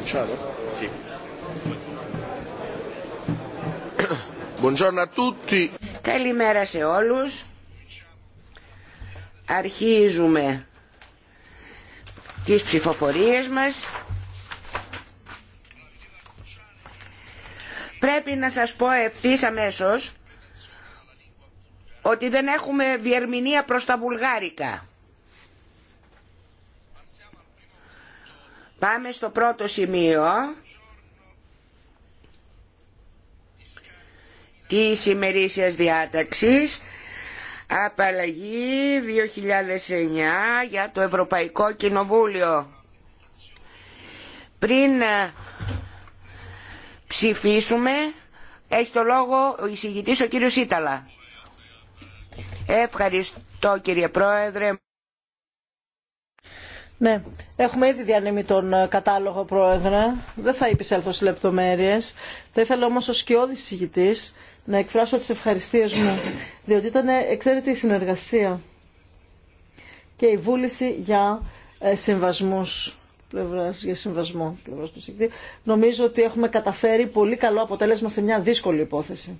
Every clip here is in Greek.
Καλημέρα σε όλους. Αρχίζουμε τις ψηφοφορίες μας. Πρέπει να σας πω ευθύς αμέσως ότι δεν έχουμε διερμηνία προς τα βουλγάρικα. Πάμε στο πρώτο σημείο. Τη ημερήσιας διάταξη, απαλλαγή 2009 για το Ευρωπαϊκό Κοινοβούλιο. Πριν ε, ψηφίσουμε, έχει το λόγο ο εισηγητής ο κύριος Ήταλα. Ευχαριστώ κύριε Πρόεδρε. Ναι, έχουμε ήδη διανύμει τον ε, κατάλογο πρόεδρε. Δεν θα έλθω σε λεπτομέρειε. Θα ήθελα όμω ω σκιώδη συγητή να εκφράσω τι ευχαριστίε μου, διότι ήταν εξαίρετη η συνεργασία και η βούληση για ε, συμβασμού. Πλευράς, για συμβασμό πλευράς του συγητή. Νομίζω ότι έχουμε καταφέρει πολύ καλό αποτέλεσμα σε μια δύσκολη υπόθεση.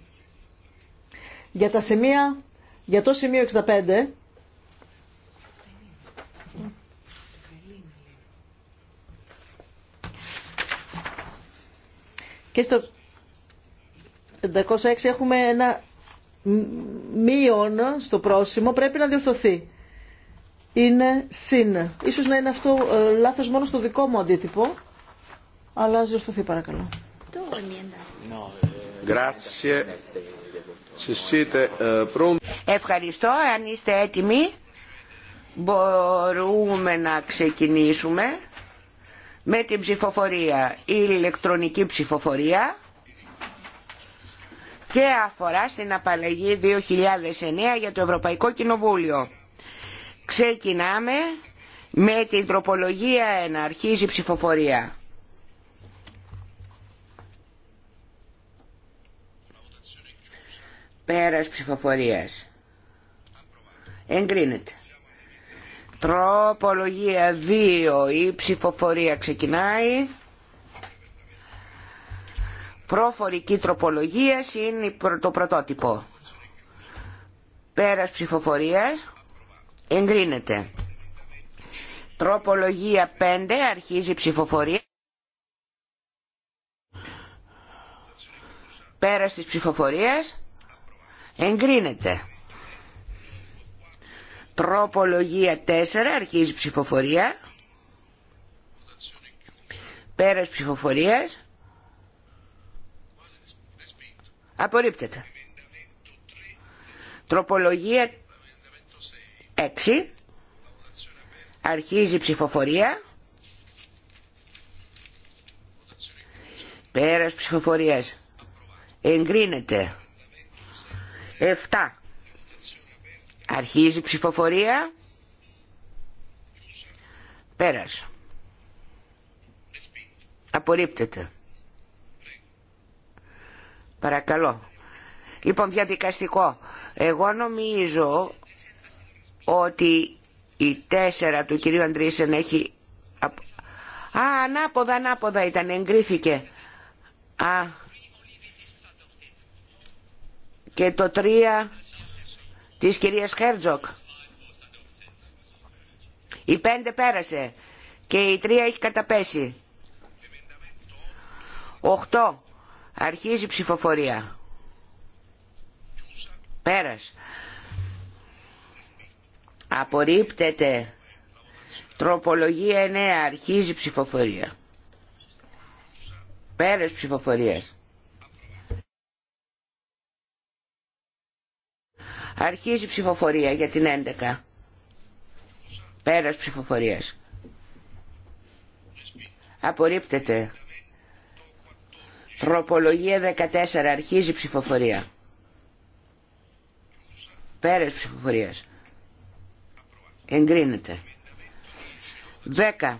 Για τα σημεία, για το σημείο 65, Και στο 506 έχουμε ένα μείον στο πρόσημο, πρέπει να διορθωθεί. Είναι συν. Ίσως να είναι αυτό ε, λάθος μόνο στο δικό μου αντίτυπο, αλλά ας διορθωθεί παρακαλώ. Ε, Ευχαριστώ. Αν είστε έτοιμοι, μπορούμε να ξεκινήσουμε με την ψηφοφορία. Η ηλεκτρονική ψηφοφορία και αφορά στην απαλλαγή 2009 για το Ευρωπαϊκό Κοινοβούλιο. Ξεκινάμε με την τροπολογία 1. Αρχίζει η ψηφοφορία. Πέρας ψηφοφορίας. Εγκρίνεται. Τροπολογία 2. Η ψηφοφορία ξεκινάει. Προφορική τροπολογία είναι το πρωτότυπο. Πέρας ψηφοφορίας εγκρίνεται. Τροπολογία 5. Αρχίζει η ψηφοφορία. Πέρας της ψηφοφορίας εγκρίνεται. Τροπολογία 4, αρχίζει ψηφοφορία. Πέρας ψηφοφορίας. Απορρίπτεται. Τροπολογία 6, αρχίζει ψηφοφορία. Πέρας ψηφοφορίας. Εγκρίνεται. 7. Αρχίζει η ψηφοφορία. Πέρασε. Απορρίπτεται. Παρακαλώ. Λοιπόν, διαδικαστικό. Εγώ νομίζω ότι η τέσσερα του κυρίου Αντρίσεν έχει... Α, ανάποδα, ανάποδα ήταν, εγκρίθηκε. Α, και το τρία της κυρίας Χέρτζοκ. Η πέντε πέρασε και η τρία έχει καταπέσει. Οχτώ. Αρχίζει ψηφοφορία. Πέρας. Απορρίπτεται. Τροπολογία 9. Αρχίζει ψηφοφορία. Πέρας ψηφοφορίας. Αρχίζει η ψηφοφορία για την 11. Πέρας ψηφοφορίας. Απορρίπτεται. Τροπολογία 14. Αρχίζει η ψηφοφορία. Πέρας ψηφοφορίας. Εγκρίνεται. 10.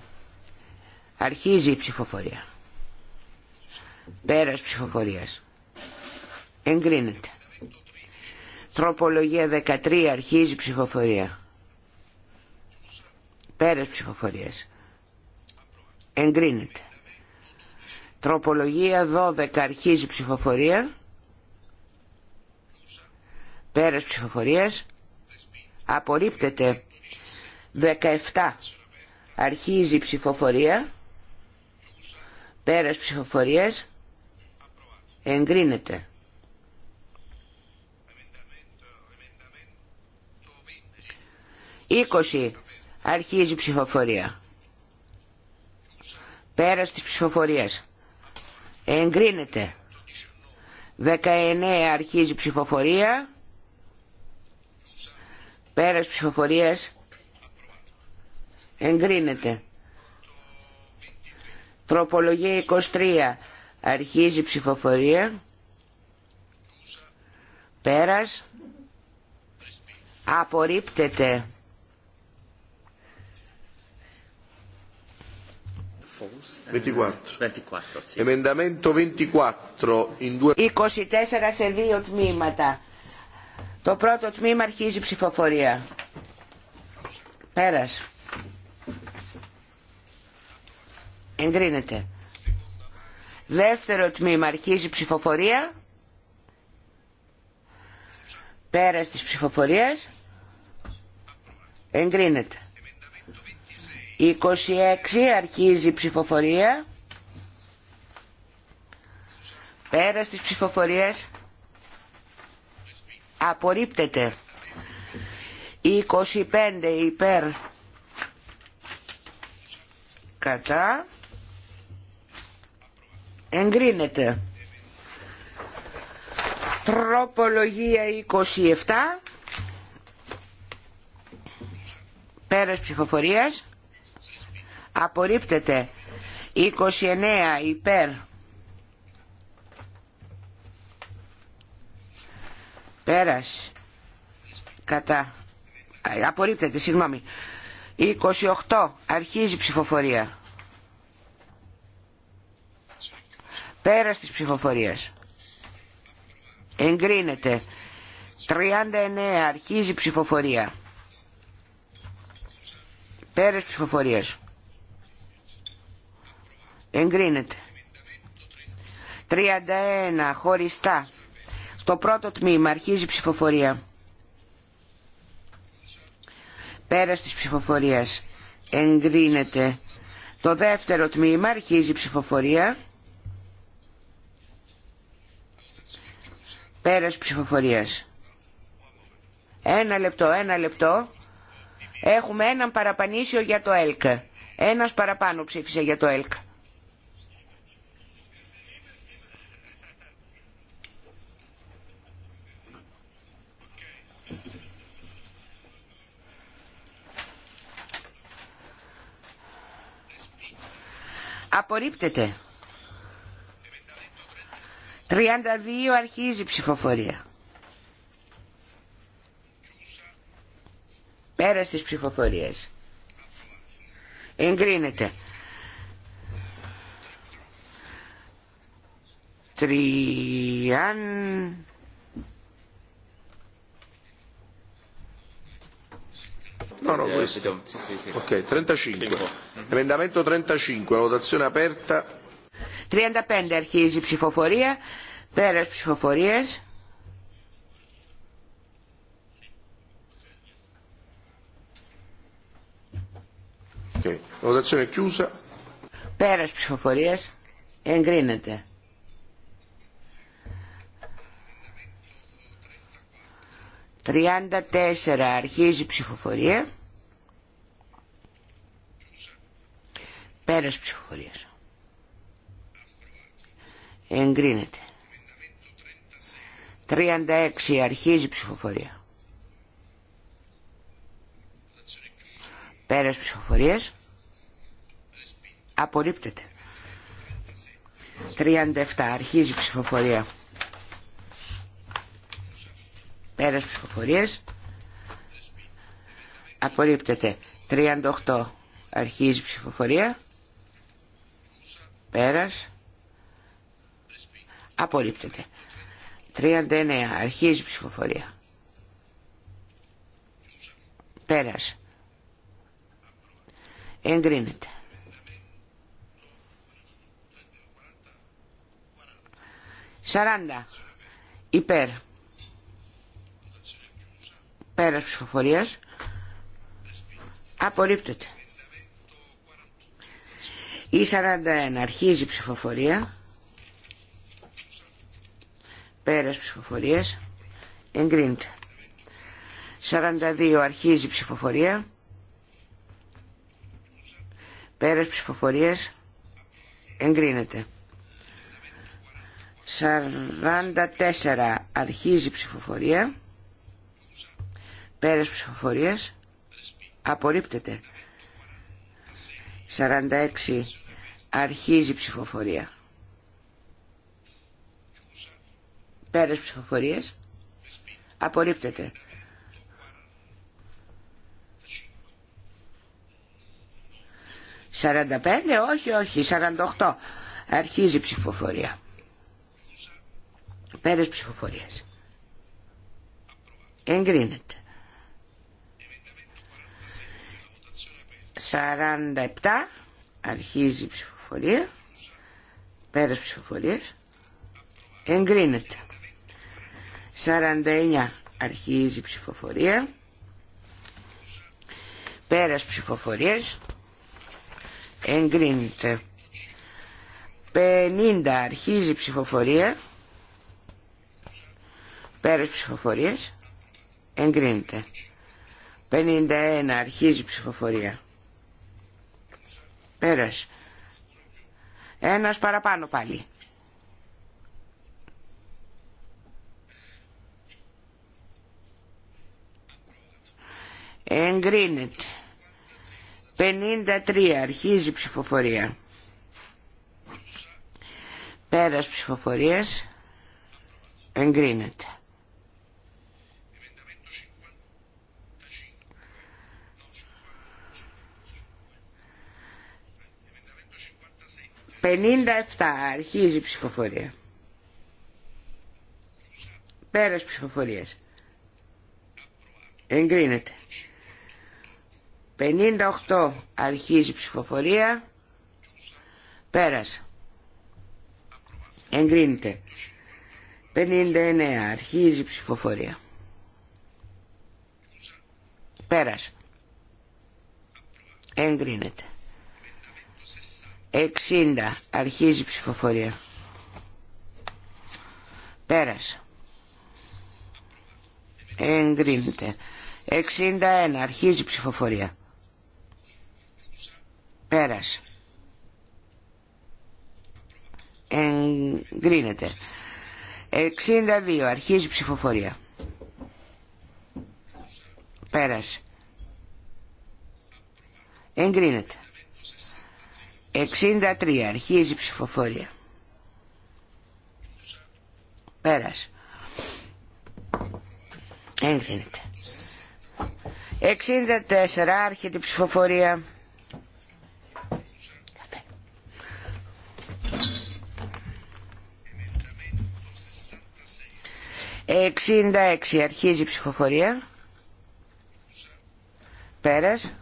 Αρχίζει η ψηφοφορία. Πέρας ψηφοφορίας. Εγκρίνεται. Τροπολογία 13 αρχίζει ψηφοφορία. Πέρας ψηφοφορίας. Εγκρίνεται. Τροπολογία 12 αρχίζει ψηφοφορία. Πέρας ψηφοφορίας. Απορρίπτεται. 17 αρχίζει ψηφοφορία. Πέρας ψηφοφορίας. Εγκρίνεται. 20. Αρχίζει η ψηφοφορία. Πέρας της ψηφοφορίας. Εγκρίνεται. 19. Αρχίζει η ψηφοφορία. Πέρας ψηφοφορίας. Εγκρίνεται. Τροπολογία 23. Αρχίζει η ψηφοφορία. Πέρας. Απορρίπτεται. 24. 24 24 σε δύο τμήματα. Το πρώτο τμήμα αρχίζει ψηφοφορία. Πέρας. Εγκρίνεται. Δεύτερο τμήμα αρχίζει ψηφοφορία. Πέρας της ψηφοφορίας. Εγκρίνεται. 26 αρχίζει ψηφοφορία. Πέρα στις ψηφοφορίες απορρίπτεται. 25 υπέρ κατά εγκρίνεται. Τροπολογία 27 πέρας ψηφοφορίας απορρίπτεται 29 υπέρ πέρας κατά απορρίπτεται συγγνώμη 28 αρχίζει ψηφοφορία πέρας της ψηφοφορίας εγκρίνεται 39 αρχίζει ψηφοφορία πέρας ψηφοφορίας Εγκρίνεται. 31 χωριστά. Στο πρώτο τμήμα αρχίζει ψηφοφορία. Πέρας της ψηφοφορίας. Εγκρίνεται. Το δεύτερο τμήμα αρχίζει ψηφοφορία. Πέρας ψηφοφορίας. Ένα λεπτό, ένα λεπτό. Έχουμε έναν παραπανήσιο για το ΕΛΚ. Ένας παραπάνω ψήφισε για το ΕΛΚ. Απορρίπτεται. 32 αρχίζει η ψηφοφορία. Πέρα στις ψηφοφορίες. Εγκρίνεται. Τριάν No, no, questo. Ok, 35. Emendamento 35, la votazione aperta. 35 αρχίζει η ψηφοφορία. Πέρας Ok, Okay. Votazione chiusa. Πέρας ψηφοφορίας. Εγκρίνεται. 34 αρχίζει ψηφοφορία. Πέρας ψηφοφορίας. Εγκρίνεται. 36 αρχίζει ψηφοφορία. Πέρας ψηφοφορίας. Απορρίπτεται. 37 αρχίζει ψηφοφορία. Πέρας ψηφοφορίες. Απορρίπτεται. 38 αρχίζει ψηφοφορία. Πέρας. Απορρίπτεται. 39 αρχίζει ψηφοφορία. Πέρας. Εγκρίνεται. 40 υπέρ. Πέρας ψηφοφορίας. Απορρίπτεται. Η 41 αρχίζει ψηφοφορία. Πέρας ψηφοφορίας. Εγκρίνεται. 42 αρχίζει ψηφοφορία. Πέρας ψηφοφορίας. Εγκρίνεται. 44 αρχίζει ψηφοφορία. Πέρες ψηφοφορίας απορρίπτεται. 46 αρχίζει ψηφοφορία. Πέρες ψηφοφορίας απορρίπτεται. 45, όχι, όχι, 48. Αρχίζει η ψηφοφορία. Πέρες ψηφοφορίας. Εγκρίνεται. 47 αρχίζει η ψηφοφορία πέρας ψηφοφορίας εγκρίνεται 49 αρχίζει η ψηφοφορία πέρας ψηφοφορίας εγκρίνεται 50 αρχίζει η ψηφοφορία πέρας ψηφοφορίας εγκρίνεται 51 αρχίζει η ψηφοφορία Πέρας. Ένας παραπάνω πάλι. Εγκρίνεται. 53. Αρχίζει η ψηφοφορία. Πέρας ψηφοφορίας. Εγκρίνεται. 57 αρχίζει η ψηφοφορία. Πέρας ψηφοφορία. Εγκρίνεται. 58 αρχίζει η ψηφοφορία. Πέρας. Εγκρίνεται. 59 αρχίζει η ψηφοφορία. Πέρας. Εγκρίνεται. 60. Αρχίζει η ψηφοφορία. Πέρασε. Εγκρίνεται. 61. Αρχίζει η ψηφοφορία. Πέρασε. Εγκρίνεται. 62. Αρχίζει η ψηφοφορία. Πέρασε. Εγκρίνεται. 63 αρχίζει η ψηφοφορία πέρασε εγκρίνεται 64 άρχεται η ψηφοφορία Εξήντα έξι αρχίζει η ψηφοφορία. Πέρασε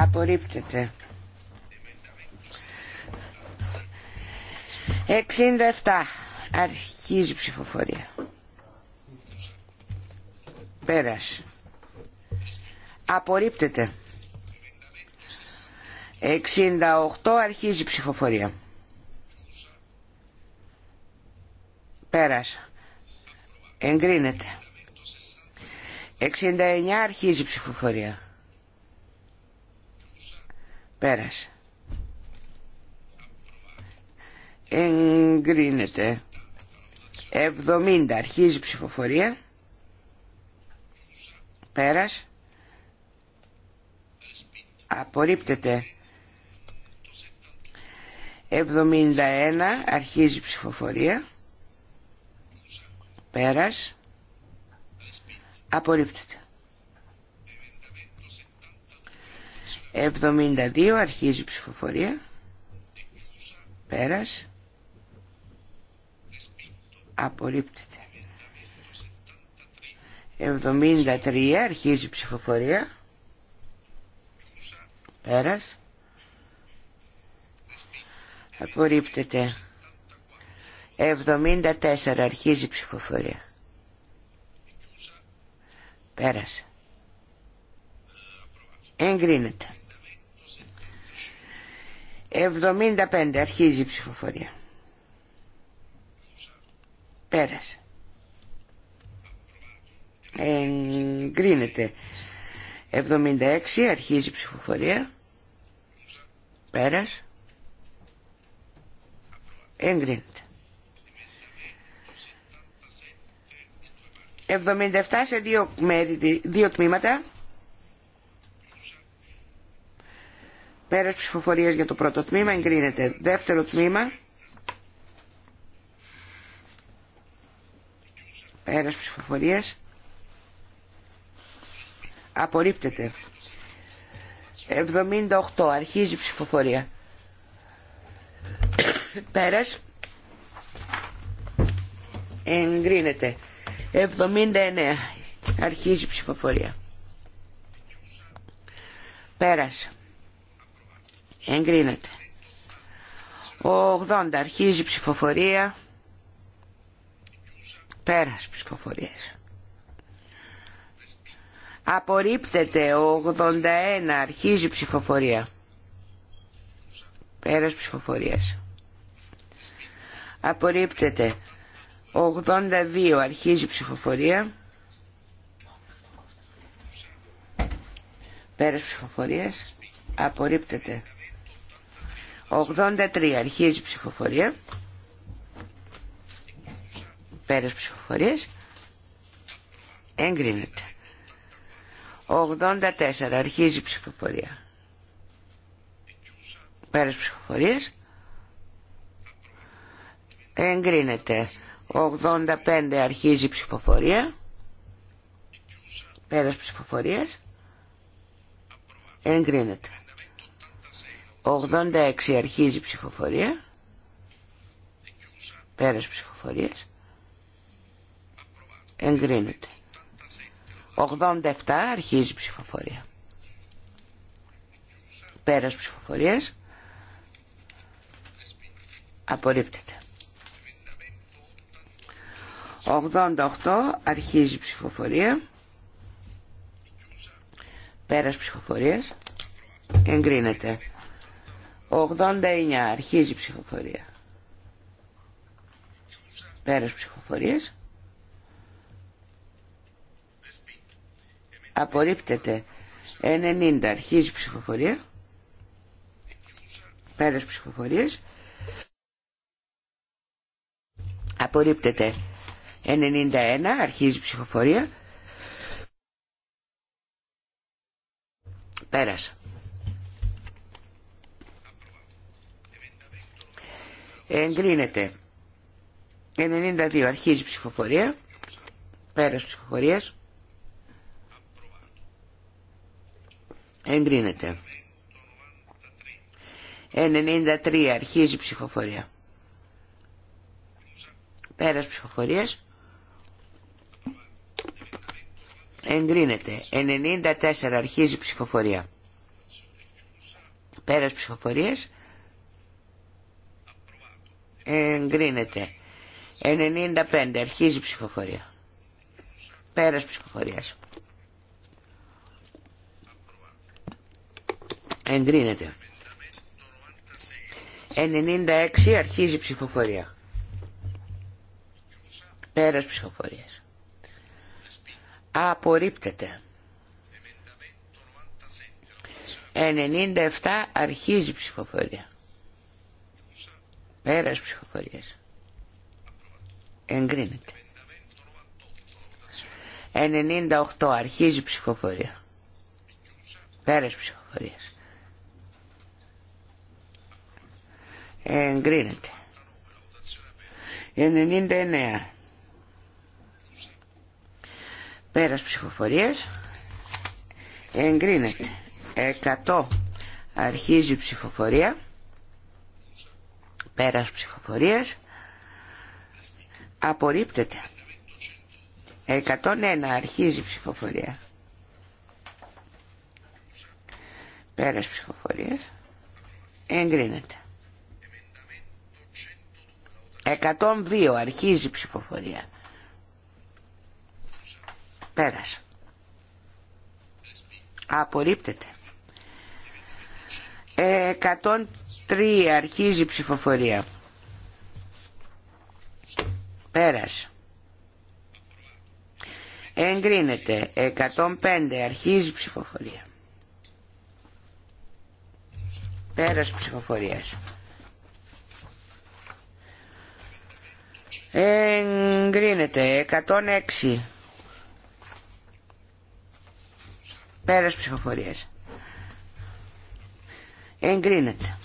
απορρίπτεται 67 αρχίζει η ψηφοφορία πέρασε απορρίπτεται 68 αρχίζει η ψηφοφορία πέρασε εγκρίνεται 69 αρχίζει η ψηφοφορία Πέρασε. Εγκρίνεται. 70. Αρχίζει ψηφοφορία. Πέρας. Απορρίπτεται. 71. Αρχίζει ψηφοφορία. Πέρας. Απορρίπτεται. 72 αρχίζει η ψηφοφορία πέρας απορρίπτεται 73 αρχίζει η ψηφοφορία πέρας απορρίπτεται 74 αρχίζει η ψηφοφορία πέρασε εγκρίνεται 75 αρχίζει η ψηφοφορία. Πέρασε. Εγκρίνεται. 76 αρχίζει η ψηφοφορία. Πέρασε. Εγκρίνεται. 77 σε δύο, μέρη, δύο τμήματα. Πέρας ψηφοφορίας για το πρώτο τμήμα εγκρίνεται. Δεύτερο τμήμα. Πέρας ψηφοφορίας. Απορρίπτεται. 78. Αρχίζει ψηφοφορία. Πέρας. Εγκρίνεται. 79. Αρχίζει ψηφοφορία. Πέρασε. Εγκρίνεται. 80 αρχίζει ψηφοφορία. Πέρας ψηφοφορίας. Απορρίπτεται 81 αρχίζει ψηφοφορία. Πέρας ψηφοφορίας. Απορρίπτεται 82 αρχίζει ψηφοφορία. Πέρας ψηφοφορίας. Απορρίπτεται 83 αρχίζει η ψηφοφορία πέρας ψηφοφορίας εγκρίνεται 84 αρχίζει η ψηφοφορία πέρας ψηφοφορίας εγκρίνεται 85 αρχίζει η ψηφοφορία πέρας ψηφοφορίας εγκρίνεται 86 αρχίζει ψηφοφορία. Πέρας ψηφοφορίας. Εγκρίνεται. 87 αρχίζει η ψηφοφορία. Πέρας ψηφοφορίας. Απορρίπτεται. 88 αρχίζει ψηφοφορία. Πέρας ψηφοφορίας. Εγκρίνεται. 89. Αρχίζει η ψηφοφορία. Πέρας ψηφοφορία. Απορρίπτεται. 90. Αρχίζει η ψηφοφορία. Πέρας ψηφοφορία. Απορρίπτεται. 91. Αρχίζει η ψηφοφορία. Πέρασα. εγκρίνεται 92 αρχίζει η ψηφοφορία πέρας ψηφοφορίας εγκρίνεται 93 αρχίζει η ψηφοφορία πέρας ψηφοφορίας εγκρίνεται 94 αρχίζει η ψηφοφορία πέρας ψηφοφορίας εγκρίνεται 95 αρχίζει η ψηφοφορία πέρας ψηφοφορίας εγκρίνεται 96 αρχίζει η ψηφοφορία πέρας ψηφοφορίας απορρίπτεται 97 αρχίζει η ψηφοφορία Πέρας ψηφοφορίας. Εγκρίνεται. 98 αρχίζει ψηφοφορία. Πέρας ψηφοφορίας. Εγκρίνεται. 99. Πέρας ψηφοφορίας. Εγκρίνεται. 100 αρχίζει ψηφοφορία. Πέρας ψηφοφορίας. Απορρίπτεται. 101 αρχίζει ψηφοφορία. Πέρας ψηφοφορίας. Εγκρίνεται. 102 αρχίζει ψηφοφορία. Πέρας. Απορρίπτεται. 103 αρχίζει ψηφοφορία. Πέρασε. Εγκρίνεται. 105 αρχίζει ψηφοφορία. Πέρας ψηφοφορίας. Εγκρίνεται. 106. Πέρας ψηφοφορίας εγκρίνεται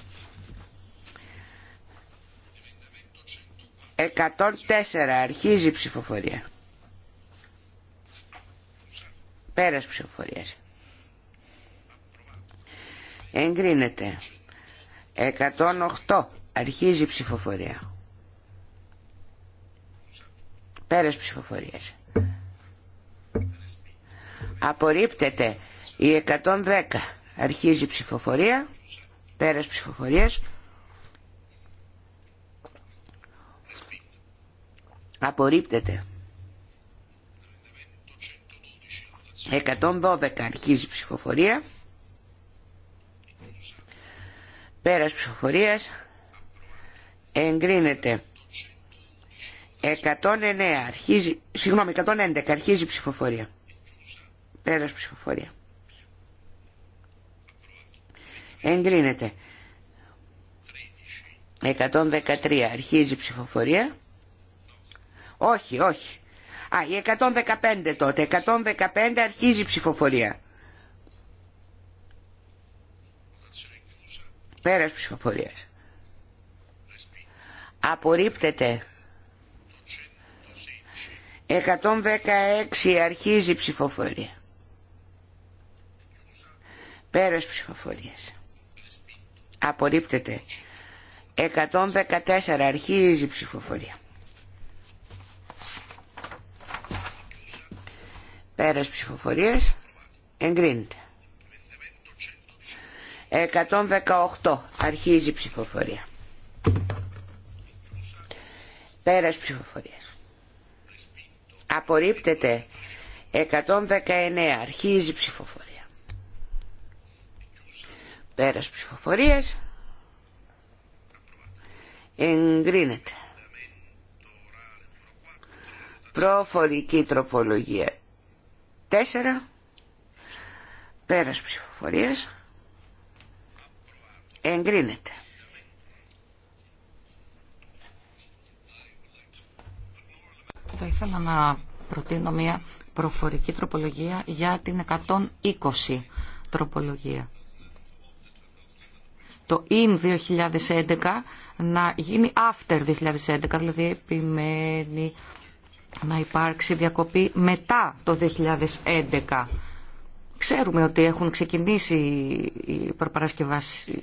104 αρχίζει η ψηφοφορία πέρας ψηφοφορίας εγκρίνεται 108 αρχίζει η ψηφοφορία πέρας ψηφοφορίας απορρίπτεται η 110 αρχίζει η ψηφοφορία Πέρας ψηφοφορίας. Απορρίπτεται. 112 αρχίζει ψηφοφορία. Πέρας ψηφοφορίας. Εγκρίνεται. 109 αρχίζει, συγγνώμη, 111 αρχίζει ψηφοφορία. Πέρας ψηφοφορία. Εγκρίνεται. 113. Αρχίζει η ψηφοφορία. Όχι, όχι. Α, η 115 τότε. 115 αρχίζει η ψηφοφορία. Πέρας ψηφοφορίας. Απορρίπτεται. 116 αρχίζει η ψηφοφορία. Πέρας ψηφοφορίας απορρίπτεται 114 αρχίζει ψηφοφορία πέρας ψηφοφορίας εγκρίνεται 118 αρχίζει ψηφοφορία πέρας ψηφοφορίας απορρίπτεται 119 αρχίζει ψηφοφορία Πέρας ψηφοφορίας. Εγκρίνεται. Προφορική τροπολογία 4. Πέρας ψηφοφορίας. Εγκρίνεται. Θα ήθελα να προτείνω μια προφορική τροπολογία για την 120 τροπολογία το IN 2011 να γίνει after 2011, δηλαδή επιμένει να υπάρξει διακοπή μετά το 2011. Ξέρουμε ότι έχουν ξεκινήσει η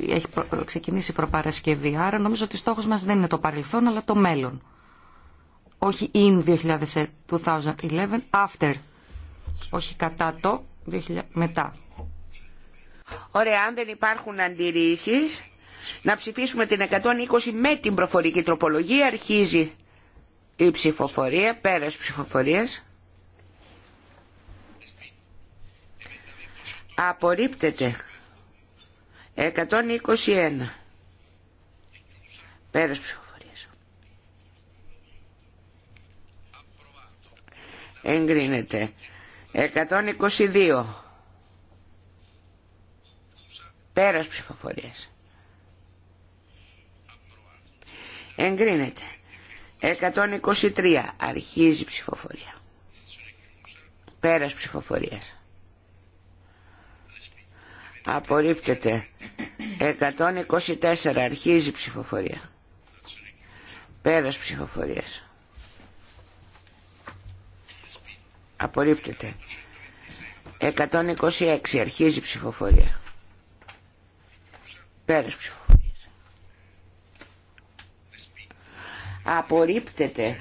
έχει ξεκινήσει η προπαρασκευή, άρα νομίζω ότι στόχος μας δεν είναι το παρελθόν, αλλά το μέλλον. Όχι in 2011, after, όχι κατά το, μετά. Ωραία, αν δεν υπάρχουν αντιρρήσει να ψηφίσουμε την 120 με την προφορική τροπολογία. Αρχίζει η ψηφοφορία, πέρας ψηφοφορίας. Απορρίπτεται. 121. Πέρας ψηφοφορίας. Εγκρίνεται. 122. Πέρας ψηφοφορίας. Εγκρίνεται. 123. Αρχίζει ψηφοφορία. Πέρας ψηφοφορίας. Απορρίπτεται. 124. Αρχίζει ψηφοφορία. Πέρας ψηφοφορίας. Απορρίπτεται. 126. Αρχίζει ψηφοφορία. Πέρας ψηφοφορίας. Απορρίπτεται.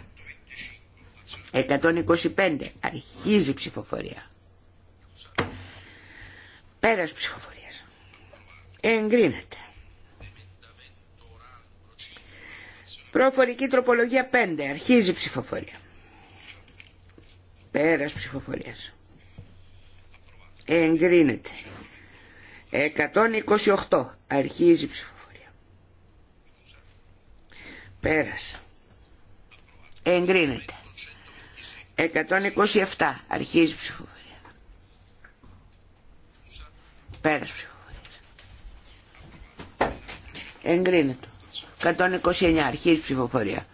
125. Αρχίζει ψηφοφορία. Πέρας ψηφοφορίας. Εγκρίνεται. Προφορική τροπολογία 5. Αρχίζει ψηφοφορία. Πέρας ψηφοφορίας. Εγκρίνεται. 128 αρχίζει η ψηφοφορία πέρασε εγκρίνεται 127 αρχίζει η ψηφοφορία πέρασε ψηφοφορία εγκρίνεται 129 αρχίζει η ψηφοφορία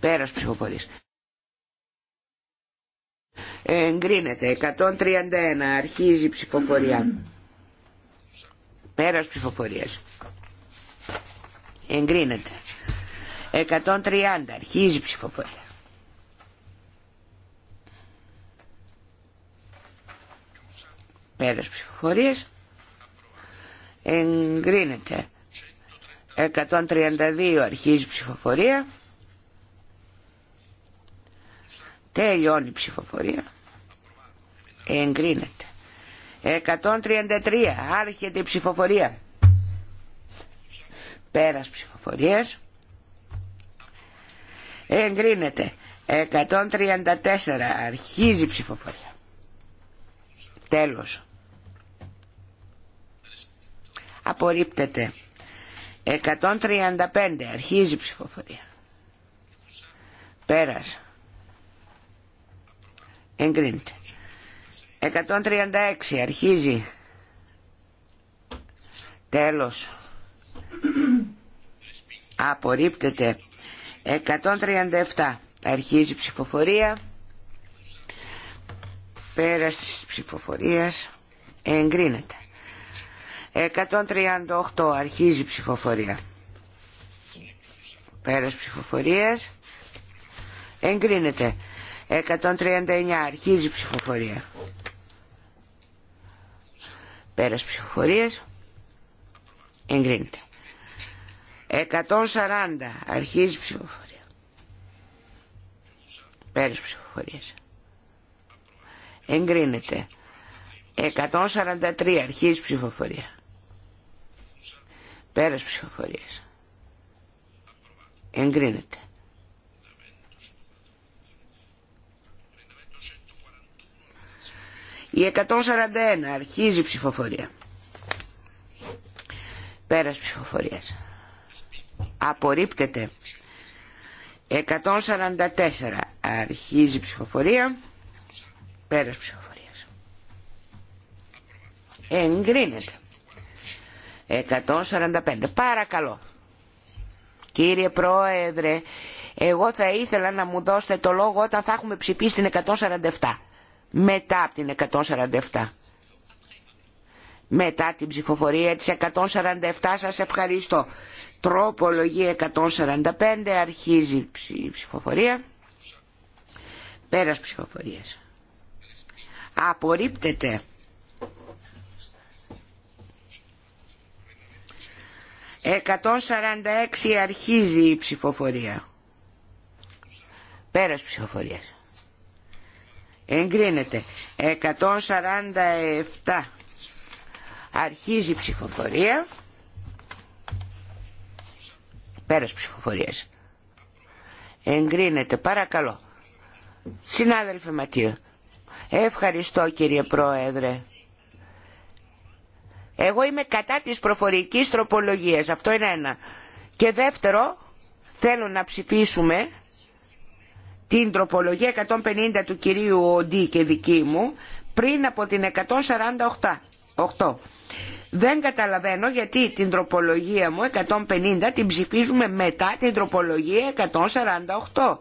πέρας ψηφοφορία εγκρίνεται 131 αρχίζει ψηφοφορία πέρας ψηφοφορίας εγκρίνεται 130 αρχίζει ψηφοφορία πέρας ψηφοφορίας εγκρίνεται 132 αρχίζει η ψηφοφορία τελειώνει η ψηφοφορία εγκρίνεται 133 άρχεται η ψηφοφορία πέρας ψηφοφορίας εγκρίνεται 134 αρχίζει η ψηφοφορία τέλος απορρίπτεται 135 αρχίζει η ψηφοφορία πέρας εγκρίνεται 136 αρχίζει. Τέλος. Απορρίπτεται. 137 αρχίζει ψηφοφορία. Πέρας της ψηφοφορίας εγκρίνεται. 138 αρχίζει ψηφοφορία. Πέρας ψηφοφορίας εγκρίνεται. 139 αρχίζει ψηφοφορία. Πέρας ψηφοφορίας. Εγκρίνεται. 140. Αρχίζει ψηφοφορία. Πέρας ψηφοφορίας. Εγκρίνεται. 143. Αρχίζει ψηφοφορία. Πέρας ψηφοφορίας. Εγκρίνεται. Η 141 αρχίζει ψηφοφορία. Πέρας ψηφοφορίας. Απορρίπτεται. 144 αρχίζει ψηφοφορία. Πέρας ψηφοφορίας. Εγκρίνεται. 145. Παρακαλώ. Κύριε Πρόεδρε, εγώ θα ήθελα να μου δώσετε το λόγο όταν θα έχουμε ψηφίσει την 147 μετά από την 147. Μετά την ψηφοφορία της 147 σας ευχαριστώ. Τροπολογία 145 αρχίζει η ψηφοφορία. Πέρας ψηφοφορίας. Απορρίπτεται. 146 αρχίζει η ψηφοφορία. Πέρας ψηφοφορίας εγκρίνεται 147 αρχίζει η ψηφοφορία πέρας ψηφοφορίας εγκρίνεται παρακαλώ συνάδελφε Ματίο ευχαριστώ κύριε Πρόεδρε εγώ είμαι κατά της προφορικής τροπολογίας αυτό είναι ένα και δεύτερο θέλω να ψηφίσουμε την τροπολογία 150 του κυρίου Οντί και δική μου πριν από την 148. Δεν καταλαβαίνω γιατί την τροπολογία μου 150 την ψηφίζουμε μετά την τροπολογία 148.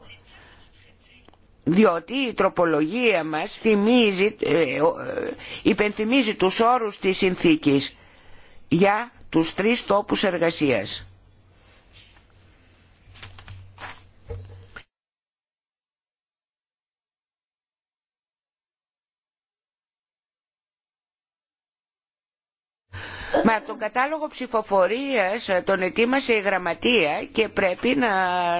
Διότι η τροπολογία μας θυμίζει, ε, ε, υπενθυμίζει τους όρους της συνθήκης για τους τρεις τόπους εργασίας. Μα τον κατάλογο ψηφοφορίας ε, τον ετοίμασε η γραμματεία και πρέπει να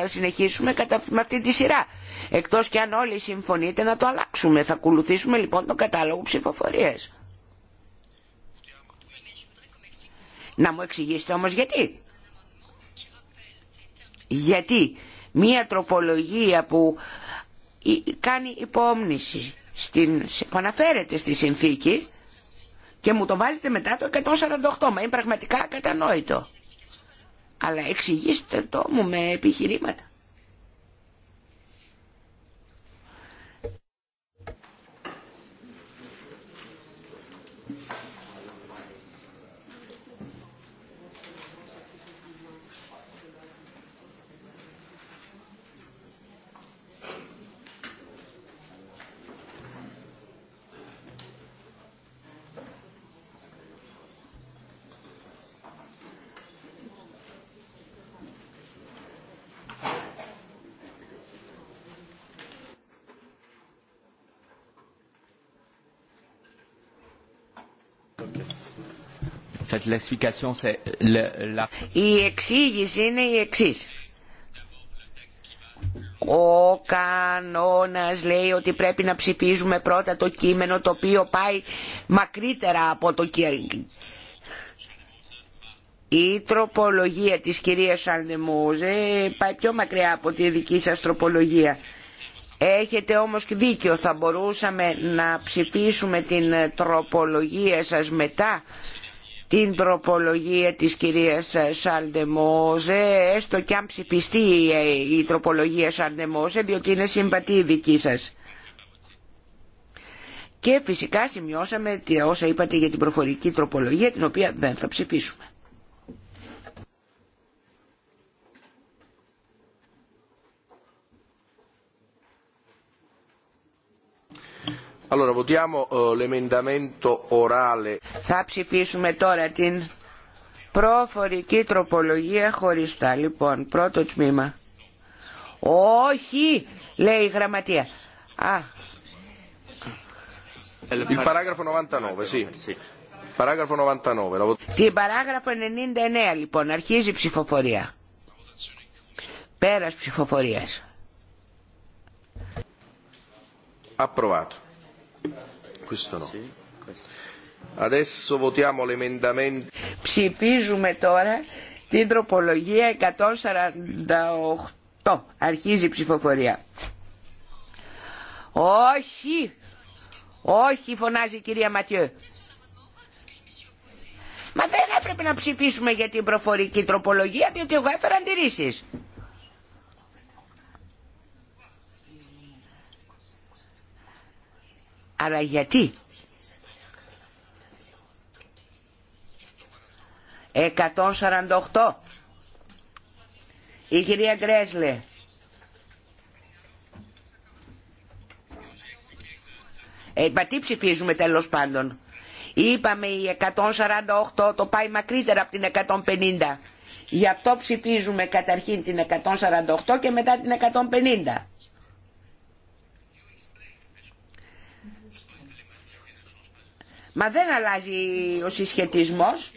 συνεχίσουμε κατά, με αυτή τη σειρά. Εκτός και αν όλοι συμφωνείτε να το αλλάξουμε. Θα ακολουθήσουμε λοιπόν τον κατάλογο ψηφοφορίας. Να μου εξηγήσετε όμως γιατί. Γιατί μία τροπολογία που κάνει υπόμνηση, στην, που αναφέρεται στη συνθήκη, και μου το βάζετε μετά το 148. Μα είναι πραγματικά κατανόητο, Αλλά εξηγήστε το μου με επιχειρήματα. Η εξήγηση είναι η εξή. Ο κανόνας λέει ότι πρέπει να ψηφίζουμε πρώτα το κείμενο το οποίο πάει μακρύτερα από το κείμενο. Η τροπολογία της κυρίας Σαλνεμούζε πάει πιο μακριά από τη δική σας τροπολογία. Έχετε όμως δίκιο, θα μπορούσαμε να ψηφίσουμε την τροπολογία σας μετά την τροπολογία της κυρίας Σαλντεμόζε, έστω και αν ψηφιστεί η τροπολογία Σαλντεμόζε, διότι είναι συμβατή η δική σας. Και φυσικά σημειώσαμε όσα είπατε για την προφορική τροπολογία, την οποία δεν θα ψηφίσουμε. Allora, votiamo eh, l'emendamento orale. Θα ψηφίσουμε τώρα την προφορική τροπολογία χωριστά. Λοιπόν, πρώτο τμήμα. Όχι, λέει η γραμματεία. Α. Il paragrafo 99, sì. Παράγραφο 99. Την παράγραφο 99 λοιπόν αρχίζει η ψηφοφορία. Πέρας ψηφοφορίας. Approvato. Ψηφίζουμε τώρα την τροπολογία 148. Αρχίζει η ψηφοφορία. Όχι! Όχι, φωνάζει η κυρία Ματιέ. Μα δεν έπρεπε να ψηφίσουμε για την προφορική τροπολογία, διότι εγώ έφερα αντιρρήσεις. Αλλά γιατί. 148, σαραντοχτώ. Η κυρία Γκρέσλε. Ε, μα τι ψηφίζουμε τέλος πάντων. Είπαμε η 148 το πάει μακρύτερα από την 150. Γι' αυτό ψηφίζουμε καταρχήν την 148 και μετά την 150. Μα δεν αλλάζει ο συσχετισμός.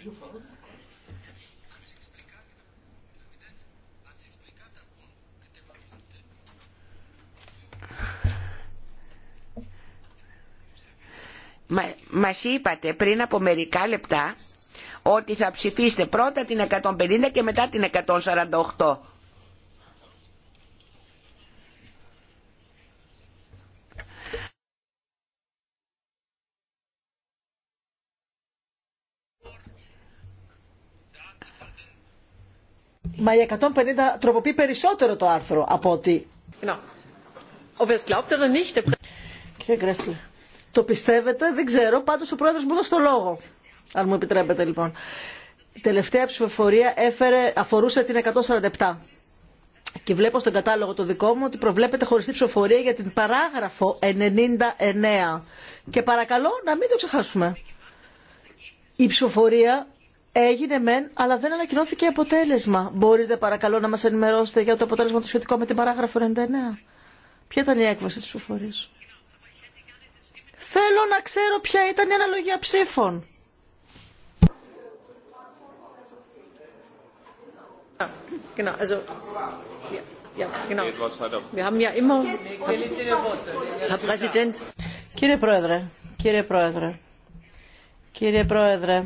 Μα, μας είπατε πριν από μερικά λεπτά ότι θα ψηφίσετε πρώτα την 150 και μετά την 148. Μα η 150 τροποποιεί περισσότερο το άρθρο από ότι... Κύριε Γκρέσλε, το πιστεύετε, δεν ξέρω, πάντως ο πρόεδρος μου δώσει το λόγο, αν μου επιτρέπετε λοιπόν. Η τελευταία ψηφοφορία έφερε, αφορούσε την 147. Και βλέπω στον κατάλογο το δικό μου ότι προβλέπεται χωριστή ψηφοφορία για την παράγραφο 99. Και παρακαλώ να μην το ξεχάσουμε. Η ψηφοφορία Έγινε μεν, αλλά δεν ανακοινώθηκε αποτέλεσμα. Μπορείτε παρακαλώ να μας ενημερώσετε για το αποτέλεσμα του σχετικό με την παράγραφο 99. Ποια ήταν η έκβαση της ψηφοφορίας. Θέλω να ξέρω ποια ήταν η αναλογία ψήφων. Κύριε Πρόεδρε, κύριε Πρόεδρε. Κύριε Πρόεδρε.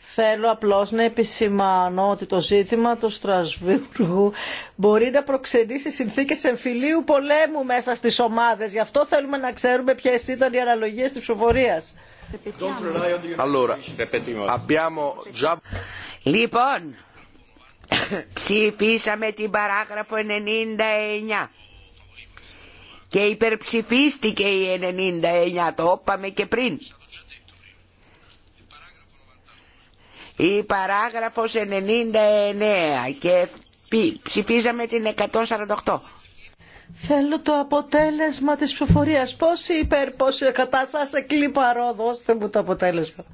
Θέλω απλώς να επισημάνω ότι το ζήτημα του Στρασβούργου μπορεί να προξενήσει συνθήκες εμφυλίου πολέμου μέσα στις ομάδες. Γι' αυτό θέλουμε να ξέρουμε ποιες ήταν οι αναλογίες της ψηφοφορίας. Λοιπόν, ψηφίσαμε την παράγραφο 99 και υπερψηφίστηκε η 99, το είπαμε και πριν. Η παράγραφος 99 και ψηφίζαμε την 148. Θέλω το αποτέλεσμα της ψηφοφορίας. Πόσοι υπέρ, πόσοι κατά σας εκλήπαρο, δώστε μου το αποτέλεσμα.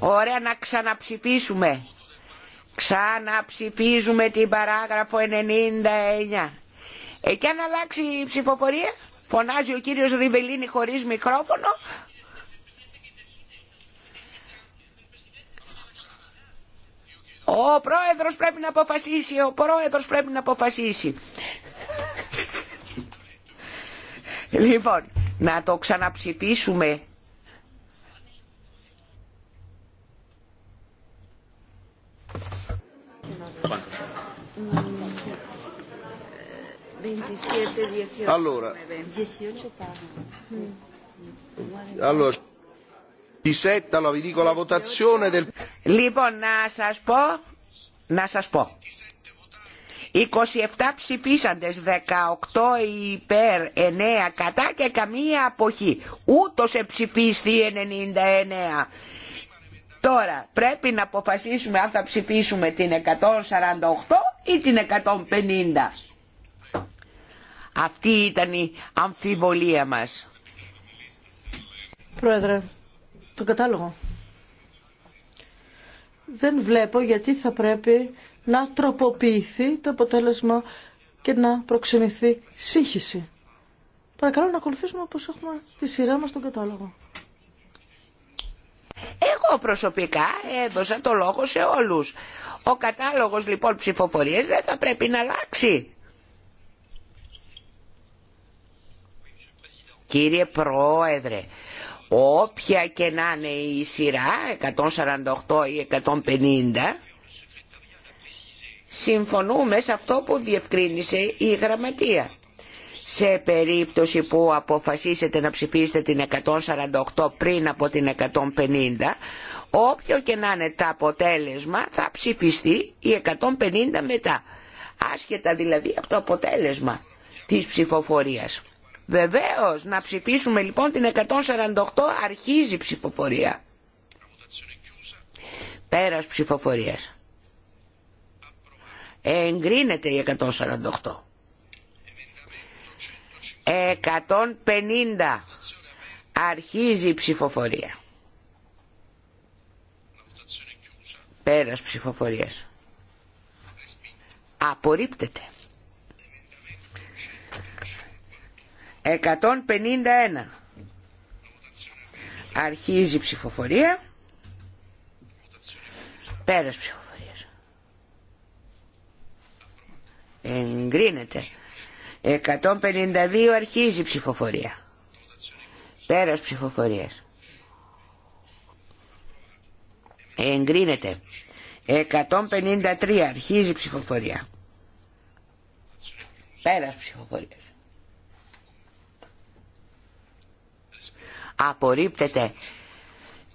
Ωραία να ξαναψηφίσουμε. Ξαναψηφίζουμε την παράγραφο 99. Ε, και αν αλλάξει η ψηφοφορία, φωνάζει ο κύριος Ριβελίνη χωρίς μικρόφωνο, Ο πρόεδρος πρέπει να αποφασίσει, ο πρόεδρος πρέπει να αποφασίσει. λοιπόν, να το ξαναψηφίσουμε. Allora. Allora. Λοιπόν, να σα πω, να σας πω. 27 ψηφίσαντες, 18 υπέρ, 9 κατά και καμία αποχή. Ούτως εψηφίστη 99. Τώρα πρέπει να αποφασίσουμε αν θα ψηφίσουμε την 148 ή την 150. Αυτή ήταν η αμφιβολία μας. Πρόεδρε, τον κατάλογο. Δεν βλέπω γιατί θα πρέπει να τροποποιηθεί το αποτέλεσμα και να προξενηθεί σύγχυση. Παρακαλώ να ακολουθήσουμε όπως έχουμε τη σειρά μας τον κατάλογο. Εγώ προσωπικά έδωσα το λόγο σε όλους. Ο κατάλογος λοιπόν ψηφοφορίες δεν θα πρέπει να αλλάξει. Κύριε Πρόεδρε, όποια και να είναι η σειρά, 148 ή 150, συμφωνούμε σε αυτό που διευκρίνησε η Γραμματεία. Σε περίπτωση που αποφασίσετε να ψηφίσετε την 148 πριν από την 150, όποιο και να είναι το αποτέλεσμα θα ψηφιστεί η 150 μετά. Άσχετα δηλαδή από το αποτέλεσμα της ψηφοφορίας. Βεβαίω να ψηφίσουμε λοιπόν την 148 αρχίζει η ψηφοφορία. Πέρας ψηφοφορία. Εγκρίνεται η 148. 150 αρχίζει η ψηφοφορία. Πέρας ψηφοφορίας. Απορρίπτεται. 151 αρχίζει ψηφοφορία πέρας ψηφοφορίας εγκρίνεται 152 αρχίζει ψηφοφορία πέρας ψηφοφορίας εγκρίνεται 153 αρχίζει ψηφοφορία πέρας ψηφοφορίας απορρίπτεται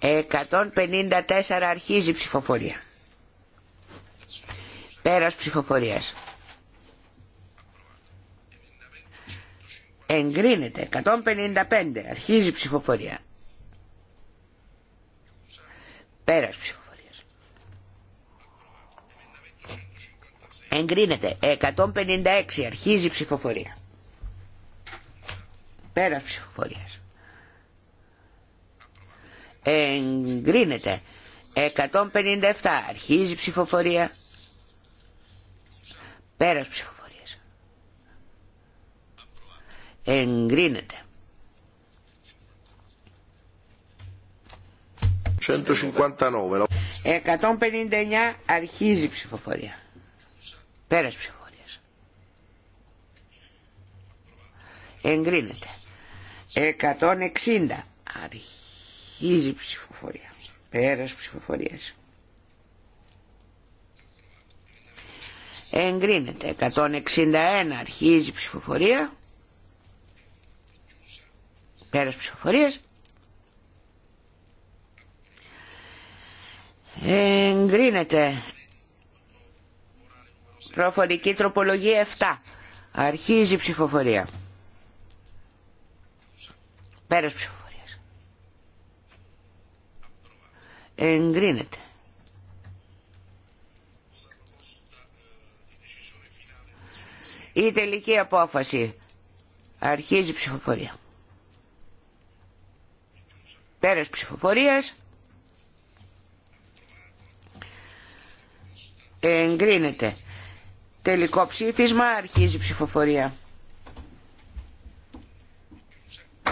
154 αρχίζει ψηφοφορία πέρας ψηφοφορίας εγκρίνεται 155 αρχίζει ψηφοφορία πέρας ψηφοφορίας εγκρίνεται 156 αρχίζει ψηφοφορία πέρας ψηφοφορίας εγκρίνεται 157 αρχίζει η ψηφοφορία πέρας ψηφοφορία. εγκρίνεται 159 αρχίζει η ψηφοφορία πέρας ψηφοφορίας εγκρίνεται 160 αρχίζει Αρχίζει η ψηφοφορία. Πέρας ψηφοφορίας. Εγκρίνεται. 161 αρχίζει η ψηφοφορία. Πέρας ψηφοφορίας. Εγκρίνεται. Προφορική τροπολογία 7. Αρχίζει η ψηφοφορία. Πέρας ψηφοφορία. εγκρίνεται. Η τελική απόφαση αρχίζει ψηφοφορία. Πέρας ψηφοφορίας εγκρίνεται. Τελικό ψήφισμα αρχίζει ψηφοφορία.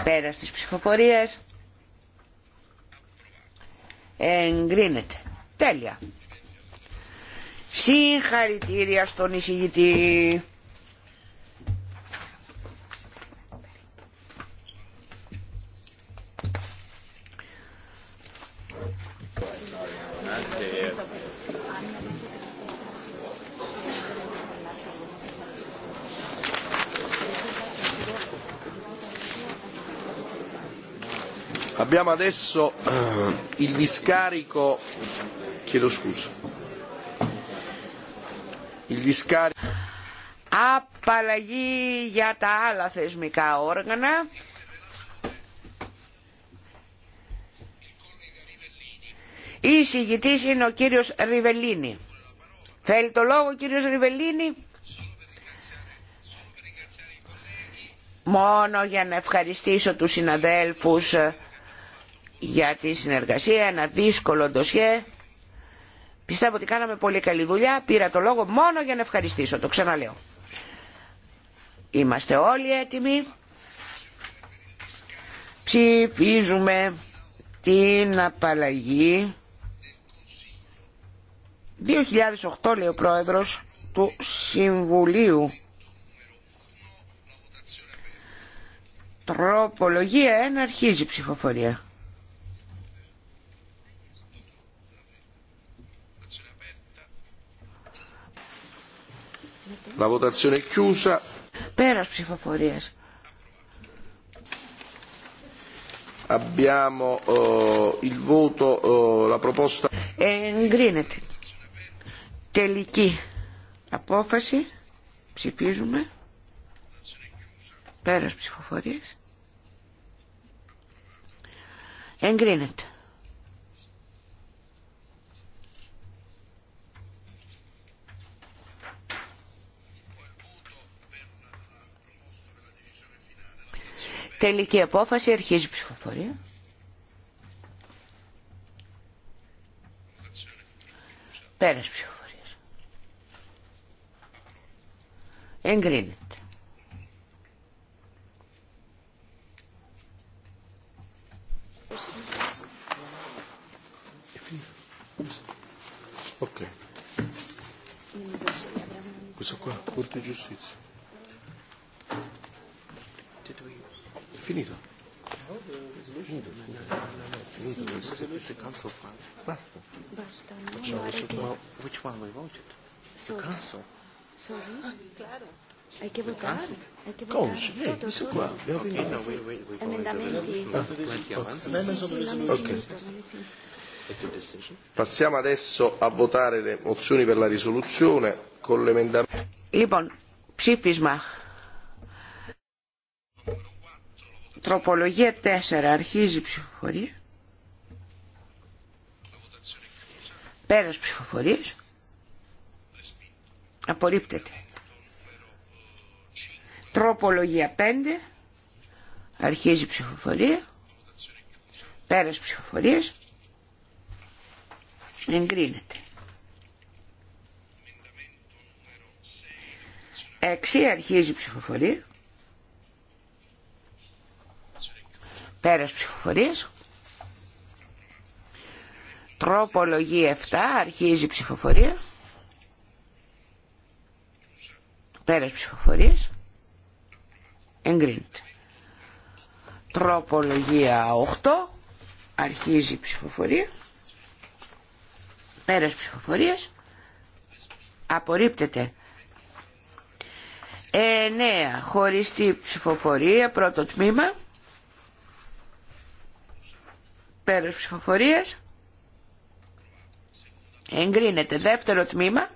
Πέρας της ψηφοφορίας εγκρίνεται. Τέλεια. Συγχαρητήρια στον εισηγητή. Abbiamo adesso eh, il discarico. Chiedo Απαλλαγή για τα άλλα θεσμικά όργανα. Η συγητής είναι ο κύριος Ριβελίνη. Θέλει το λόγο ο κύριος Ριβελίνη. Μόνο για να ευχαριστήσω τους συναδέλφους για τη συνεργασία, ένα δύσκολο ντοσιέ. Πιστεύω ότι κάναμε πολύ καλή δουλειά, πήρα το λόγο μόνο για να ευχαριστήσω, το ξαναλέω. Είμαστε όλοι έτοιμοι. Ψηφίζουμε την απαλλαγή 2008 λέει ο πρόεδρος του Συμβουλίου. Τροπολογία 1 αρχίζει ψηφοφορία. La votazione Πέρας ψηφοφορίας. Εγκρίνεται. Τελική απόφαση. Ψηφίζουμε. Πέρας ψηφοφορίας. Εγκρίνεται. Τελική απόφαση, αρχίζει η ψηφοφορία. Πέρας ψηφοφορίας. Εγκρίνεται. Okay. Questo qua, Corte di Giustizia. Finito. Passiamo adesso a votare le mozioni per la risoluzione con l'emendamento. Τροπολογία 4. Αρχίζει η ψηφοφορία. Πέρας ψηφοφορίας. Απορρίπτεται. Τροπολογία 5. Αρχίζει η ψηφοφορία. Πέρας ψηφοφορίας. Εγκρίνεται. 6. Αρχίζει η ψηφοφορία. Πέρας ψηφοφορίας. Τροπολογία 7. Αρχίζει η ψηφοφορία. Πέρας ψηφοφορίας. Εγκρίνεται. Τροπολογία 8. Αρχίζει η ψηφοφορία. Πέρας ψηφοφορίας. Απορρίπτεται. 9. Ε, ναι, χωριστή ψηφοφορία. Πρώτο τμήμα. Πέρας ψηφοφορίας. Εγκρίνεται δεύτερο τμήμα.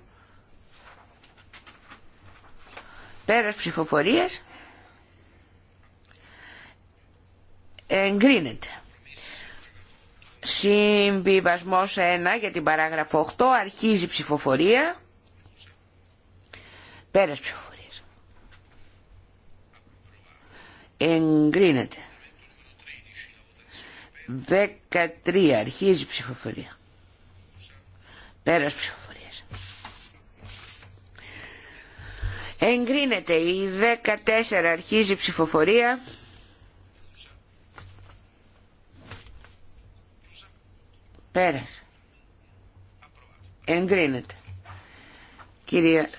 Πέρας ψηφοφορίας. Εγκρίνεται. Συμβιβασμός 1 για την παράγραφο 8 αρχίζει ψηφοφορία. Πέρας ψηφοφορίας. Εγκρίνεται. 13. Αρχίζει η ψηφοφορία. Πέρας ψηφοφορίας. Εγκρίνεται η 14. Αρχίζει η ψηφοφορία. Πέρας. Εγκρίνεται. Κυρία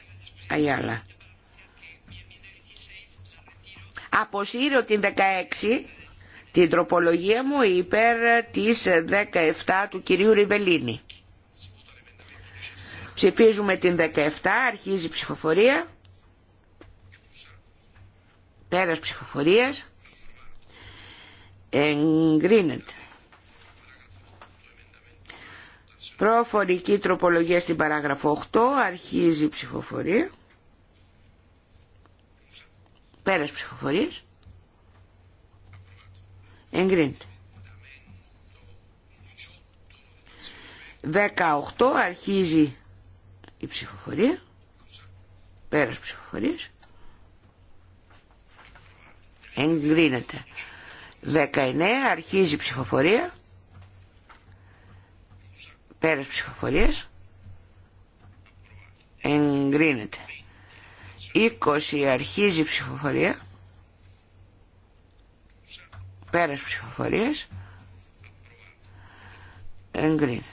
Αγιάλα. Αποσύρω την 16 την τροπολογία μου υπέρ της 17 του κυρίου Ριβελίνη. Ψηφίζουμε την 17, αρχίζει η ψηφοφορία. Πέρας ψηφοφορίας. Εγκρίνεται. Προφορική τροπολογία στην παράγραφο 8, αρχίζει η ψηφοφορία. Πέρας ψηφοφορίας. Εγκρίνεται. 18 αρχίζει η ψηφοφορία. Πέρας ψηφοφορίας. Εγκρίνεται. 19 αρχίζει η ψηφοφορία. Πέρας ψηφοφορίας. Εγκρίνεται. 20 αρχίζει η ψηφοφορία. Πέρας ψηφοφορίες, εγκρίνεται.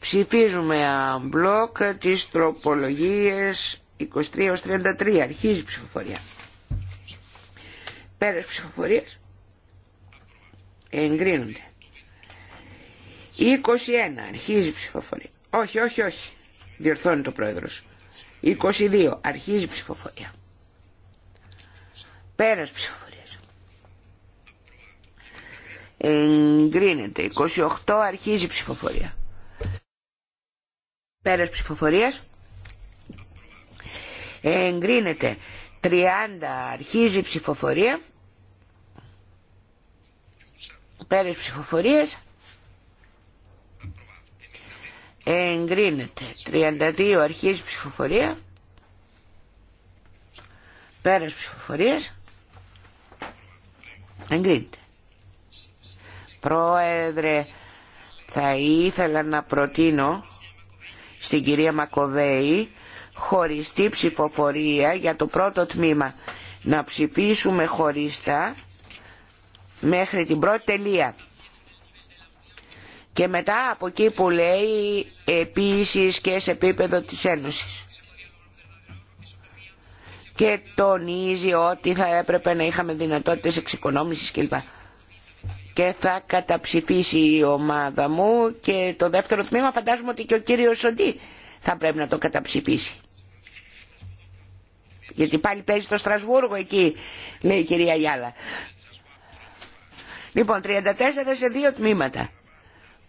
Ψηφίζουμε αμπλόκ τις τροπολογίες 23-33. Αρχίζει η ψηφοφορία. Πέρας ψηφοφορίας εγκρίνονται. 21. Αρχίζει η ψηφοφορία. Όχι, όχι, όχι. Διορθώνει το πρόεδρος. 22. Αρχίζει η ψηφοφορία. Πέρας ψηφοφορίας. Εγκρίνεται. 28. Αρχίζει η ψηφοφορία. Πέρας ψηφοφορίας. Εγκρίνεται. 30. Αρχίζει η ψηφοφορία. Πέρας ψηφοφορίας εγκρίνεται 32 αρχής ψηφοφορία πέρας ψηφοφορίας εγκρίνεται Πρόεδρε θα ήθελα να προτείνω στην κυρία Μακοβέη χωριστή ψηφοφορία για το πρώτο τμήμα να ψηφίσουμε χωριστά μέχρι την πρώτη τελεία και μετά από εκεί που λέει επίσης και σε επίπεδο της Ένωσης. Και τονίζει ότι θα έπρεπε να είχαμε δυνατότητες εξοικονόμησης κλπ. Και θα καταψηφίσει η ομάδα μου και το δεύτερο τμήμα φαντάζομαι ότι και ο κύριος Σοντή θα πρέπει να το καταψηφίσει. Γιατί πάλι παίζει στο Στρασβούργο εκεί, λέει η κυρία Γιάλα. Λοιπόν, 34 σε δύο τμήματα.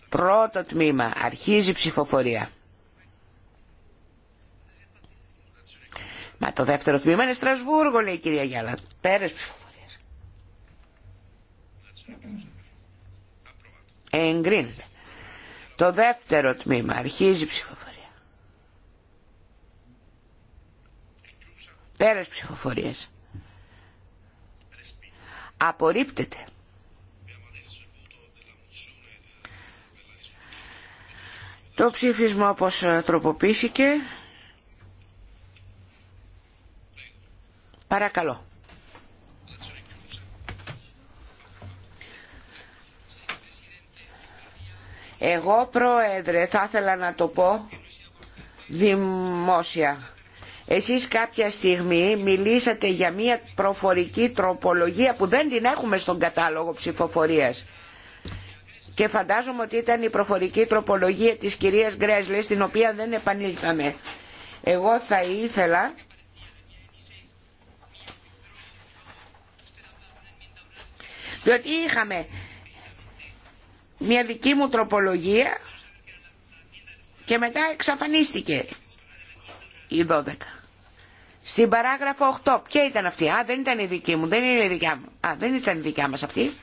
Πρώτο τμήμα. Αρχίζει η ψηφοφορία. Μα το δεύτερο τμήμα είναι Στρασβούργο, λέει η κυρία Γιάλα. Πέρες ψηφοφορίας. Εγκρίνεται. Το δεύτερο τμήμα. Αρχίζει η ψηφοφορία. Πέρες ψηφοφορίες. Απορρίπτεται. Το ψήφισμα όπως ε, τροποποιήθηκε. Παρακαλώ. Εγώ πρόεδρε θα ήθελα να το πω δημόσια. Εσείς κάποια στιγμή μιλήσατε για μια προφορική τροπολογία που δεν την έχουμε στον κατάλογο ψηφοφορίας και φαντάζομαι ότι ήταν η προφορική τροπολογία της κυρίας Γκρέσλε στην οποία δεν επανήλθαμε. Εγώ θα ήθελα διότι είχαμε μια δική μου τροπολογία και μετά εξαφανίστηκε η 12. Στην παράγραφο 8, ποια ήταν αυτή. Α, δεν ήταν η δική μου, δεν είναι η δικιά μου. Α, δεν ήταν η δικιά μας αυτή.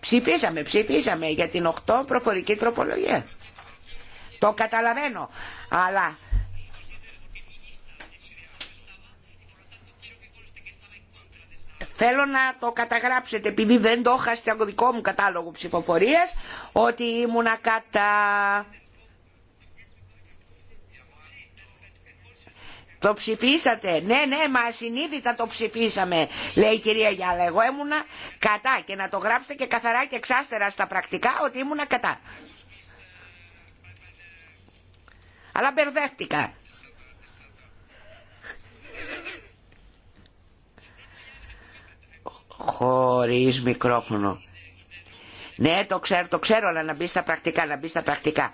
Ψηφίσαμε, ψηφίσαμε για την 8 προφορική τροπολογία. Το καταλαβαίνω, αλλά Θέλω να το καταγράψετε επειδή δεν το είχα στο δικό μου κατάλογο ψηφοφορίας ότι ήμουνα κατά... Το ψηφίσατε. Ναι, ναι, μα ασυνείδητα το ψηφίσαμε, λέει η κυρία Γιάλα. Εγώ ήμουνα κατά και να το γράψετε και καθαρά και εξάστερα στα πρακτικά ότι ήμουνα κατά. Αλλά μπερδεύτηκα. Χωρίς μικρόφωνο. Ναι, το ξέρω, το ξέρω, αλλά να μπει στα πρακτικά, να μπει στα πρακτικά.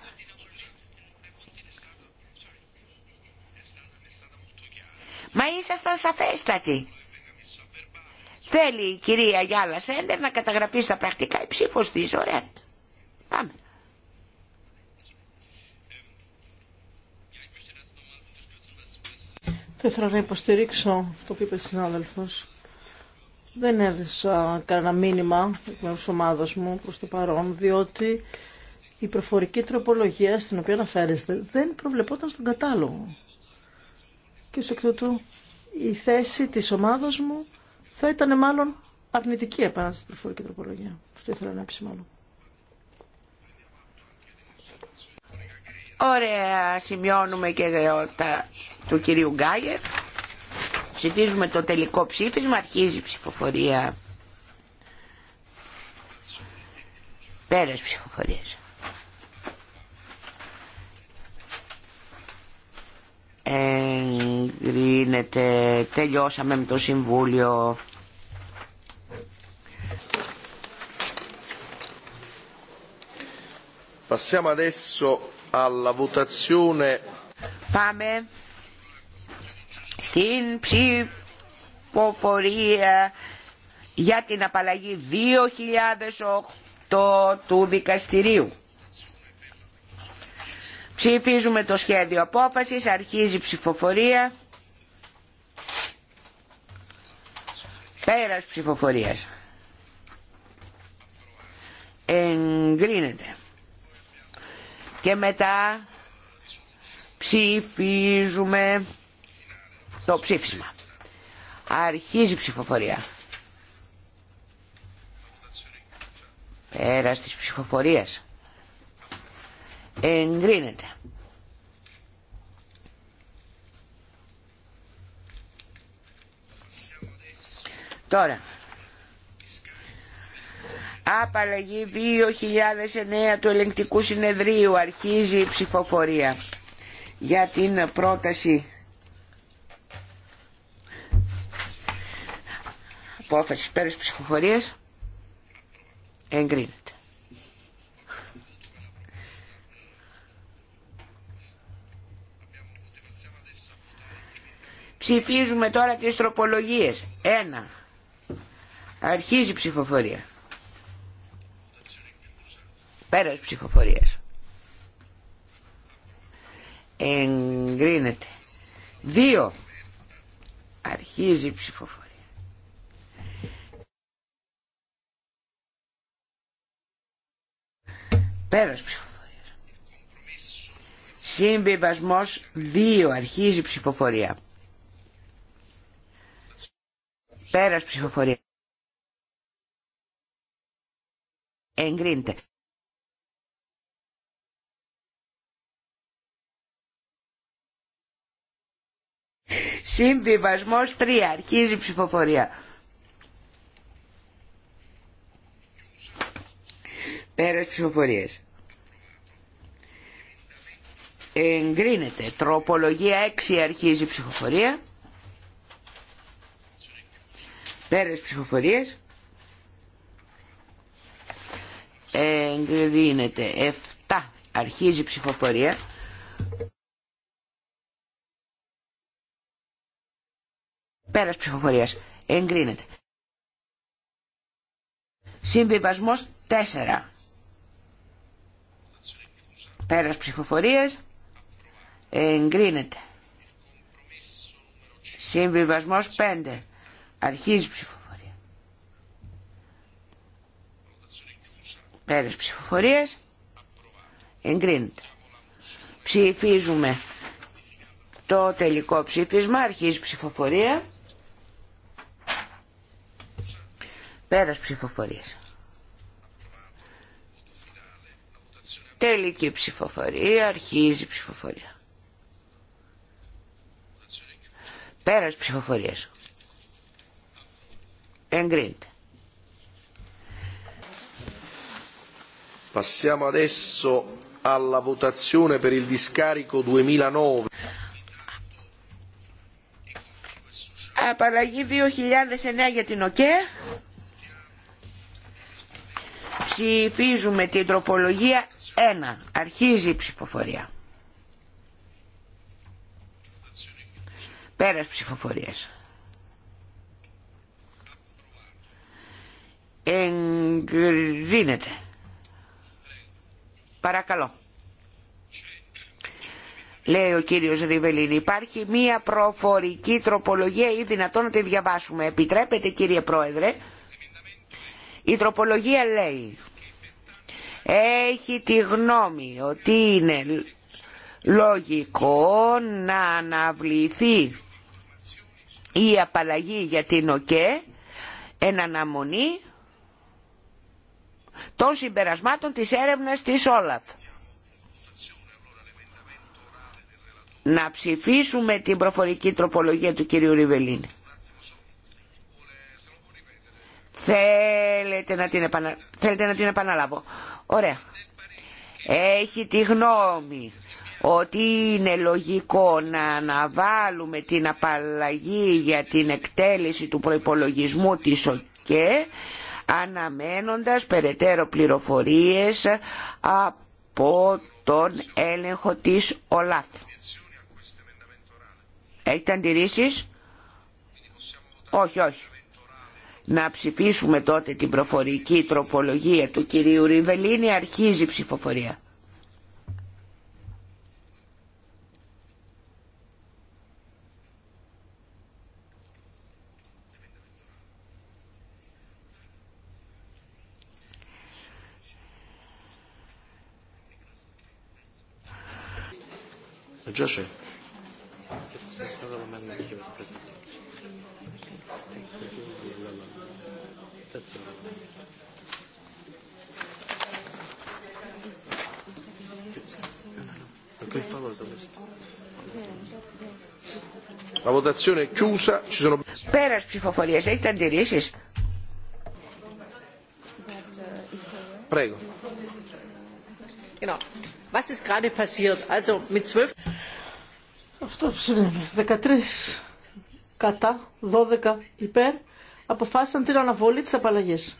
Μα ήσασταν σαφέστατοι. Θέλει η κυρία Γιάλα Σέντερ να καταγραφεί στα πρακτικά η ψήφο τη. Ωραία. Πάμε. Θα ήθελα να υποστηρίξω αυτό που είπε Δεν έδωσα κανένα μήνυμα εκ τη ομάδα μου προ το παρόν, διότι η προφορική τροπολογία στην οποία αναφέρεστε δεν προβλεπόταν στον κατάλογο και ως εκ τούτου η θέση της ομάδος μου θα ήταν μάλλον αρνητική επάνω στην προφορική τροπολογία. Αυτό ήθελα να επισημάνω. Ωραία, σημειώνουμε και τα του κυρίου Γκάγερ. Ψηφίζουμε το τελικό ψήφισμα, αρχίζει η ψηφοφορία. Πέρας ψηφοφορίας. εγκρίνεται τελειώσαμε με το Συμβούλιο Passiamo adesso alla votazione. Πάμε στην ψηφοφορία για την απαλλαγή 2008 του δικαστηρίου. Ψηφίζουμε το σχέδιο απόφασης, αρχίζει η ψηφοφορία. Πέρας ψηφοφορίας. Εγκρίνεται. Και μετά ψηφίζουμε το ψήφισμα. Αρχίζει η ψηφοφορία. Πέρας της ψηφοφορίας εγκρίνεται. Τώρα, απαλλαγή 2009 του ελεγκτικού συνεδρίου αρχίζει η ψηφοφορία για την πρόταση απόφαση πέρας ψηφοφορίας εγκρίνεται. Ψηφίζουμε τώρα τις τροπολογίες. Ένα. Αρχίζει η ψηφοφορία. Πέρας ψηφοφορίας. Εγκρίνεται. Δύο. Αρχίζει η ψηφοφορία. Πέρας ψηφοφορίας. Συμβιβασμός 2. Αρχίζει ψηφοφορία. Πέρας ψηφοφορία. Εγκρίνεται. Συμβιβασμός 3. Αρχίζει ψηφοφορία. Πέρας ψηφοφορίες. Εγκρίνεται. Τροπολογία 6. Αρχίζει ψηφοφορία. Πέρας ψηφοφορίες. Εγκρίνεται 7. Αρχίζει η ψηφοφορία. Πέρας ψηφοφορίας. Εγκρίνεται. Συμβιβασμός 4. Πέρας ψηφοφορίας. Εγκρίνεται. Συμβιβασμός 5. Αρχίζει η ψηφοφορία. Πέρας ψηφοφορίες. Εγκρίνεται. Ψηφίζουμε το τελικό ψήφισμα. Αρχίζει η ψηφοφορία. Πέρας ψηφοφορίες. Τελική ψηφοφορία. Αρχίζει η ψηφοφορία. Πέρας ψηφοφορίες. Εγκρίνεται. Passiamo adesso alla votazione per il discarico 2009. Απαλλαγή 2009 για την ΟΚΕ. Ψηφίζουμε την τροπολογία 1. Αρχίζει η ψηφοφορία. Πέρας ψηφοφορίας. εγκρίνεται. Παρακαλώ. Λέει ο κύριος Ριβελίνη, υπάρχει μία προφορική τροπολογία ή δυνατόν να τη διαβάσουμε. Επιτρέπετε κύριε Πρόεδρε. Η τροπολογία λέει, έχει τη γνώμη ότι είναι λογικό να αναβληθεί η απαλλαγή για την ΟΚΕ εν αναμονή των συμπερασμάτων της έρευνας της Όλαφ. Να ψηφίσουμε την προφορική τροπολογία του κυρίου Ριβελίν. Θέλετε να την, Θέλετε να την επαναλάβω. Ωραία. Έχει τη γνώμη ότι είναι λογικό να αναβάλουμε την απαλλαγή για την εκτέλεση του προϋπολογισμού της ΟΚΕ αναμένοντας περαιτέρω πληροφορίες από τον έλεγχο της ΟΛΑΦ. Έχετε αντιρρήσεις? Όχι, όχι. Να ψηφίσουμε τότε την προφορική τροπολογία του κυρίου Ριβελίνη. Αρχίζει η ψηφοφορία. Joshua. La votazione è chiusa. Ci sono... Πέρας ψηφοφορίας. sei Prego. Genau. Was ist gerade passiert? Also mit 12 13 ναι. κατά, 12 υπέρ, αποφάσισαν την αναβολή της απαλλαγής.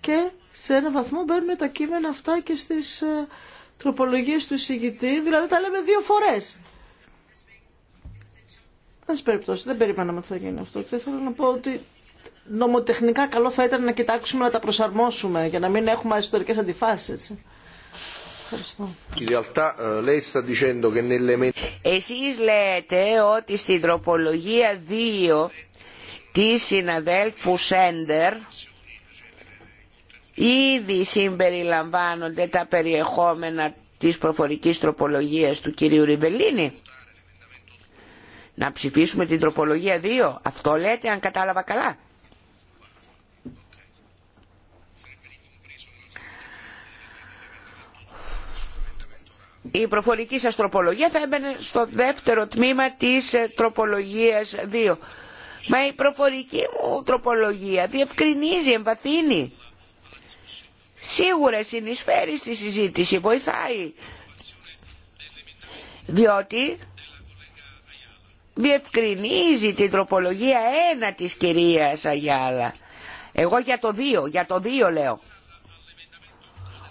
Και σε ένα βαθμό μπαίνουν τα κείμενα αυτά και στις ε, τροπολογίες του εισηγητή, δηλαδή τα λέμε δύο φορές. Ας περιπτώσει, δεν περιμέναμε ότι θα γίνει αυτό. Και θέλω να πω ότι νομοτεχνικά καλό θα ήταν να κοιτάξουμε να τα προσαρμόσουμε για να μην έχουμε εσωτερικές αντιφάσεις. Έτσι. Ευχαριστώ. Eh, Εσείς λέτε ότι στην τροπολογία 2 τη συναδέλφου Σέντερ ήδη συμπεριλαμβάνονται τα περιεχόμενα της προφορικής τροπολογίας του κυρίου Ριβελίνη. Να ψηφίσουμε την τροπολογία 2. Αυτό λέτε αν κατάλαβα καλά. η προφορική σας τροπολογία θα έμπαινε στο δεύτερο τμήμα της ε, τροπολογίας 2. Μα η προφορική μου τροπολογία διευκρινίζει, εμβαθύνει. Σίγουρα συνεισφέρει στη συζήτηση, βοηθάει. Διότι διευκρινίζει την τροπολογία 1 της κυρίας Αγιάλα. Εγώ για το 2, για το 2 λέω.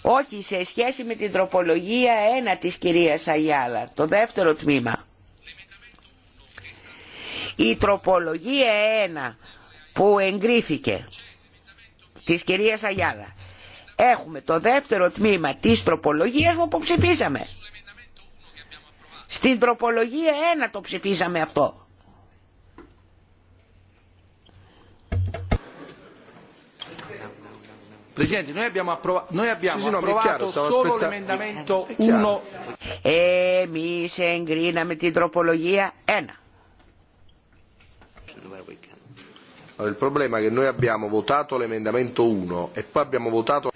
Όχι, σε σχέση με την τροπολογία 1 της κυρίας Αγιάλα, το δεύτερο τμήμα. Η τροπολογία 1 που εγκρίθηκε της κυρίας Αγιάλα. Έχουμε το δεύτερο τμήμα της τροπολογίας μου που ψηφίσαμε. Στην τροπολογία 1 το ψηφίσαμε αυτό. Presidente, noi abbiamo, approva- noi abbiamo sì, sì, no, approvato chiaro, solo l'emendamento 1. Εμείς εγκρίναμε την τροπολογία 1. Il problema è che noi abbiamo votato l'emendamento 1 e poi abbiamo votato...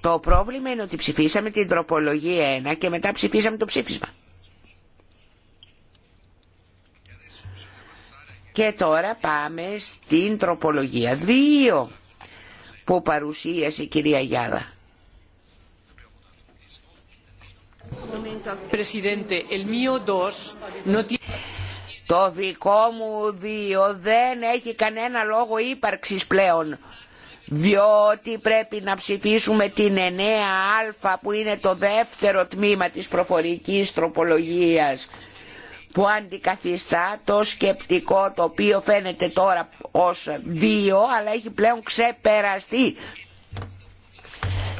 Το πρόβλημα είναι ότι ψηφίσαμε την τροπολογία 1 και μετά ψηφίσαμε το ψήφισμα. Και τώρα πάμε στην τροπολογία 2 που παρουσίασε η κυρία Γιάδα. Το δικό μου δύο δεν έχει κανένα λόγο ύπαρξης πλέον διότι πρέπει να ψηφίσουμε την 9α που είναι το δεύτερο τμήμα της προφορικής τροπολογίας που αντικαθιστά το σκεπτικό το οποίο φαίνεται τώρα ως βίο αλλά έχει πλέον ξεπεραστεί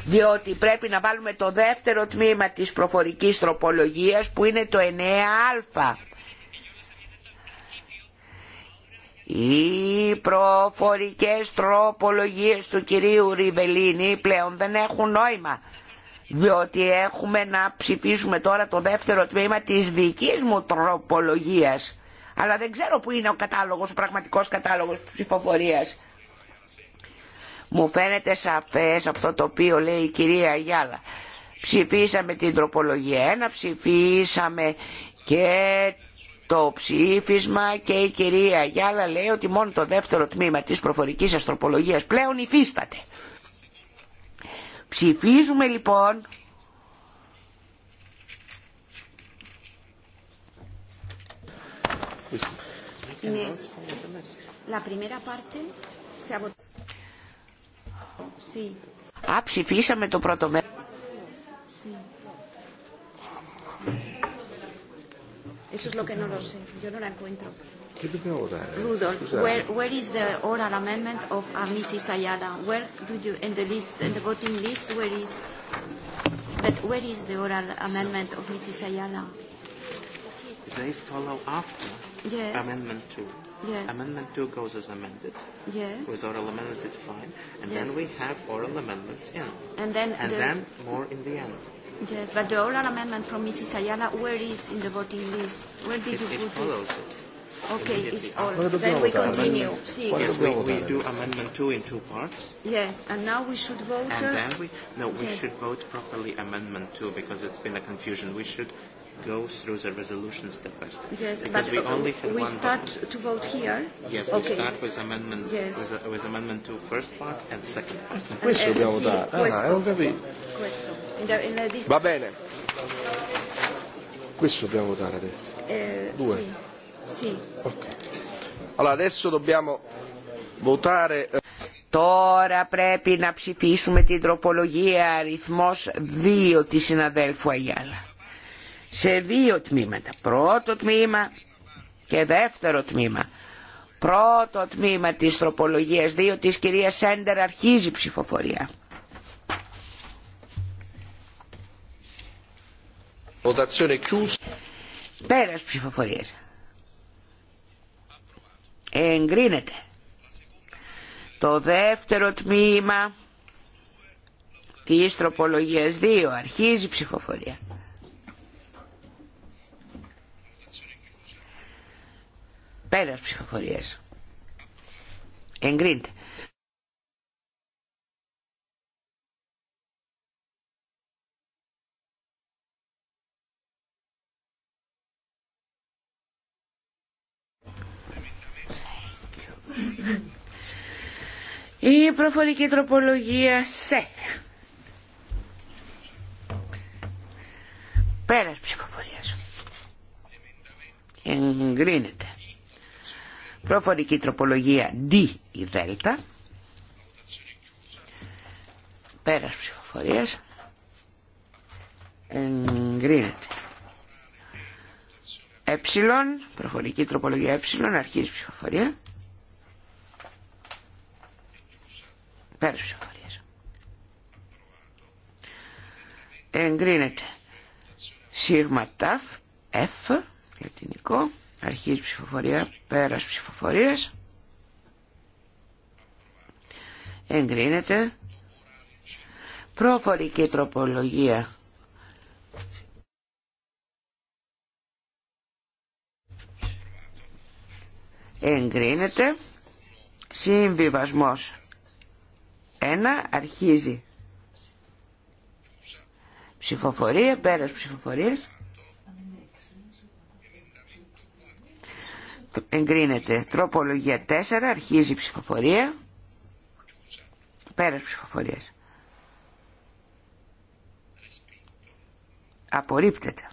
διότι πρέπει να βάλουμε το δεύτερο τμήμα της προφορικής τροπολογίας που είναι το 9α. Οι προφορικές τροπολογίες του κυρίου Ριβελίνη πλέον δεν έχουν νόημα διότι έχουμε να ψηφίσουμε τώρα το δεύτερο τμήμα της δικής μου τροπολογίας. Αλλά δεν ξέρω πού είναι ο κατάλογος, ο πραγματικός κατάλογος της ψηφοφορίας. Μου φαίνεται σαφές αυτό το οποίο λέει η κυρία Γιάλα. Ψηφίσαμε την τροπολογία 1, ψηφίσαμε και το ψήφισμα και η κυρία Γιάλα λέει ότι μόνο το δεύτερο τμήμα της προφορικής αστροπολογίας πλέον υφίσταται. Ψηφίζουμε λοιπόν La primera parte se ha Sí. Ah, ψηφίσαμε το πρώτο μέρος. Eso es lo que no lo sé. Yo no la encuentro. Rudolf, where, where is the oral amendment of Mrs. Ayala? Where do you, in the list, in the voting list, where is, but where is the oral amendment of Mrs. Ayala? They follow after Amendment 2. Yes. Amendment 2 goes as amended. Yes. With oral amendments, it's fine. And then we have oral amendments in. And then, and then more in the end. Yes, but the oral amendment from Mrs. Ayala, where is in the voting list? Where did you put it? it. Okay, it's all. Then we continue. Yes, we, we do amendment two in two parts. Yes, and now we should vote. And then we no, we should vote properly amendment two because it's been a confusion. We should go through the resolution step by step. Yes, but we only have we one start to vote here. Yes, we start with amendment yes. with, with amendment to first part and second part. Questo dobbiamo dare. Questo. Va bene. Questo dobbiamo votare adesso. Eh, Due. Sì. Eh, Τώρα πρέπει να ψηφίσουμε την τροπολογία αριθμός δύο της συναδέλφου Αγιάλα. Σε δύο τμήματα. Πρώτο τμήμα και δεύτερο τμήμα. Πρώτο τμήμα της τροπολογίας 2 της κυρίας Σέντερ αρχίζει ψηφοφορία. Πέρας ψηφοφορίας εγκρίνεται. Το δεύτερο τμήμα της τροπολογίας 2 αρχίζει η ψηφοφορία. Πέρας ψυχοφορίας. Εγκρίνεται. Η προφορική τροπολογία σε. Πέρας ψηφοφορίας. Εγκρίνεται. Προφορική τροπολογία D η Δέλτα. Πέρας ψηφοφορία. Εγκρίνεται. Ε, προφορική τροπολογία ε, αρχής ψηφοφορία. Πέρας ψηφοφορίας. Εγκρίνεται. Σίγμα ταφ, F, λατινικό, αρχής ψηφοφορία, πέρας ψηφοφορίας. Εγκρίνεται. Προφορική τροπολογία. Εγκρίνεται. Συμβιβασμός ένα, αρχίζει. Ψηφοφορία, πέρας ψηφοφορίας. Εγκρίνεται. Τροπολογία 4, αρχίζει ψηφοφορία. Πέρας ψηφοφορίας. Απορρίπτεται.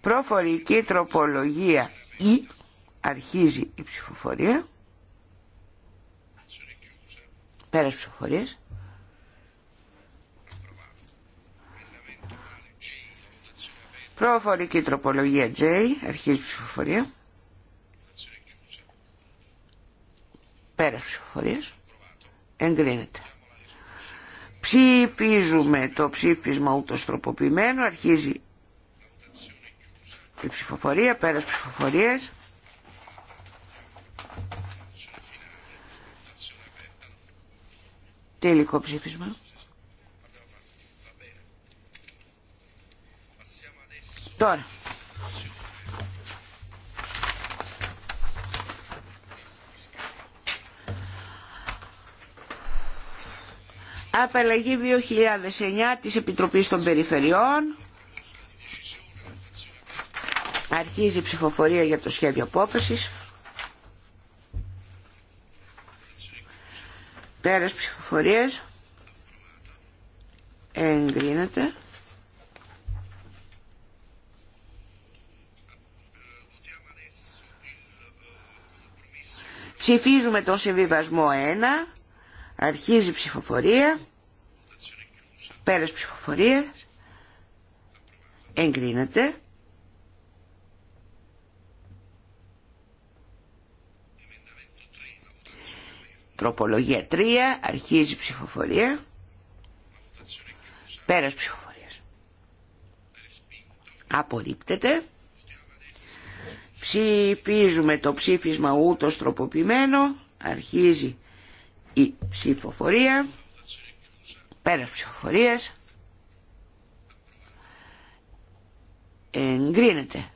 Προφορική τροπολογία ή Αρχίζει η ψηφοφορία. Πέρας ψηφοφορίες. Προφορική τροπολογία J, αρχίζει η ψηφοφορία. Πέρα ψηφοφορίες, Εγκρίνεται. Ψηφίζουμε το ψήφισμα ούτως τροποποιημένο, αρχίζει η ψηφοφορία, πέρας ψηφοφορίες. Τελικό ψήφισμα. Τώρα. Απαλλαγή 2009 της Επιτροπής των Περιφερειών. Αρχίζει η ψηφοφορία για το σχέδιο απόφασης. Πέρας ψηφοφορίας εγκρίνεται. Ψηφίζουμε τον συμβιβασμό 1. Αρχίζει η ψηφοφορία. Πέρας ψηφοφορία. Εγκρίνεται. Τροπολογία 3, αρχίζει ψηφοφορία. Πέρας ψηφοφορίας. Απορρίπτεται. Ψηφίζουμε το ψήφισμα ούτως τροποποιημένο. Αρχίζει η ψηφοφορία. Πέρας ψηφοφορίας. Εγκρίνεται.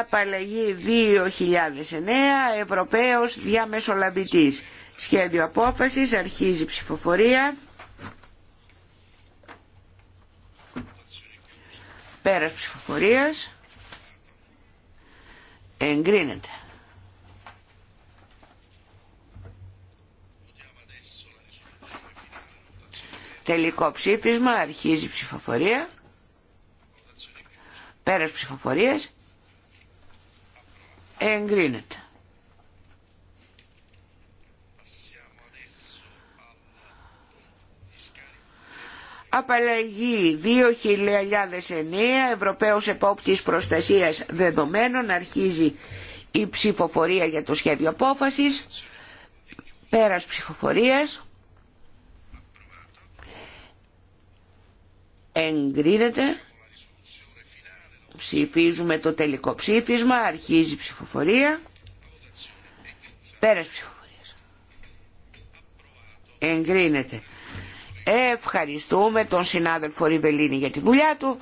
Απαλλαγή 2009 Ευρωπαίος διαμεσολαβητής. Σχέδιο απόφασης. Αρχίζει ψηφοφορία. Πέρας ψηφοφορίας. Εγκρίνεται. Τελικό ψήφισμα, αρχίζει ψηφοφορία. Πέρας ψηφοφορίας, εγκρίνεται. Απαλλαγή 2009 Ευρωπαίος Επόπτης Προστασίας Δεδομένων αρχίζει η ψηφοφορία για το σχέδιο απόφασης πέρας ψηφοφορίας εγκρίνεται ψηφίζουμε το τελικό ψήφισμα, αρχίζει η ψηφοφορία, πέρας ψηφοφορίας. Εγκρίνεται. Ευχαριστούμε τον συνάδελφο Ριβελίνη για τη δουλειά του.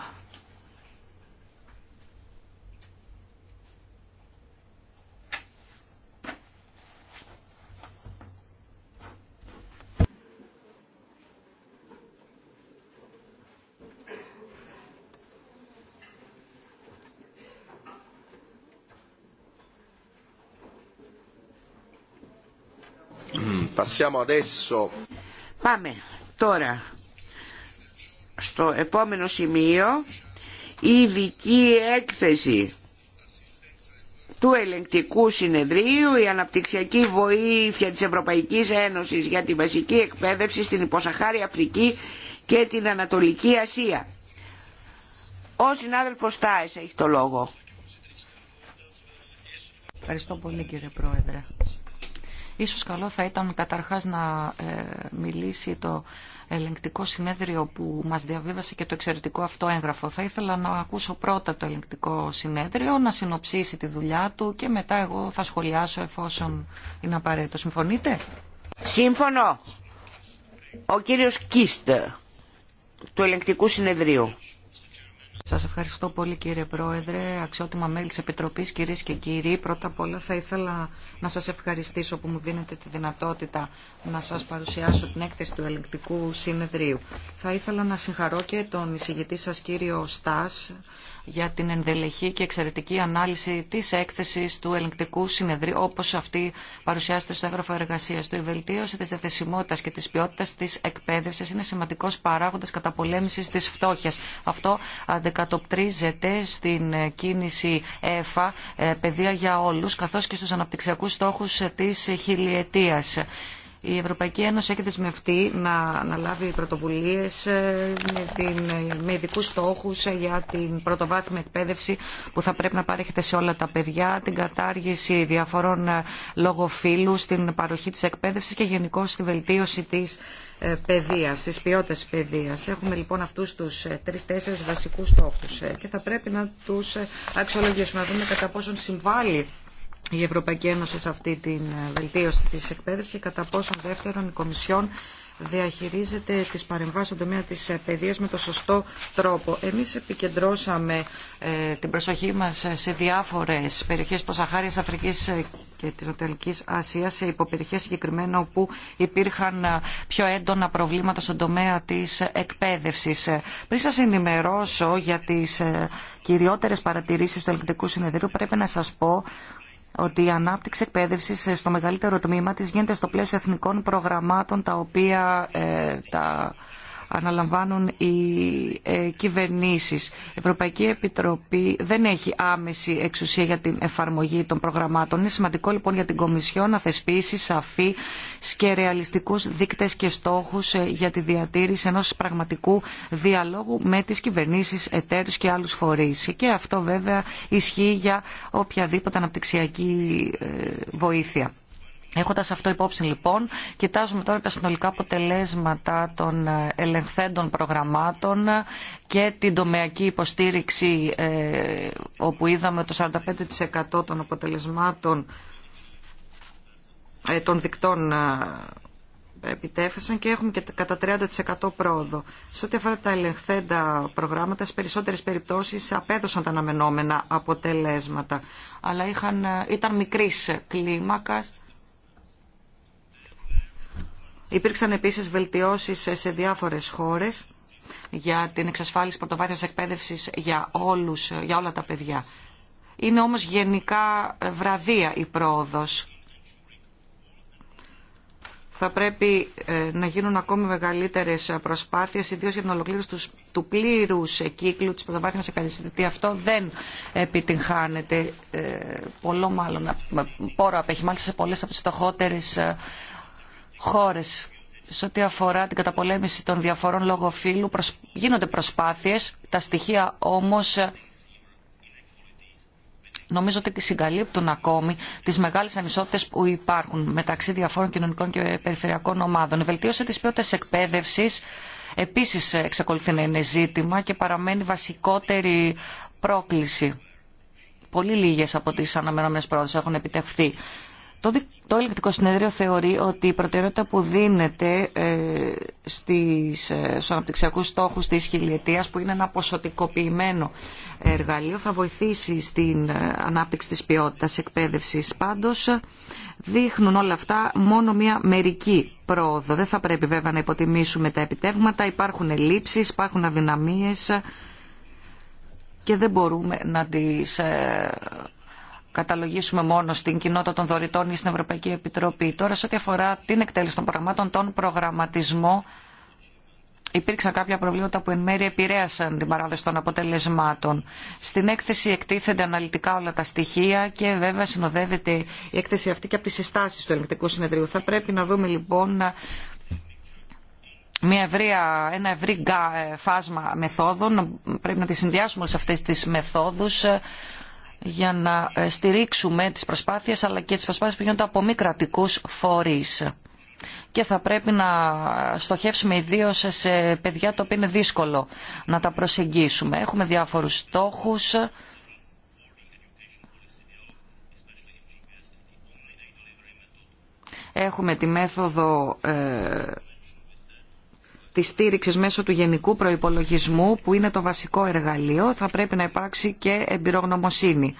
Πάμε τώρα στο επόμενο σημείο η ειδική έκθεση του ελεγκτικού συνεδρίου η αναπτυξιακή βοήθεια της Ευρωπαϊκής Ένωσης για τη βασική εκπαίδευση στην υποσαχάρη Αφρική και την Ανατολική Ασία. Ο συνάδελφος Στάις έχει το λόγο. Ευχαριστώ πολύ κύριε Πρόεδρε. Ίσως καλό θα ήταν καταρχάς να ε, μιλήσει το ελεγκτικό συνέδριο που μας διαβίβασε και το εξαιρετικό αυτό έγγραφο. Θα ήθελα να ακούσω πρώτα το ελεγκτικό συνέδριο, να συνοψίσει τη δουλειά του και μετά εγώ θα σχολιάσω εφόσον είναι απαραίτητο. Συμφωνείτε? Σύμφωνο. Ο κύριος Κίστ του ελεγκτικού συνεδρίου. Σας ευχαριστώ πολύ κύριε Πρόεδρε, αξιότιμα μέλη της Επιτροπής, κυρίες και κύριοι. Πρώτα απ' όλα θα ήθελα να σας ευχαριστήσω που μου δίνετε τη δυνατότητα να σας παρουσιάσω την έκθεση του ελεγκτικού συνεδρίου. Θα ήθελα να συγχαρώ και τον εισηγητή σας κύριο Στάς για την ενδελεχή και εξαιρετική ανάλυση της έκθεσης του ελεγκτικού συνεδρίου όπως αυτή παρουσιάζεται στο έγγραφο εργασίας του. Η βελτίωση της διαθεσιμότητας και της ποιότητας της εκπαίδευσης είναι σημαντικός παράγοντας καταπολέμησης της φτώχειας. Αυτό κατοπτρίζεται στην ε, κίνηση ΕΦΑ, ε, παιδεία για όλους, καθώς και στους αναπτυξιακούς στόχους ε, της χιλιετίας. Η Ευρωπαϊκή Ένωση έχει δεσμευτεί να αναλάβει πρωτοβουλίε ε, με, με ειδικού στόχου ε, για την πρωτοβάθμια εκπαίδευση που θα πρέπει να παρέχεται σε όλα τα παιδιά, την κατάργηση διαφορών ε, λόγω στην παροχή τη εκπαίδευση και γενικώ στη βελτίωση τη παιδιάς τη ποιότητα παιδεία. Έχουμε λοιπόν αυτού του τρει-τέσσερι βασικού στόχου και θα πρέπει να του αξιολογήσουμε, να δούμε κατά πόσον συμβάλλει η Ευρωπαϊκή Ένωση σε αυτή την ε, βελτίωση της εκπαίδευσης και κατά πόσον δεύτερον η Κομισιόν διαχειρίζεται τις παρεμβάσεις στον τομέα της ε, παιδείας με το σωστό τρόπο. Εμείς επικεντρώσαμε ε, την προσοχή μας σε διάφορες περιοχές ποσαχάρια Αφρικής και της Νοτελικής Ασίας, σε υποπεριοχές συγκεκριμένα όπου υπήρχαν πιο έντονα προβλήματα στον τομέα της εκπαίδευσης. Πριν σας ενημερώσω για τις κυριότερες παρατηρήσεις του ελληνικού Συνεδρίου, πρέπει να σας πω ότι η ανάπτυξη εκπαίδευση στο μεγαλύτερο τμήμα τη γίνεται στο πλαίσιο εθνικών προγραμμάτων τα οποία ε, τα αναλαμβάνουν οι ε, κυβερνήσεις. Η Ευρωπαϊκή Επιτροπή δεν έχει άμεση εξουσία για την εφαρμογή των προγραμμάτων. Είναι σημαντικό λοιπόν για την Κομισιό να θεσπίσει σαφή και ρεαλιστικούς δείκτες και στόχους ε, για τη διατήρηση ενός πραγματικού διαλόγου με τις κυβερνήσεις, εταίρους και άλλους φορείς. Και αυτό βέβαια ισχύει για οποιαδήποτε αναπτυξιακή ε, βοήθεια. Έχοντας αυτό υπόψη λοιπόν, κοιτάζουμε τώρα τα συνολικά αποτελέσματα των ε, ελεγχθέντων προγραμμάτων και την τομεακή υποστήριξη ε, όπου είδαμε το 45% των αποτελεσμάτων ε, των δικτών επιτέφεσαν και έχουμε και κατά 30% πρόοδο. Σε ό,τι αφορά τα ελεγχθέντα προγράμματα, σε περισσότερες περιπτώσεις απέδωσαν τα αναμενόμενα αποτελέσματα. Αλλά είχαν, ήταν μικρής κλίμακας. Υπήρξαν επίσης βελτιώσεις σε διάφορες χώρες για την εξασφάλιση πρωτοβάθμιας εκπαίδευσης για, όλους, για όλα τα παιδιά. Είναι όμως γενικά βραδία η πρόοδος. Θα πρέπει ε, να γίνουν ακόμη μεγαλύτερες προσπάθειες, ιδίως για την ολοκλήρωση του πλήρους κύκλου της πρωτοβάθμιας εκπαίδευσης. Γιατί αυτό δεν επιτυγχάνεται, ε, πολλό μάλλον, ε, πόρο απέχει, μάλιστα σε πολλές από τις φτωχότερες χώρες. Σε ό,τι αφορά την καταπολέμηση των διαφορών λόγω γίνονται προσπάθειες, τα στοιχεία όμως ε, νομίζω ότι συγκαλύπτουν ακόμη τις μεγάλες ανισότητες που υπάρχουν μεταξύ διαφόρων κοινωνικών και περιφερειακών ομάδων. Η βελτίωση της ποιότητας εκπαίδευσης επίσης εξακολουθεί να είναι ζήτημα και παραμένει βασικότερη πρόκληση. Πολύ λίγες από τις αναμενόμενες πρόοδες έχουν επιτευχθεί. Το, το ελεκτικό συνέδριο θεωρεί ότι η προτεραιότητα που δίνεται ε, στις, ε, στους αναπτυξιακούς στόχους της χιλιετίας που είναι ένα ποσοτικοποιημένο εργαλείο θα βοηθήσει στην ε, ανάπτυξη της ποιότητας εκπαίδευσης. Πάντως ε, δείχνουν όλα αυτά μόνο μια μερική πρόοδο. Δεν θα πρέπει βέβαια να υποτιμήσουμε τα επιτεύγματα. Υπάρχουν ελλείψεις, υπάρχουν αδυναμίες και δεν μπορούμε να τις καταλογίσουμε μόνο στην κοινότητα των δωρητών ή στην Ευρωπαϊκή Επιτροπή. Τώρα, σε ό,τι αφορά την εκτέλεση των προγραμμάτων, τον προγραμματισμό, υπήρξαν κάποια προβλήματα που εν μέρει επηρέασαν την παράδοση των αποτελεσμάτων. Στην έκθεση εκτίθενται αναλυτικά όλα τα στοιχεία και βέβαια συνοδεύεται η έκθεση αυτή και από τι συστάσει του Ελεκτικού Συνεδρίου. Θα πρέπει να δούμε λοιπόν μια ευρία, ένα ευρύ ε, φάσμα μεθόδων, πρέπει να τις συνδυάσουμε σε αυτές τις μεθόδους ε, για να ε, στηρίξουμε τις προσπάθειες αλλά και τις προσπάθειες που γίνονται από μη κρατικού φορείς. Και θα πρέπει να στοχεύσουμε ιδίω σε παιδιά τα οποία είναι δύσκολο να τα προσεγγίσουμε. Έχουμε διάφορους στόχους. Έχουμε τη μέθοδο ε, της στήριξης μέσω του γενικού προϋπολογισμού που είναι το βασικό εργαλείο θα πρέπει να υπάρξει και εμπειρογνωμοσύνη.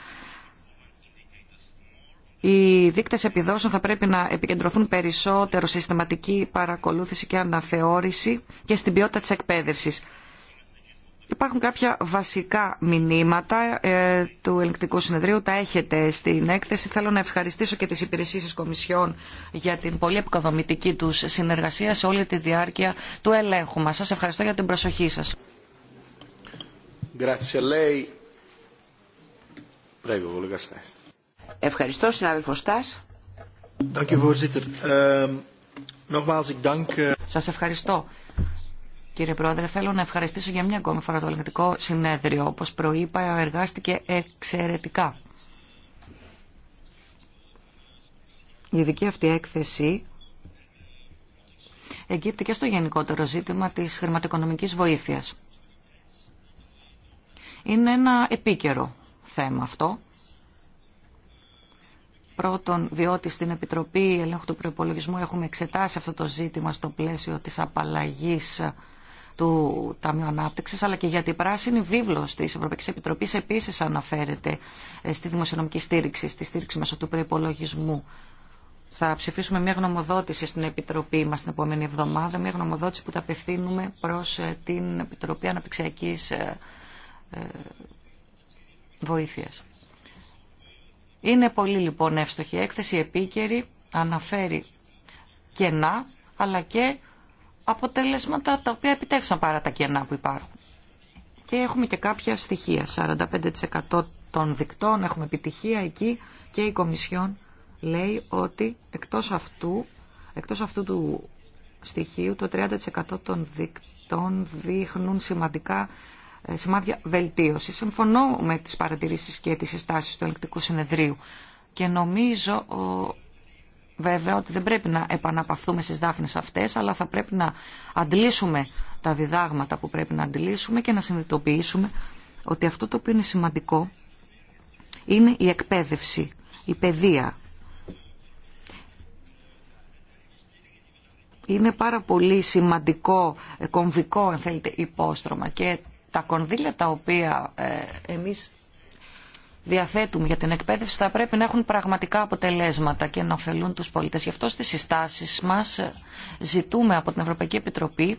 Οι δείκτες επιδόσεων θα πρέπει να επικεντρωθούν περισσότερο στη συστηματική παρακολούθηση και αναθεώρηση και στην ποιότητα της εκπαίδευσης. Υπάρχουν κάποια βασικά μηνύματα ε, του Ελεκτικού Συνεδρίου, τα έχετε στην έκθεση. Θέλω να ευχαριστήσω και τις υπηρεσίες της Κομισιόν για την πολύ επικοδομητική τους συνεργασία σε όλη τη διάρκεια του ελέγχου μας. Σας ευχαριστώ για την προσοχή σας. Ευχαριστώ, συνάδελφο Στάς. Ehm, eh, σας ευχαριστώ. Κύριε Πρόεδρε, θέλω να ευχαριστήσω για μια ακόμη φορά το ελεγκτικό συνέδριο. Όπως προείπα, εργάστηκε εξαιρετικά. Η ειδική αυτή έκθεση εγκύπτει και στο γενικότερο ζήτημα της χρηματοοικονομικής βοήθειας. Είναι ένα επίκαιρο θέμα αυτό. Πρώτον, διότι στην Επιτροπή Ελέγχου του Προπολογισμού έχουμε εξετάσει αυτό το ζήτημα στο πλαίσιο της απαλλαγής του Ταμείου Ανάπτυξη, αλλά και για την πράσινη βίβλο τη Ευρωπαϊκή Επιτροπή επίση αναφέρεται ε, στη δημοσιονομική στήριξη, στη στήριξη μέσω του προπολογισμού. Θα ψηφίσουμε μια γνωμοδότηση στην Επιτροπή μα την επόμενη εβδομάδα, μια γνωμοδότηση που τα απευθύνουμε προ ε, την Επιτροπή Αναπτυξιακή ε, Βοήθεια. Είναι πολύ λοιπόν εύστοχη έκθεση, επίκαιρη, αναφέρει κενά, αλλά και αποτελέσματα τα οποία επιτεύξαν παρά τα κενά που υπάρχουν. Και έχουμε και κάποια στοιχεία. 45% των δικτών έχουμε επιτυχία εκεί και η Κομισιόν λέει ότι εκτός αυτού, εκτός αυτού του στοιχείου το 30% των δικτών δείχνουν σημαντικά ε, σημάδια βελτίωση. Συμφωνώ με τις παρατηρήσεις και τις συστάσεις του Ελεκτικού Συνεδρίου και νομίζω βέβαια ότι δεν πρέπει να επαναπαυθούμε στις δάφνες αυτές, αλλά θα πρέπει να αντλήσουμε τα διδάγματα που πρέπει να αντλήσουμε και να συνειδητοποιήσουμε ότι αυτό το οποίο είναι σημαντικό είναι η εκπαίδευση, η παιδεία. Είναι πάρα πολύ σημαντικό, κομβικό, αν θέλετε, υπόστρωμα και τα κονδύλια τα οποία ε, εμείς διαθέτουμε για την εκπαίδευση θα πρέπει να έχουν πραγματικά αποτελέσματα και να ωφελούν τους πολίτες. Γι' αυτό στις συστάσεις μας ζητούμε από την Ευρωπαϊκή Επιτροπή,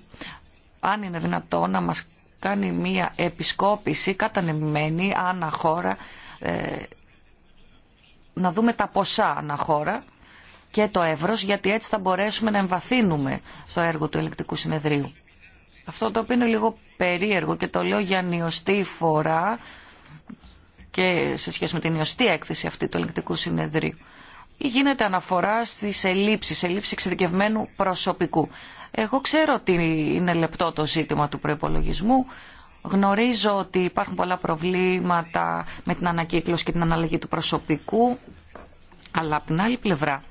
αν είναι δυνατό να μας κάνει μία επισκόπηση κατανεμημένη αναχώρα, ε, να δούμε τα ποσά αναχώρα και το εύρος, γιατί έτσι θα μπορέσουμε να εμβαθύνουμε στο έργο του ελεκτικού συνεδρίου. Αυτό το οποίο είναι λίγο περίεργο και το λέω για νιωστή φορά και σε σχέση με την ιωστή έκθεση αυτή του ελεγκτικού συνεδρίου. Γίνεται αναφορά στι ελλείψει, ελλείψει εξειδικευμένου προσωπικού. Εγώ ξέρω ότι είναι λεπτό το ζήτημα του προπολογισμού. Γνωρίζω ότι υπάρχουν πολλά προβλήματα με την ανακύκλωση και την αναλλαγή του προσωπικού. Αλλά από την άλλη πλευρά,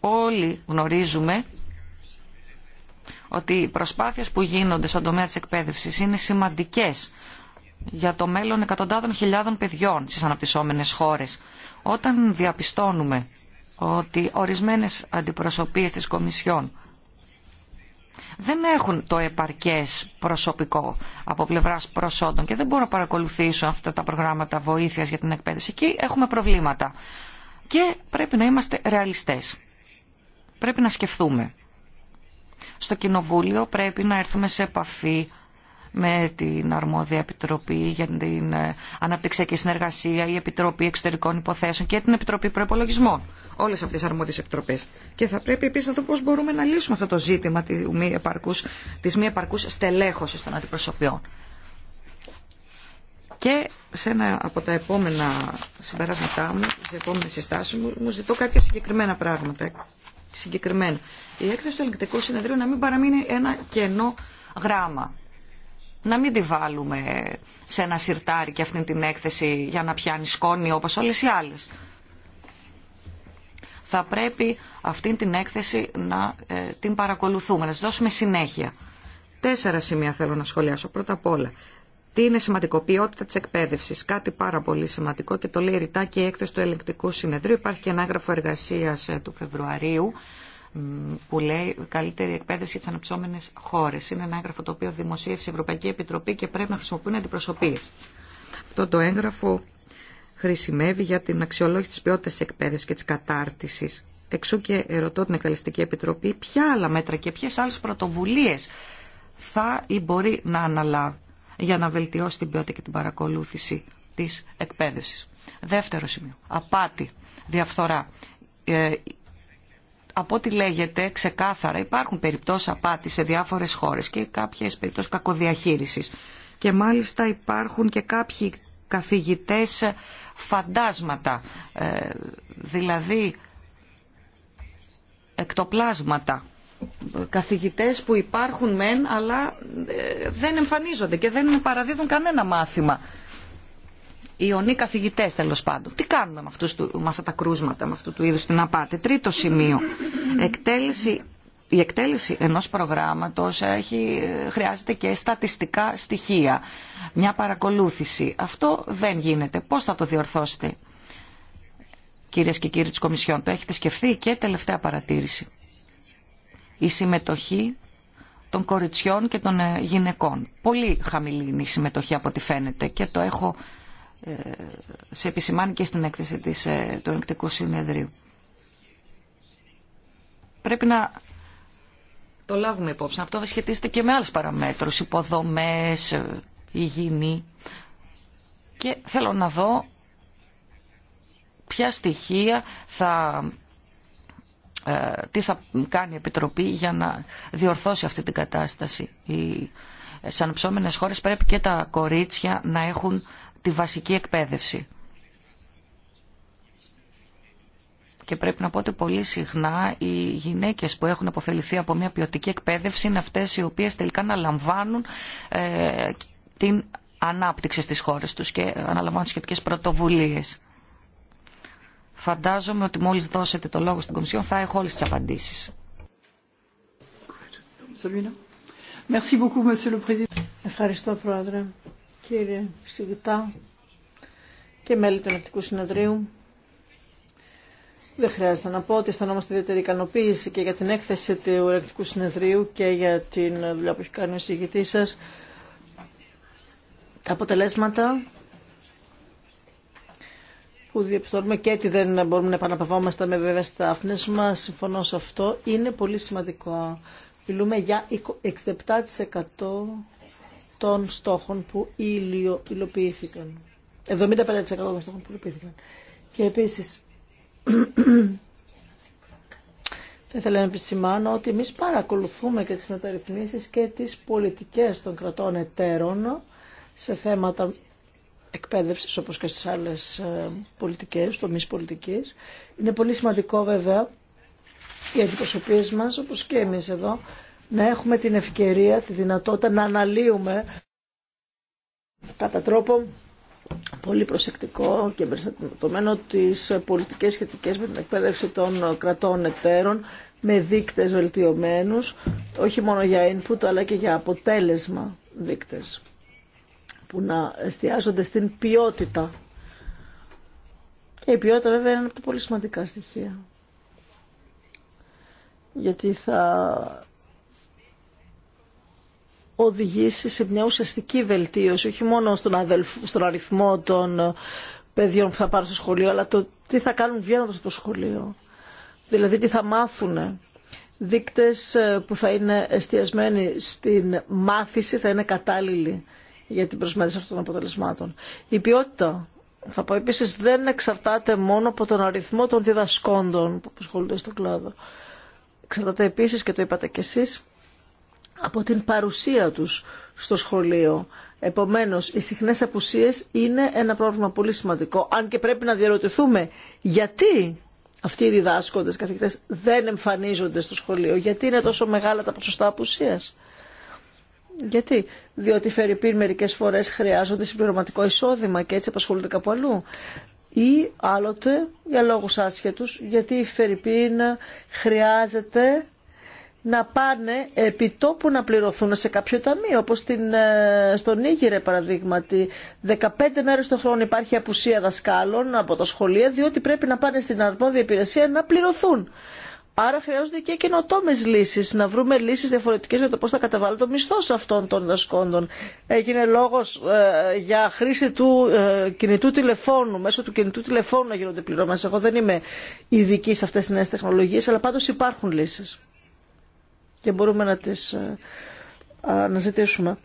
όλοι γνωρίζουμε ότι οι προσπάθειες που γίνονται στον τομέα της εκπαίδευσης είναι σημαντικές για το μέλλον εκατοντάδων χιλιάδων παιδιών στις αναπτυσσόμενες χώρες. Όταν διαπιστώνουμε ότι ορισμένες αντιπροσωπείες της Κομισιόν δεν έχουν το επαρκές προσωπικό από πλευράς προσόντων και δεν μπορούν να παρακολουθήσουν αυτά τα προγράμματα βοήθειας για την εκπαίδευση. Εκεί έχουμε προβλήματα. Και πρέπει να είμαστε ρεαλιστές. Πρέπει να σκεφτούμε στο Κοινοβούλιο πρέπει να έρθουμε σε επαφή με την αρμόδια Επιτροπή για την ε, Αναπτυξιακή Συνεργασία, η Επιτροπή Εξωτερικών Υποθέσεων και την Επιτροπή Προπολογισμών. Όλε αυτέ τι αρμόδιε επιτροπέ. Και θα πρέπει επίση να δούμε πώ μπορούμε να λύσουμε αυτό το ζήτημα τη μη επαρκού στελέχωση των αντιπροσωπιών. Και σε ένα από τα επόμενα συμπεράσματά μου, στι επόμενε συστάσει μου, μου ζητώ κάποια συγκεκριμένα πράγματα. Συγκεκριμένα η έκθεση του ελεγκτικού συνεδρίου να μην παραμείνει ένα κενό γράμμα. Να μην τη βάλουμε σε ένα σιρτάρι και αυτή την έκθεση για να πιάνει σκόνη όπως όλες οι άλλες. Θα πρέπει αυτή την έκθεση να ε, την παρακολουθούμε, να της δώσουμε συνέχεια. Τέσσερα σημεία θέλω να σχολιάσω. Πρώτα απ' όλα, τι είναι σημαντικό, ποιότητα τη εκπαίδευση. Κάτι πάρα πολύ σημαντικό και το λέει ρητά και η έκθεση του ελεγκτικού συνεδρίου. Υπάρχει και ένα έγγραφο εργασία ε, του Φεβρουαρίου που λέει καλύτερη εκπαίδευση για τι αναπτυσσόμενε χώρε. Είναι ένα έγγραφο το οποίο δημοσίευσε η Ευρωπαϊκή Επιτροπή και πρέπει να χρησιμοποιούν αντιπροσωπείε. Αυτό το έγγραφο χρησιμεύει για την αξιολόγηση τη ποιότητα τη εκπαίδευση και τη κατάρτιση. Εξού και ρωτώ την Εκτελεστική Επιτροπή ποια άλλα μέτρα και ποιε άλλε πρωτοβουλίε θα ή μπορεί να αναλάβει για να βελτιώσει την ποιότητα και την παρακολούθηση τη εκπαίδευση. Δεύτερο σημείο. Απάτη, διαφθορά. Ε, από ό,τι λέγεται ξεκάθαρα υπάρχουν περιπτώσεις απάτη σε διάφορες χώρες και κάποιες περιπτώσεις κακοδιαχείρισης. Και μάλιστα υπάρχουν και κάποιοι καθηγητές φαντάσματα, ε, δηλαδή εκτοπλάσματα. Καθηγητές που υπάρχουν μεν αλλά ε, δεν εμφανίζονται και δεν παραδίδουν κανένα μάθημα ιονοί καθηγητέ τέλο πάντων. Τι κάνουμε με, αυτούς, με αυτά τα κρούσματα, με αυτού του είδου την απάτη. Τρίτο σημείο. Εκτέλεση η εκτέλεση ενό προγράμματο χρειάζεται και στατιστικά στοιχεία, μια παρακολούθηση. Αυτό δεν γίνεται. Πώ θα το διορθώσετε, κύριε και κύριοι τη Κομισιόν, το έχετε σκεφτεί και τελευταία παρατήρηση. Η συμμετοχή των κοριτσιών και των ε, γυναικών. Πολύ χαμηλή είναι η συμμετοχή από ό,τι φαίνεται και το έχω σε επισημάνει και στην έκθεση της, ε, του Ελεκτικού Συνεδρίου. Πρέπει να το λάβουμε υπόψη. Αυτό σχετίζεται και με άλλες παραμέτρους, υποδομές, ε, υγιεινή. Και θέλω να δω ποια στοιχεία θα ε, τι θα κάνει η Επιτροπή για να διορθώσει αυτή την κατάσταση. Οι σανψόμενες χώρες πρέπει και τα κορίτσια να έχουν τη βασική εκπαίδευση. Και πρέπει να πω ότι πολύ συχνά οι γυναίκες που έχουν αποφεληθεί από μια ποιοτική εκπαίδευση είναι αυτές οι οποίες τελικά αναλαμβάνουν ε, την ανάπτυξη στις χώρες τους και αναλαμβάνουν σχετικές πρωτοβουλίες. Φαντάζομαι ότι μόλις δώσετε το λόγο στην Κομισιόν θα έχω όλες τις απαντήσεις. Ευχαριστώ, Πρόεδρε κύριε Σιγητά και μέλη του Ελεκτικού Συνεδρίου. Δεν χρειάζεται να πω ότι αισθανόμαστε ιδιαίτερη ικανοποίηση και για την έκθεση του Ελεκτικού Συνεδρίου και για την δουλειά που έχει κάνει ο σα. Τα αποτελέσματα που διεπιστώνουμε και ότι δεν μπορούμε να επαναπαυόμαστε με βέβαια αφνές μας, συμφωνώ σε αυτό, είναι πολύ σημαντικό. Μιλούμε για 67% των στόχων που ήλιο υλοποιήθηκαν. 75% των στόχων που υλοποιήθηκαν. Και επίσης, θα ήθελα να επισημάνω ότι εμεί παρακολουθούμε και τις μεταρρυθμίσεις και τις πολιτικές των κρατών εταίρων σε θέματα εκπαίδευσης όπως και στις άλλες ε, πολιτικές, τομεί πολιτικής. Είναι πολύ σημαντικό βέβαια οι αντιπροσωπείες μας, όπως και εμείς εδώ, να έχουμε την ευκαιρία, τη δυνατότητα να αναλύουμε κατά τρόπο πολύ προσεκτικό και περιστατωμένο τις πολιτικές σχετικές με την εκπαίδευση των κρατών εταίρων με δείκτες βελτιωμένους, όχι μόνο για input αλλά και για αποτέλεσμα δείκτες που να εστιάζονται στην ποιότητα. Και η ποιότητα βέβαια είναι από τα πολύ σημαντικά στοιχεία. Γιατί θα οδηγήσει σε μια ουσιαστική βελτίωση, όχι μόνο στον, αριθμό των ε, παιδιών που θα πάρουν στο σχολείο, αλλά το τι θα κάνουν βγαίνοντας από το σχολείο. Δηλαδή τι θα μάθουν. Δείκτες ε, που θα είναι εστιασμένοι στην μάθηση θα είναι κατάλληλοι για την προσμέτρηση αυτών των αποτελεσμάτων. Η ποιότητα, θα πω επίση δεν εξαρτάται μόνο από τον αριθμό των διδασκόντων που ασχολούνται στον κλάδο. Εξαρτάται επίση και το είπατε κι εσείς, από την παρουσία τους στο σχολείο. Επομένως, οι συχνές απουσίες είναι ένα πρόβλημα πολύ σημαντικό. Αν και πρέπει να διαρωτηθούμε γιατί αυτοί οι διδάσκοντες καθηγητές δεν εμφανίζονται στο σχολείο, γιατί είναι τόσο μεγάλα τα ποσοστά απουσίας. Γιατί, διότι φερειπίν μερικές φορές χρειάζονται συμπληρωματικό εισόδημα και έτσι απασχολούνται κάπου αλλού. Ή άλλοτε, για λόγους άσχετους, γιατί η φερειπίν χρειάζεται να πάνε επί τόπου να πληρωθούν σε κάποιο ταμείο, όπως στην, ε, στον Ήγηρε παραδείγματι. 15 μέρες το χρόνο υπάρχει απουσία δασκάλων από τα σχολεία, διότι πρέπει να πάνε στην αρμόδια υπηρεσία να πληρωθούν. Άρα χρειάζονται και καινοτόμε λύσει, να βρούμε λύσει διαφορετικέ για το πώ θα καταβάλει το μισθό σε αυτών των δασκόντων. Έγινε λόγο ε, για χρήση του ε, κινητού τηλεφώνου, μέσω του κινητού τηλεφώνου να γίνονται πληρώμε. Εγώ δεν είμαι ειδική σε αυτέ τι νέε τεχνολογίε, αλλά πάντω υπάρχουν λύσει και μπορούμε να τις ε, ζητήσουμε.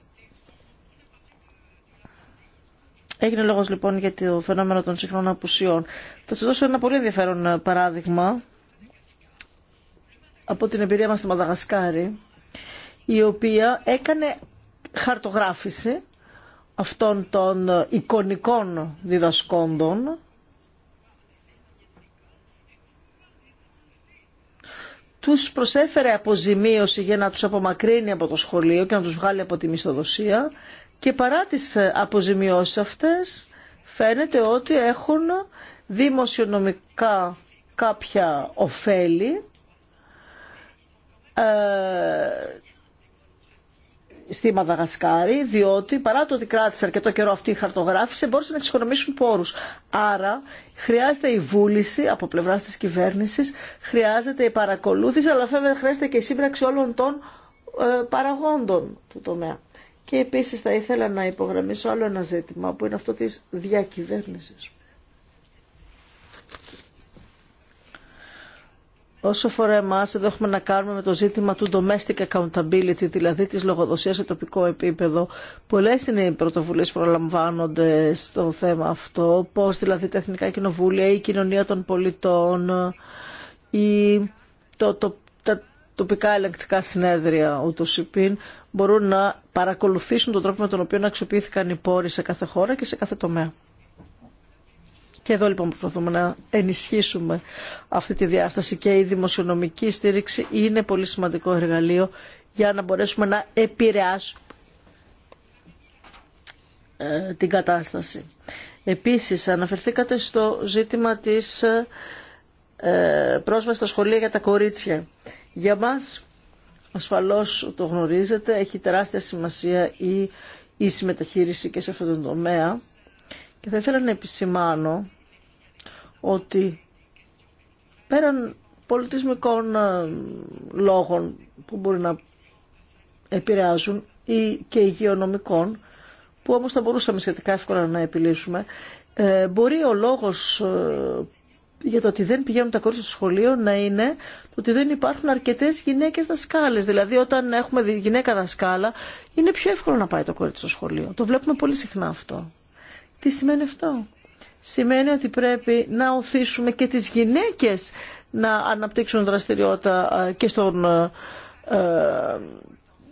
Έγινε λόγος λοιπόν για το φαινόμενο των συχνών απουσιών. Θα σας δώσω ένα πολύ ενδιαφέρον ε, παράδειγμα από την εμπειρία μας στη Μαδαγασκάρη, η οποία έκανε χαρτογράφηση αυτών των ε, εικονικών διδασκόντων τους προσέφερε αποζημίωση για να τους απομακρύνει από το σχολείο και να τους βγάλει από τη μισθοδοσία και παρά τις αποζημιώσεις αυτές φαίνεται ότι έχουν δημοσιονομικά κάποια ωφέλη ε, στη Μαδαγασκάρη, διότι παρά το ότι κράτησε αρκετό καιρό αυτή η χαρτογράφηση, μπορούσαν να εξοικονομήσουν πόρου. Άρα χρειάζεται η βούληση από πλευρά τη κυβέρνηση, χρειάζεται η παρακολούθηση, αλλά βέβαια χρειάζεται και η σύμπραξη όλων των ε, παραγόντων του τομέα. Και επίση θα ήθελα να υπογραμμίσω άλλο ένα ζήτημα που είναι αυτό τη διακυβέρνηση. Όσο αφορά εμά, εδώ έχουμε να κάνουμε με το ζήτημα του domestic accountability, δηλαδή τη λογοδοσία σε τοπικό επίπεδο. Πολλέ είναι οι πρωτοβουλίε που προλαμβάνονται στο θέμα αυτό, πώ δηλαδή τα εθνικά κοινοβούλια ή η κοινωνία των πολιτών ή το, το, τα τοπικά ελεγκτικά συνέδρια ούτω υπήν μπορούν να παρακολουθήσουν τον τρόπο με τον οποίο αξιοποιήθηκαν οι πόροι σε κάθε χώρα και σε κάθε τομέα. Και εδώ λοιπόν προσπαθούμε να ενισχύσουμε αυτή τη διάσταση και η δημοσιονομική στήριξη είναι πολύ σημαντικό εργαλείο για να μπορέσουμε να επηρεάσουμε ε, την κατάσταση. Επίσης αναφερθήκατε στο ζήτημα της ε, πρόσβασης στα σχολεία για τα κορίτσια. Για μας, ασφαλώς το γνωρίζετε, έχει τεράστια σημασία η, η συμμεταχείριση και σε αυτόν τον τομέα. Και θα ήθελα να επισημάνω ότι πέραν πολιτισμικών ε, λόγων που μπορεί να επηρεάζουν ή και υγειονομικών, που όμως θα μπορούσαμε σχετικά εύκολα να επιλύσουμε, ε, μπορεί ο λόγος ε, για το ότι δεν πηγαίνουν τα κορίτσια στο σχολείο να είναι το ότι δεν υπάρχουν αρκετές γυναίκες δασκάλες. Δηλαδή όταν έχουμε γυναίκα δασκάλα είναι πιο εύκολο να πάει το κορίτσι στο σχολείο. Το βλέπουμε πολύ συχνά αυτό. Τι σημαίνει αυτό σημαίνει ότι πρέπει να οθήσουμε και τις γυναίκες να αναπτύξουν δραστηριότητα ε, και στον ε, ε,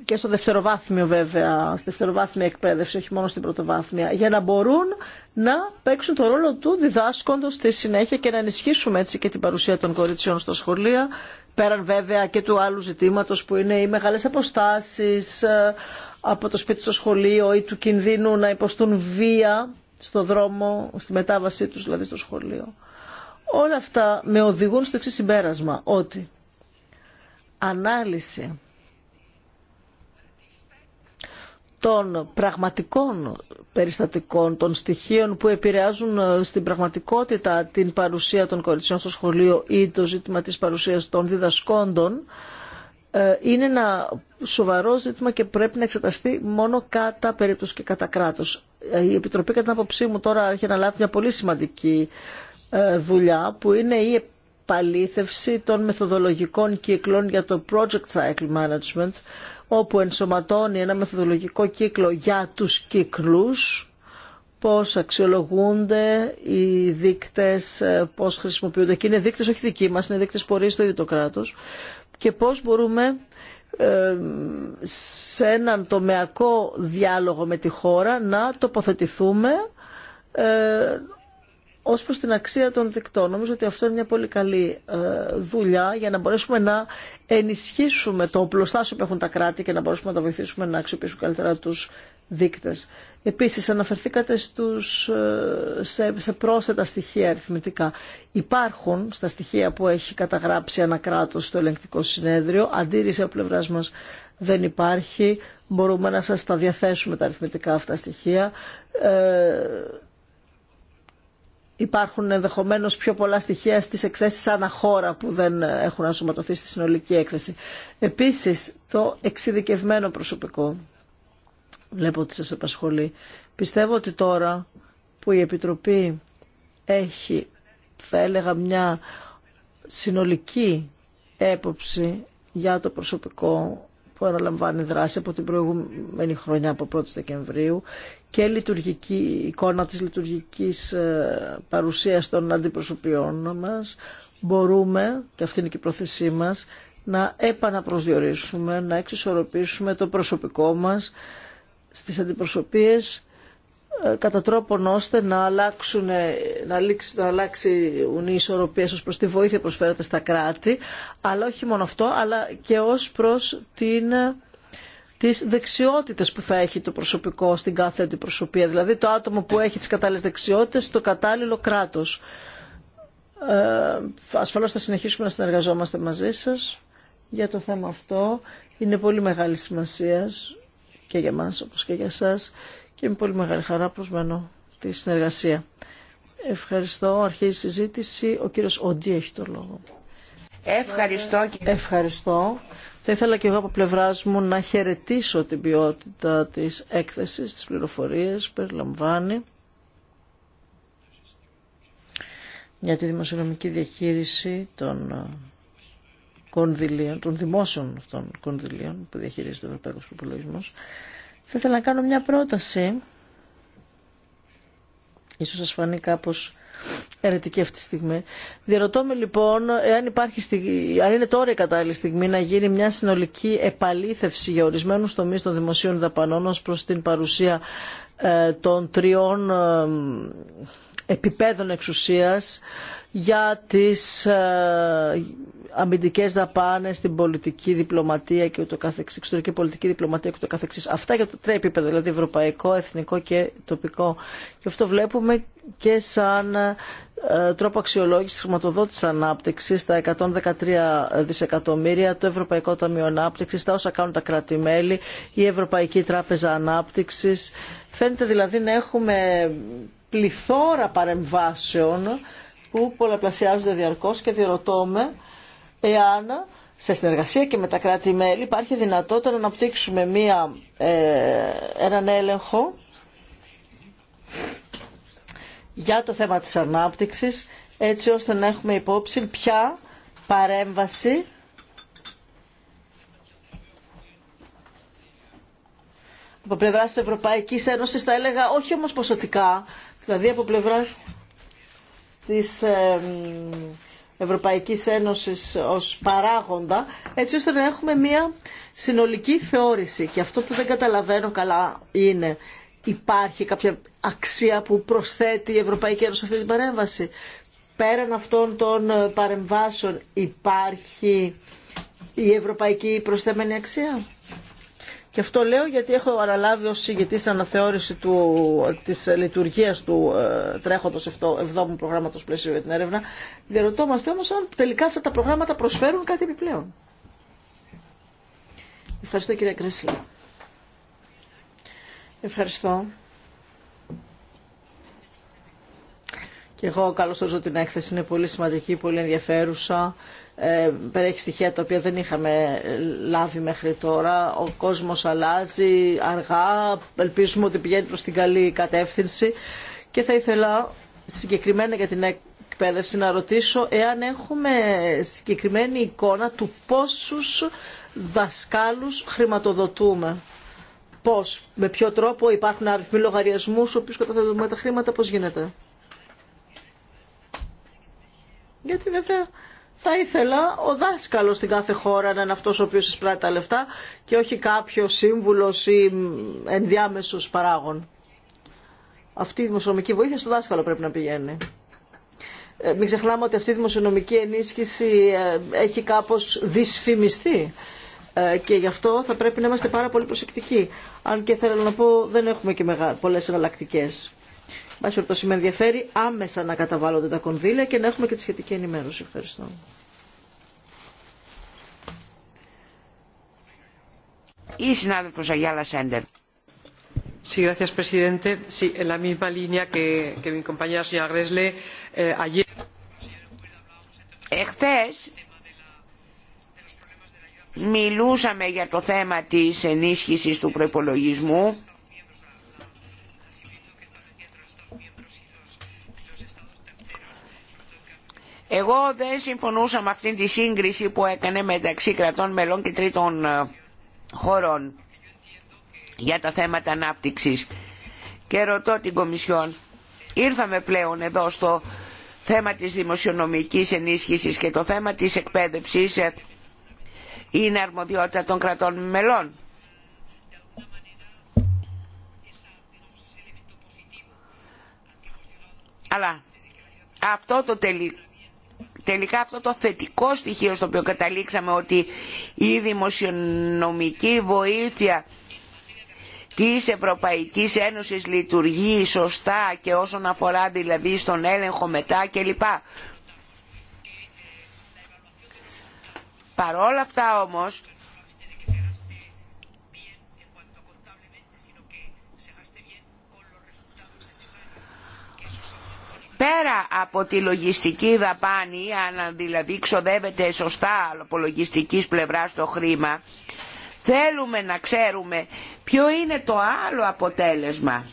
και στο δευτεροβάθμιο βέβαια, στη δευτεροβάθμια εκπαίδευση, όχι μόνο στην πρωτοβάθμια, για να μπορούν να παίξουν το ρόλο του διδάσκοντος στη συνέχεια και να ενισχύσουμε έτσι και την παρουσία των κοριτσιών στα σχολεία, πέραν βέβαια και του άλλου ζητήματος που είναι οι μεγάλες αποστάσεις από το σπίτι στο σχολείο ή του κινδύνου να υποστούν βία στο δρόμο, στη μετάβασή τους δηλαδή στο σχολείο. Όλα αυτά με οδηγούν στο εξή συμπέρασμα, ότι ανάλυση των πραγματικών περιστατικών, των στοιχείων που επηρεάζουν ε, στην πραγματικότητα την παρουσία των κοριτσιών στο σχολείο ή το ζήτημα της παρουσίας των διδασκόντων, ε, είναι ένα σοβαρό ζήτημα και πρέπει να εξεταστεί μόνο κατά περίπτωση και κατά κράτο. Ε, η Επιτροπή κατά την άποψή μου τώρα να λάβει μια πολύ σημαντική ε, δουλειά που είναι η επαλήθευση των μεθοδολογικών κύκλων για το Project Cycle Management όπου ενσωματώνει ένα μεθοδολογικό κύκλο για τους κύκλους πώς αξιολογούνται οι δείκτες, πώς χρησιμοποιούνται. Και είναι δείκτες όχι δικοί μας, είναι δείκτες πορείς στο ίδιο το κράτος και πώς μπορούμε ε, σε έναν τομεακό διάλογο με τη χώρα να τοποθετηθούμε ε, ως προς την αξία των δικτών. Νομίζω ότι αυτό είναι μια πολύ καλή ε, δουλειά για να μπορέσουμε να ενισχύσουμε το οπλοστάσιο που έχουν τα κράτη και να μπορέσουμε να τα βοηθήσουμε να αξιοποιήσουν καλύτερα τους δείκτες. Επίσης αναφερθήκατε στους, ε, σε, σε πρόσθετα στοιχεία αριθμητικά. Υπάρχουν στα στοιχεία που έχει καταγράψει ανακράτος στο ελεγκτικό συνέδριο. Αντίρρηση από πλευρά μας δεν υπάρχει. Μπορούμε να σας τα διαθέσουμε τα αριθμητικά αυτά στοιχεία. Ε, υπάρχουν ενδεχομένω πιο πολλά στοιχεία στις εκθέσεις χώρα που δεν έχουν ασωματωθεί στη συνολική έκθεση. Επίσης το εξειδικευμένο προσωπικό Βλέπω ότι σας απασχολεί. Πιστεύω ότι τώρα που η Επιτροπή έχει, θα έλεγα, μια συνολική έποψη για το προσωπικό που αναλαμβάνει δράση από την προηγούμενη χρονιά από 1η Δεκεμβρίου και λειτουργική εικόνα της λειτουργικής ε, παρουσίας των αντιπροσωπιών μας μπορούμε, και αυτή είναι και η πρόθεσή μας, να επαναπροσδιορίσουμε, να εξισορροπήσουμε το προσωπικό μας στις αντιπροσωπείες ε, κατά τρόπον ώστε να, αλλάξουν, ε, να, λήξουν, να αλλάξουν οι ισορροπίες ως προς τη βοήθεια που προσφέρεται στα κράτη, αλλά όχι μόνο αυτό, αλλά και ως προς την, ε, τις δεξιότητες που θα έχει το προσωπικό στην κάθε αντιπροσωπεία. Δηλαδή το άτομο που έχει τις κατάλληλες δεξιότητες το κατάλληλο κράτος. Ε, ασφαλώς θα συνεχίσουμε να συνεργαζόμαστε μαζί σας για το θέμα αυτό. Είναι πολύ μεγάλη σημασία και για μας όπως και για σας και με πολύ μεγάλη χαρά προσμένω τη συνεργασία. Ευχαριστώ. Αρχίζει η συζήτηση. Ο κύριος Οντί έχει το λόγο. Ευχαριστώ. Ευχαριστώ. Θα ήθελα και εγώ από πλευρά μου να χαιρετήσω την ποιότητα της έκθεσης, της πληροφορίες που περιλαμβάνει για τη δημοσιονομική διαχείριση των κονδυλίων, των δημόσιων αυτών κονδυλίων που διαχειρίζεται ο Ευρωπαϊκό Προπολογισμό. θα ήθελα να κάνω μια πρόταση, ίσως σας φανεί κάπως Ερετική αυτή τη στιγμή. Διερωτώ με λοιπόν, εάν υπάρχει αν είναι τώρα η κατάλληλη στιγμή να γίνει μια συνολική επαλήθευση για ορισμένου τομεί των δημοσίων δαπανών ω προ την παρουσία ε, των τριών ε, επιπέδων εξουσίας για τις ε, αμυντικές δαπάνες, την πολιτική διπλωματία και ούτω καθεξής, εξωτερική πολιτική διπλωματία και ούτω καθεξής. Αυτά για το τρία επίπεδα, δηλαδή ευρωπαϊκό, εθνικό και τοπικό. Και αυτό βλέπουμε και σαν ε, τρόπο αξιολόγησης χρηματοδότησης ανάπτυξης στα 113 δισεκατομμύρια, το Ευρωπαϊκό Ταμείο Ανάπτυξης, τα όσα κάνουν τα κράτη-μέλη, η Ευρωπαϊκή Τράπεζα Ανάπτυξης. Φαίνεται δηλαδή να έχουμε πληθώρα παρεμβάσεων που πολλαπλασιάζονται διαρκώς και διερωτώ εάν σε συνεργασία και με τα κράτη-μέλη υπάρχει δυνατότητα να αναπτύξουμε μία, ε, έναν έλεγχο για το θέμα της ανάπτυξης έτσι ώστε να έχουμε υπόψη ποια παρέμβαση από πλευράς της Ευρωπαϊκής Ένωσης θα έλεγα όχι όμως ποσοτικά δηλαδή από πλευράς της ε, Ευρωπαϊκής Ένωσης ως παράγοντα, έτσι ώστε να έχουμε μια συνολική θεώρηση. Και αυτό που δεν καταλαβαίνω καλά είναι υπάρχει κάποια αξία που προσθέτει η Ευρωπαϊκή Ένωση σε αυτή την παρέμβαση. Πέραν αυτών των παρεμβάσεων υπάρχει η ευρωπαϊκή προσθέμενη αξία. Και αυτό λέω γιατί έχω αναλάβει ως συγκεκριτή αναθεώρηση του, της λειτουργίας του ε, τρέχοντος 7ου προγράμματος πλαίσιο για την έρευνα. Διερωτώμαστε όμως αν τελικά αυτά τα προγράμματα προσφέρουν κάτι επιπλέον. Ευχαριστώ κυρία Κρίσλα. Ευχαριστώ. Και εγώ καλωσορίζω την έκθεση, είναι πολύ σημαντική, πολύ ενδιαφέρουσα ε, περιέχει στοιχεία τα οποία δεν είχαμε ε, λάβει μέχρι τώρα. Ο κόσμος αλλάζει αργά, ελπίζουμε ότι πηγαίνει προς την καλή κατεύθυνση και θα ήθελα συγκεκριμένα για την εκπαίδευση να ρωτήσω εάν έχουμε συγκεκριμένη εικόνα του πόσους δασκάλους χρηματοδοτούμε. Πώς, με ποιο τρόπο υπάρχουν αριθμοί λογαριασμού, ο οποίος καταθέτουμε τα χρήματα, πώς γίνεται. Γιατί βέβαια θα ήθελα ο δάσκαλο στην κάθε χώρα να είναι αυτό ο οποίο εισπράττει τα λεφτά και όχι κάποιο σύμβουλος ή ενδιάμεσο παράγοντα. Αυτή η δημοσιονομική βοήθεια στο δάσκαλο πρέπει να πηγαίνει. Ε, μην ξεχνάμε ότι αυτή η δημοσιονομική ενίσχυση ε, έχει κάπως εχει καπω δυσφημιστει ε, και γι' αυτό θα πρέπει να είμαστε πάρα πολύ προσεκτικοί. Αν και θέλω να πω δεν έχουμε και πολλέ εναλλακτικέ. Μας περιπτώσει με ενδιαφέρει άμεσα να καταβάλλονται τα κονδύλια και να έχουμε και τη σχετική ενημέρωση. Ευχαριστώ. Η συνάδελφος Αγιάλα Σέντερ. Sí, gracias, presidente, Sí, en la misma línea que que mi compañera señora Gresle, eh, ayer. Εχθές μιλούσαμε για το θέμα της ενίσχυσης του προϋπολογισμού Εγώ δεν συμφωνούσα με αυτήν τη σύγκριση που έκανε μεταξύ κρατών μελών και τρίτων ε, χωρών για τα θέματα ανάπτυξης και ρωτώ την Κομισιόν ήρθαμε πλέον εδώ στο θέμα της δημοσιονομικής ενίσχυσης και το θέμα της εκπαίδευσης ε, είναι αρμοδιότητα των κρατών μελών. Αλλά αυτό το τελικό τελικά αυτό το θετικό στοιχείο στο οποίο καταλήξαμε ότι η δημοσιονομική βοήθεια της Ευρωπαϊκής Ένωσης λειτουργεί σωστά και όσον αφορά δηλαδή στον έλεγχο μετά κλπ. Παρόλα αυτά όμως πέρα από τη λογιστική δαπάνη, αν δηλαδή ξοδεύεται σωστά από λογιστικής πλευράς το χρήμα, θέλουμε να ξέρουμε ποιο είναι το άλλο αποτέλεσμα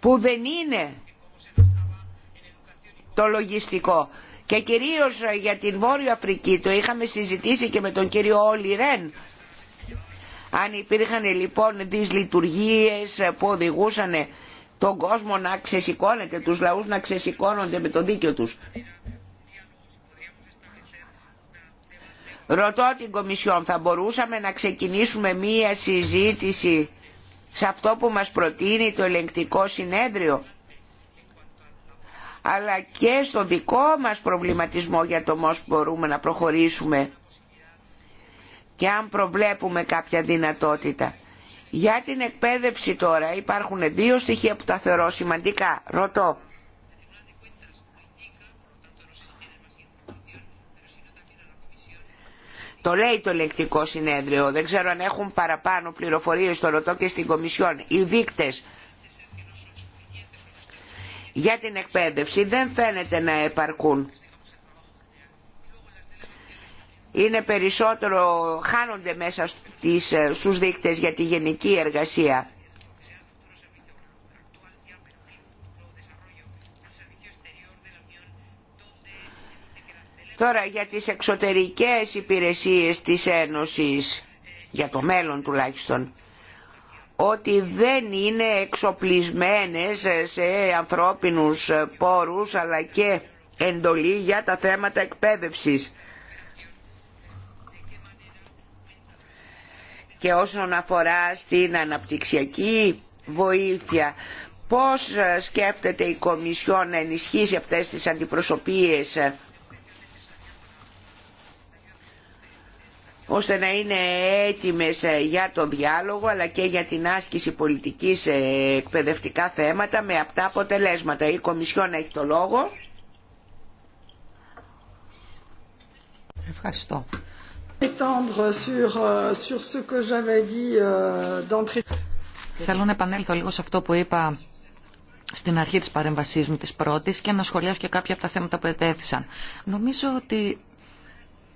που δεν είναι το λογιστικό. Και κυρίως για την Βόρειο Αφρική το είχαμε συζητήσει και με τον κύριο Όλι Ρεν. Αν υπήρχαν λοιπόν δυσλειτουργίες που οδηγούσαν τον κόσμο να ξεσηκώνεται, τους λαούς να ξεσηκώνονται με το δίκιο τους. Ρωτώ την Κομισιόν, θα μπορούσαμε να ξεκινήσουμε μία συζήτηση σε αυτό που μας προτείνει το ελεγκτικό συνέδριο αλλά και στο δικό μας προβληματισμό για το πώς μπορούμε να προχωρήσουμε και αν προβλέπουμε κάποια δυνατότητα. Για την εκπαίδευση τώρα υπάρχουν δύο στοιχεία που τα θεωρώ σημαντικά. Ρωτώ. Το λέει το λεκτικό συνέδριο. Δεν ξέρω αν έχουν παραπάνω πληροφορίες στο ρωτώ και στην Κομισιόν. Οι δείκτες για την εκπαίδευση δεν φαίνεται να επαρκούν είναι περισσότερο, χάνονται μέσα στις, ε, στους δείκτες για τη γενική εργασία. Τώρα για τις εξωτερικές υπηρεσίες της Ένωσης, για το μέλλον τουλάχιστον, ότι δεν είναι εξοπλισμένες ε, σε ανθρώπινους ε, πόρους αλλά και εντολή για τα θέματα εκπαίδευσης. και όσον αφορά στην αναπτυξιακή βοήθεια πώς σκέφτεται η Κομισιόν να ενισχύσει αυτές τις αντιπροσωπείες ώστε να είναι έτοιμες για το διάλογο αλλά και για την άσκηση πολιτικής σε εκπαιδευτικά θέματα με αυτά αποτελέσματα. Η Κομισιόν έχει το λόγο. Ευχαριστώ. Euh, euh, Θέλω να επανέλθω λίγο σε αυτό που είπα στην αρχή της παρέμβασής μου της πρώτης και να σχολιάσω και κάποια από τα θέματα που ετέθησαν. Νομίζω ότι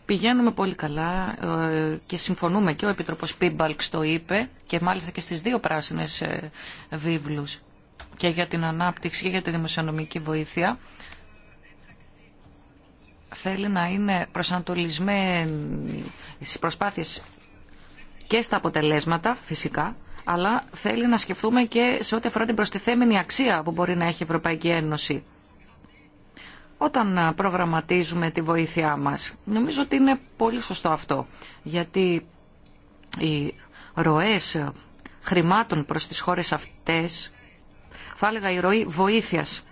πηγαίνουμε πολύ καλά ε, και συμφωνούμε και ο Επιτροπός Πίμπαλξ το είπε και μάλιστα και στις δύο πράσινες ε, βίβλους και για την ανάπτυξη και για τη δημοσιονομική βοήθεια θέλει να είναι προσανατολισμένη στις προσπάθειες και στα αποτελέσματα φυσικά, αλλά θέλει να σκεφτούμε και σε ό,τι αφορά την προστιθέμενη αξία που μπορεί να έχει η Ευρωπαϊκή Ένωση όταν προγραμματίζουμε τη βοήθειά μας. Νομίζω ότι είναι πολύ σωστό αυτό, γιατί οι ροές χρημάτων προς τις χώρες αυτές, θα έλεγα η ροή βοήθειας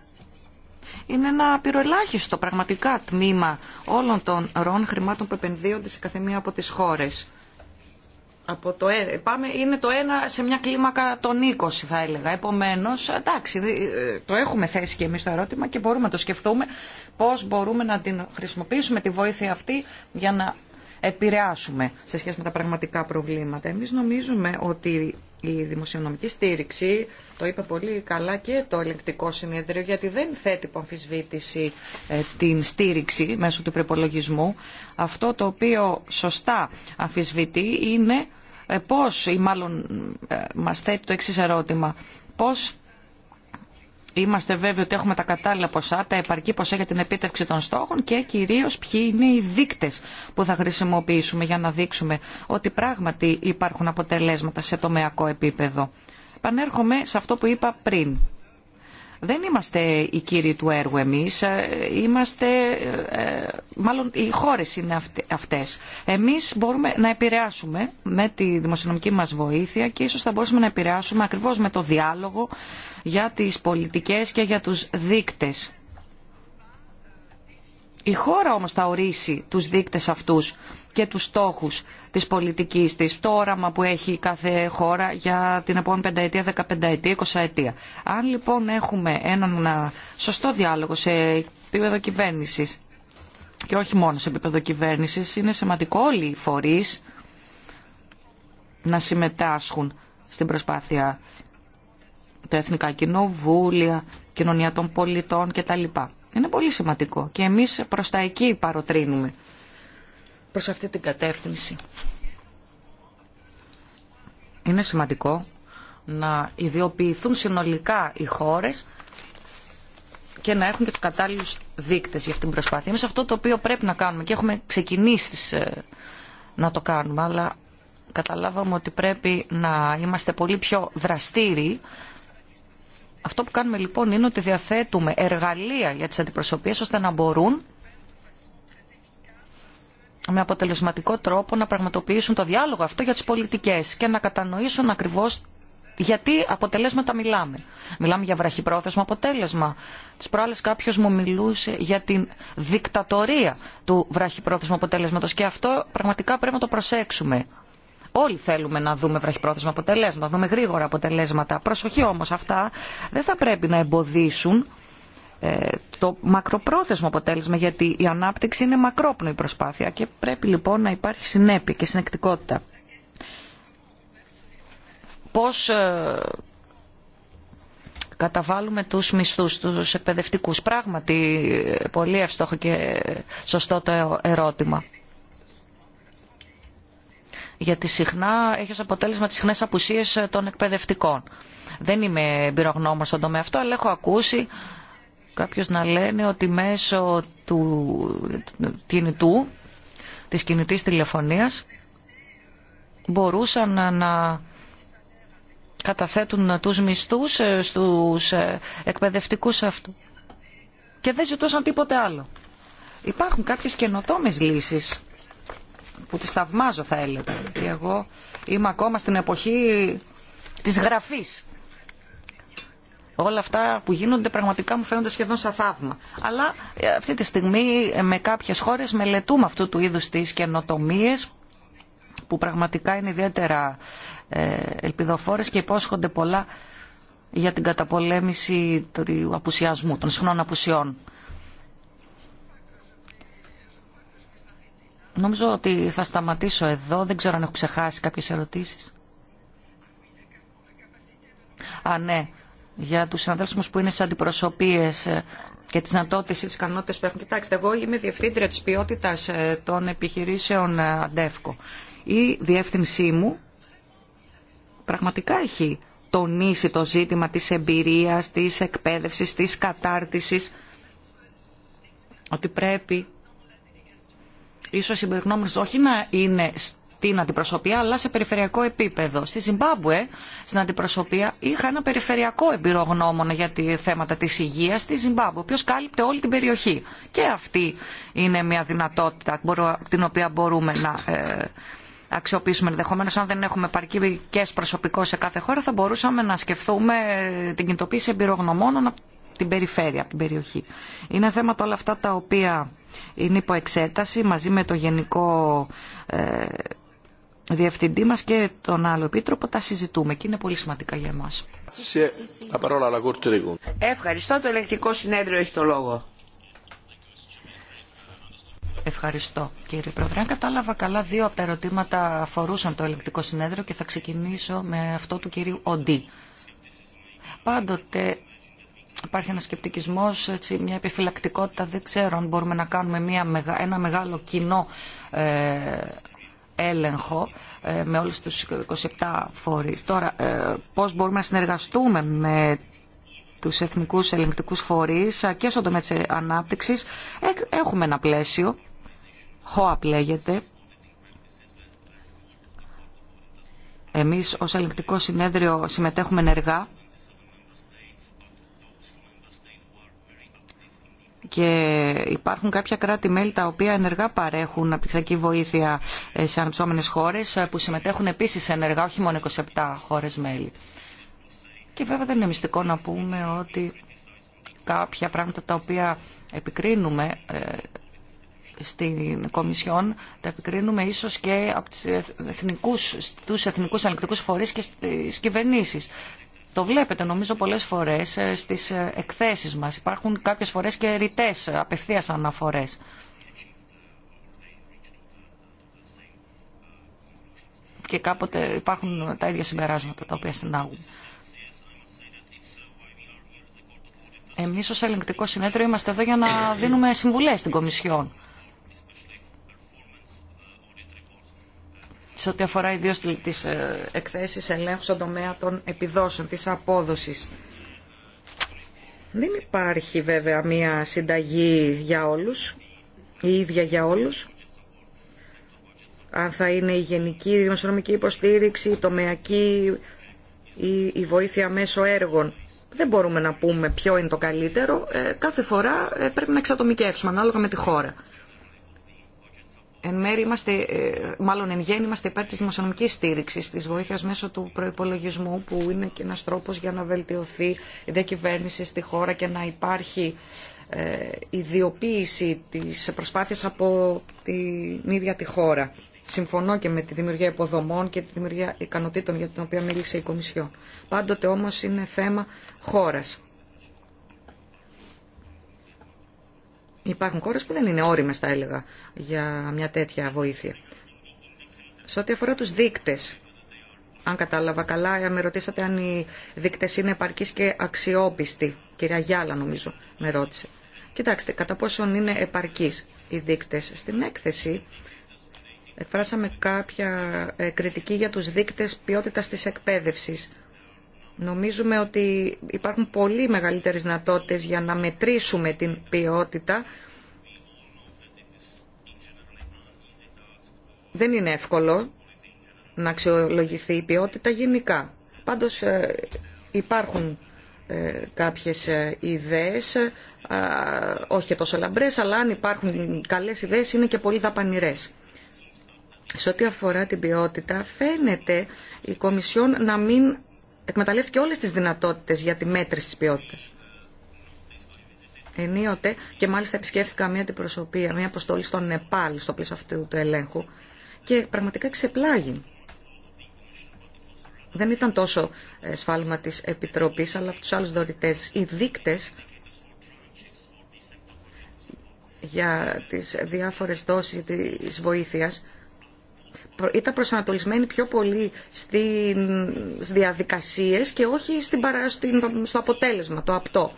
είναι ένα πυροελάχιστο πραγματικά τμήμα όλων των ροών χρημάτων που επενδύονται σε καθεμία από τις χώρες. Από το, ε, πάμε, είναι το ένα σε μια κλίμακα των 20 θα έλεγα. Επομένως, εντάξει, ε, το έχουμε θέσει και εμείς το ερώτημα και μπορούμε να το σκεφτούμε πώς μπορούμε να την χρησιμοποιήσουμε τη βοήθεια αυτή για να επηρεάσουμε σε σχέση με τα πραγματικά προβλήματα. Εμείς νομίζουμε ότι η δημοσιονομική στήριξη, το είπε πολύ καλά και το ελεγκτικό συνέδριο, γιατί δεν θέτει υποαμφισβήτηση αμφισβήτηση ε, την στήριξη μέσω του προπολογισμού. Αυτό το οποίο σωστά αμφισβητεί είναι ε, πώς, ή μάλλον ε, μας θέτει το εξής ερώτημα, πώς Είμαστε βέβαιοι ότι έχουμε τα κατάλληλα ποσά, τα επαρκή ποσά για την επίτευξη των στόχων και κυρίω ποιοι είναι οι δείκτε που θα χρησιμοποιήσουμε για να δείξουμε ότι πράγματι υπάρχουν αποτελέσματα σε τομεακό επίπεδο. Πανέρχομαι σε αυτό που είπα πριν. Δεν είμαστε οι κύριοι του έργου εμείς, ε, είμαστε, ε, μάλλον οι χώρες είναι αυτές. Εμείς μπορούμε να επηρεάσουμε με τη δημοσιονομική μας βοήθεια και ίσως θα μπορούσαμε να επηρεάσουμε ακριβώς με το διάλογο για τις πολιτικές και για τους δείκτες. Η χώρα όμως θα ορίσει τους δείκτες αυτούς και τους στόχους της πολιτικής της, το όραμα που έχει κάθε χώρα για την επόμενη πενταετία, δεκαπενταετία, εικοσαετία. Αν λοιπόν έχουμε έναν σωστό διάλογο σε επίπεδο κυβέρνηση και όχι μόνο σε επίπεδο κυβέρνηση, είναι σημαντικό όλοι οι φορείς να συμμετάσχουν στην προσπάθεια τα εθνικά κοινοβούλια, κοινωνία των πολιτών κτλ. Είναι πολύ σημαντικό και εμείς προς τα εκεί παροτρύνουμε προς αυτή την κατεύθυνση. Είναι σημαντικό να ιδιοποιηθούν συνολικά οι χώρες και να έχουν και τους κατάλληλους δείκτες για αυτήν την προσπάθεια. Εμείς αυτό το οποίο πρέπει να κάνουμε και έχουμε ξεκινήσει ε, να το κάνουμε, αλλά καταλάβαμε ότι πρέπει να είμαστε πολύ πιο δραστήριοι. Αυτό που κάνουμε λοιπόν είναι ότι διαθέτουμε εργαλεία για τις αντιπροσωπείες ώστε να μπορούν με αποτελεσματικό τρόπο να πραγματοποιήσουν το διάλογο αυτό για τις πολιτικές και να κατανοήσουν ακριβώς γιατί αποτελέσματα μιλάμε. Μιλάμε για βραχυπρόθεσμο αποτέλεσμα. Τις προάλλες κάποιος μου μιλούσε για την δικτατορία του βραχυπρόθεσμου αποτέλεσματος και αυτό πραγματικά πρέπει να το προσέξουμε. Όλοι θέλουμε να δούμε βραχυπρόθεσμα αποτελέσματα, να δούμε γρήγορα αποτελέσματα. Προσοχή όμως αυτά δεν θα πρέπει να εμποδίσουν ε, το μακροπρόθεσμο αποτέλεσμα, γιατί η ανάπτυξη είναι μακρόπνοη προσπάθεια και πρέπει λοιπόν να υπάρχει συνέπεια και συνεκτικότητα. Πώς ε, καταβάλουμε τους μισθούς, τους εκπαιδευτικούς. Πράγματι, πολύ ευστόχο και σωστό το ερώτημα. Γιατί συχνά έχει ως αποτέλεσμα τις συχνές απουσίες των εκπαιδευτικών. Δεν είμαι εμπειρογνώμος στον τομέα αυτό, αλλά έχω ακούσει Κάποιος να λένε ότι μέσω του κινητού, της κινητής τηλεφωνίας, μπορούσαν να καταθέτουν τους μισθούς ε, στους ε, εκπαιδευτικούς αυτού. Και δεν ζητούσαν τίποτε άλλο. Υπάρχουν κάποιες καινοτόμες λύσεις που τις θαυμάζω θα έλεγα. Και εγώ είμαι ακόμα στην εποχή της γραφής Όλα αυτά που γίνονται πραγματικά μου φαίνονται σχεδόν σαν θαύμα. Αλλά ε, αυτή τη στιγμή ε, με κάποιες χώρες μελετούμε αυτού του είδους τις καινοτομίες που πραγματικά είναι ιδιαίτερα ε, ελπιδοφόρες και υπόσχονται πολλά για την καταπολέμηση του απουσιασμού, των συχνών απουσιών. Νομίζω ότι θα σταματήσω εδώ. Δεν ξέρω αν έχω ξεχάσει κάποιες ερωτήσεις. Α, ναι για τους συναδέλφους που είναι σε αντιπροσωπείε ε, και τις δυνατότητε ε, ε, Η τις ικανότητε μου πραγματικά έχει τονίσει το ζήτημα τη ποιότητα των επιχειρησεων αντευκο η διευθυνση μου πραγματικα εχει τονισει το ζητημα της εκπαίδευσης, της κατάρτισης, ότι πρέπει ίσως οι συμπεριγνώμενες όχι να είναι την αντιπροσωπεία, αλλά σε περιφερειακό επίπεδο. Στη Ζιμπάμπουε, στην αντιπροσωπεία, είχα ένα περιφερειακό εμπειρογνώμονα για τη θέματα τη υγεία στη Ζιμπάμπουε, ο οποίο κάλυπτε όλη την περιοχή. Και αυτή είναι μια δυνατότητα την οποία μπορούμε να ε, αξιοποιήσουμε ενδεχομένω, αν δεν έχουμε παρκή προσωπικό σε κάθε χώρα, θα μπορούσαμε να σκεφτούμε ε, την κινητοποίηση εμπειρογνωμόνων από την περιφέρεια, από την περιοχή. Είναι θέματα όλα αυτά τα οποία είναι υπό εξέταση μαζί με το γενικό ε, διευθυντή μας και τον άλλο επίτροπο τα συζητούμε και είναι πολύ σημαντικά για εμάς. Ευχαριστώ. Το ελεκτικό συνέδριο έχει το λόγο. Ευχαριστώ κύριε Πρόεδρε. Αν κατάλαβα καλά, δύο από τα ερωτήματα αφορούσαν το ελεκτικό συνέδριο και θα ξεκινήσω με αυτό του κυρίου Οντί. Πάντοτε υπάρχει ένα σκεπτικισμό, μια επιφυλακτικότητα. Δεν ξέρω αν μπορούμε να κάνουμε μια, ένα μεγάλο κοινό ε, έλεγχο ε, με όλους τους 27 φορείς. Τώρα, ε, πώς μπορούμε να συνεργαστούμε με τους εθνικούς ελεγκτικούς φορείς ε, και στον τομέα της ανάπτυξης. Έχουμε ένα πλαίσιο, ΧΟΑΠ λέγεται. Εμείς ως ελεγκτικό συνέδριο συμμετέχουμε ενεργά και υπάρχουν κάποια κράτη-μέλη τα οποία ενεργά παρέχουν αναπτυξιακή βοήθεια ε, σε ανεψόμενες χώρες ε, που συμμετέχουν επίσης ενεργά, όχι μόνο 27 χώρες μέλη. Και βέβαια δεν είναι μυστικό να πούμε ότι κάποια πράγματα τα οποία επικρίνουμε ε, στην Κομισιόν τα επικρίνουμε ίσως και από τους εθνικούς, τους εθνικούς φορείς και στις κυβερνήσεις. Το βλέπετε νομίζω πολλές φορές ε, στις ε, εκθέσεις μας. Υπάρχουν κάποιες φορές και ρητές ε, απευθείας αναφορές. Και κάποτε υπάρχουν τα ίδια συμπεράσματα τα οποία συνάγουν. Εμείς ως ελεγκτικό συνέδριο είμαστε εδώ για να δίνουμε συμβουλές στην Κομισιόν. σε ό,τι αφορά ιδίως τις ε, εκθέσεις ελέγχου στον τομέα των επιδόσεων, της απόδοσης. Δεν υπάρχει βέβαια μία συνταγή για όλους, η ίδια για όλους. Αν θα είναι η γενική δημοσιονομική υποστήριξη, η τομεακή ή η βοήθεια μέσω έργων. Δεν μπορούμε να πούμε ποιο είναι το καλύτερο. Ε, κάθε φορά ε, πρέπει να εξατομικεύσουμε ανάλογα με τη χώρα εν μέρη είμαστε, ε, μάλλον εν γέννη είμαστε υπέρ της δημοσιονομικής στήριξη, της βοήθειας μέσω του προϋπολογισμού που είναι και ένας τρόπος για να βελτιωθεί η διακυβέρνηση στη χώρα και να υπάρχει ε, ιδιοποίηση της προσπάθειας από την ίδια τη χώρα. Συμφωνώ και με τη δημιουργία υποδομών και τη δημιουργία ικανοτήτων για την οποία μίλησε η Κομισιό. Πάντοτε όμως είναι θέμα χώρας. Υπάρχουν χώρε που δεν είναι όριμε θα έλεγα, για μια τέτοια βοήθεια. Σε ό,τι αφορά τους δείκτε, αν κατάλαβα καλά, ε, με ρωτήσατε αν οι δείκτε είναι επαρκεί και αξιόπιστοι. Κυρία Γιάλα, νομίζω, με ρώτησε. Κοιτάξτε, κατά πόσον είναι επαρκεί οι δείκτε. Στην έκθεση εκφράσαμε κάποια ε, κριτική για τους δείκτες ποιότητας της εκπαίδευσης. Νομίζουμε ότι υπάρχουν πολύ μεγαλύτερες δυνατότητε για να μετρήσουμε την ποιότητα. Δεν είναι εύκολο να αξιολογηθεί η ποιότητα γενικά. Πάντως ε, υπάρχουν ε, κάποιες ε, ιδέες, όχι και τόσο λαμπρές, αλλά αν υπάρχουν καλές ιδέες είναι και πολύ δαπανηρές. Σε ό,τι αφορά την ποιότητα, φαίνεται η Κομισιόν να μην εκμεταλλεύτηκε όλες τις δυνατότητες για τη μέτρηση της ποιότητας. Ενίοτε και μάλιστα επισκέφθηκα μια αντιπροσωπεία, μια αποστολή στο Νεπάλ στο πλαίσιο αυτού του ελέγχου και πραγματικά ξεπλάγει. Δεν ήταν τόσο ε, σφάλμα της Επιτροπής αλλά από τους άλλους δωρητές. Οι δείκτες για τις διάφορες δόσεις της βοήθειας ήταν προσανατολισμένη πιο πολύ στις διαδικασίες και όχι στην, στο αποτέλεσμα, το απτό.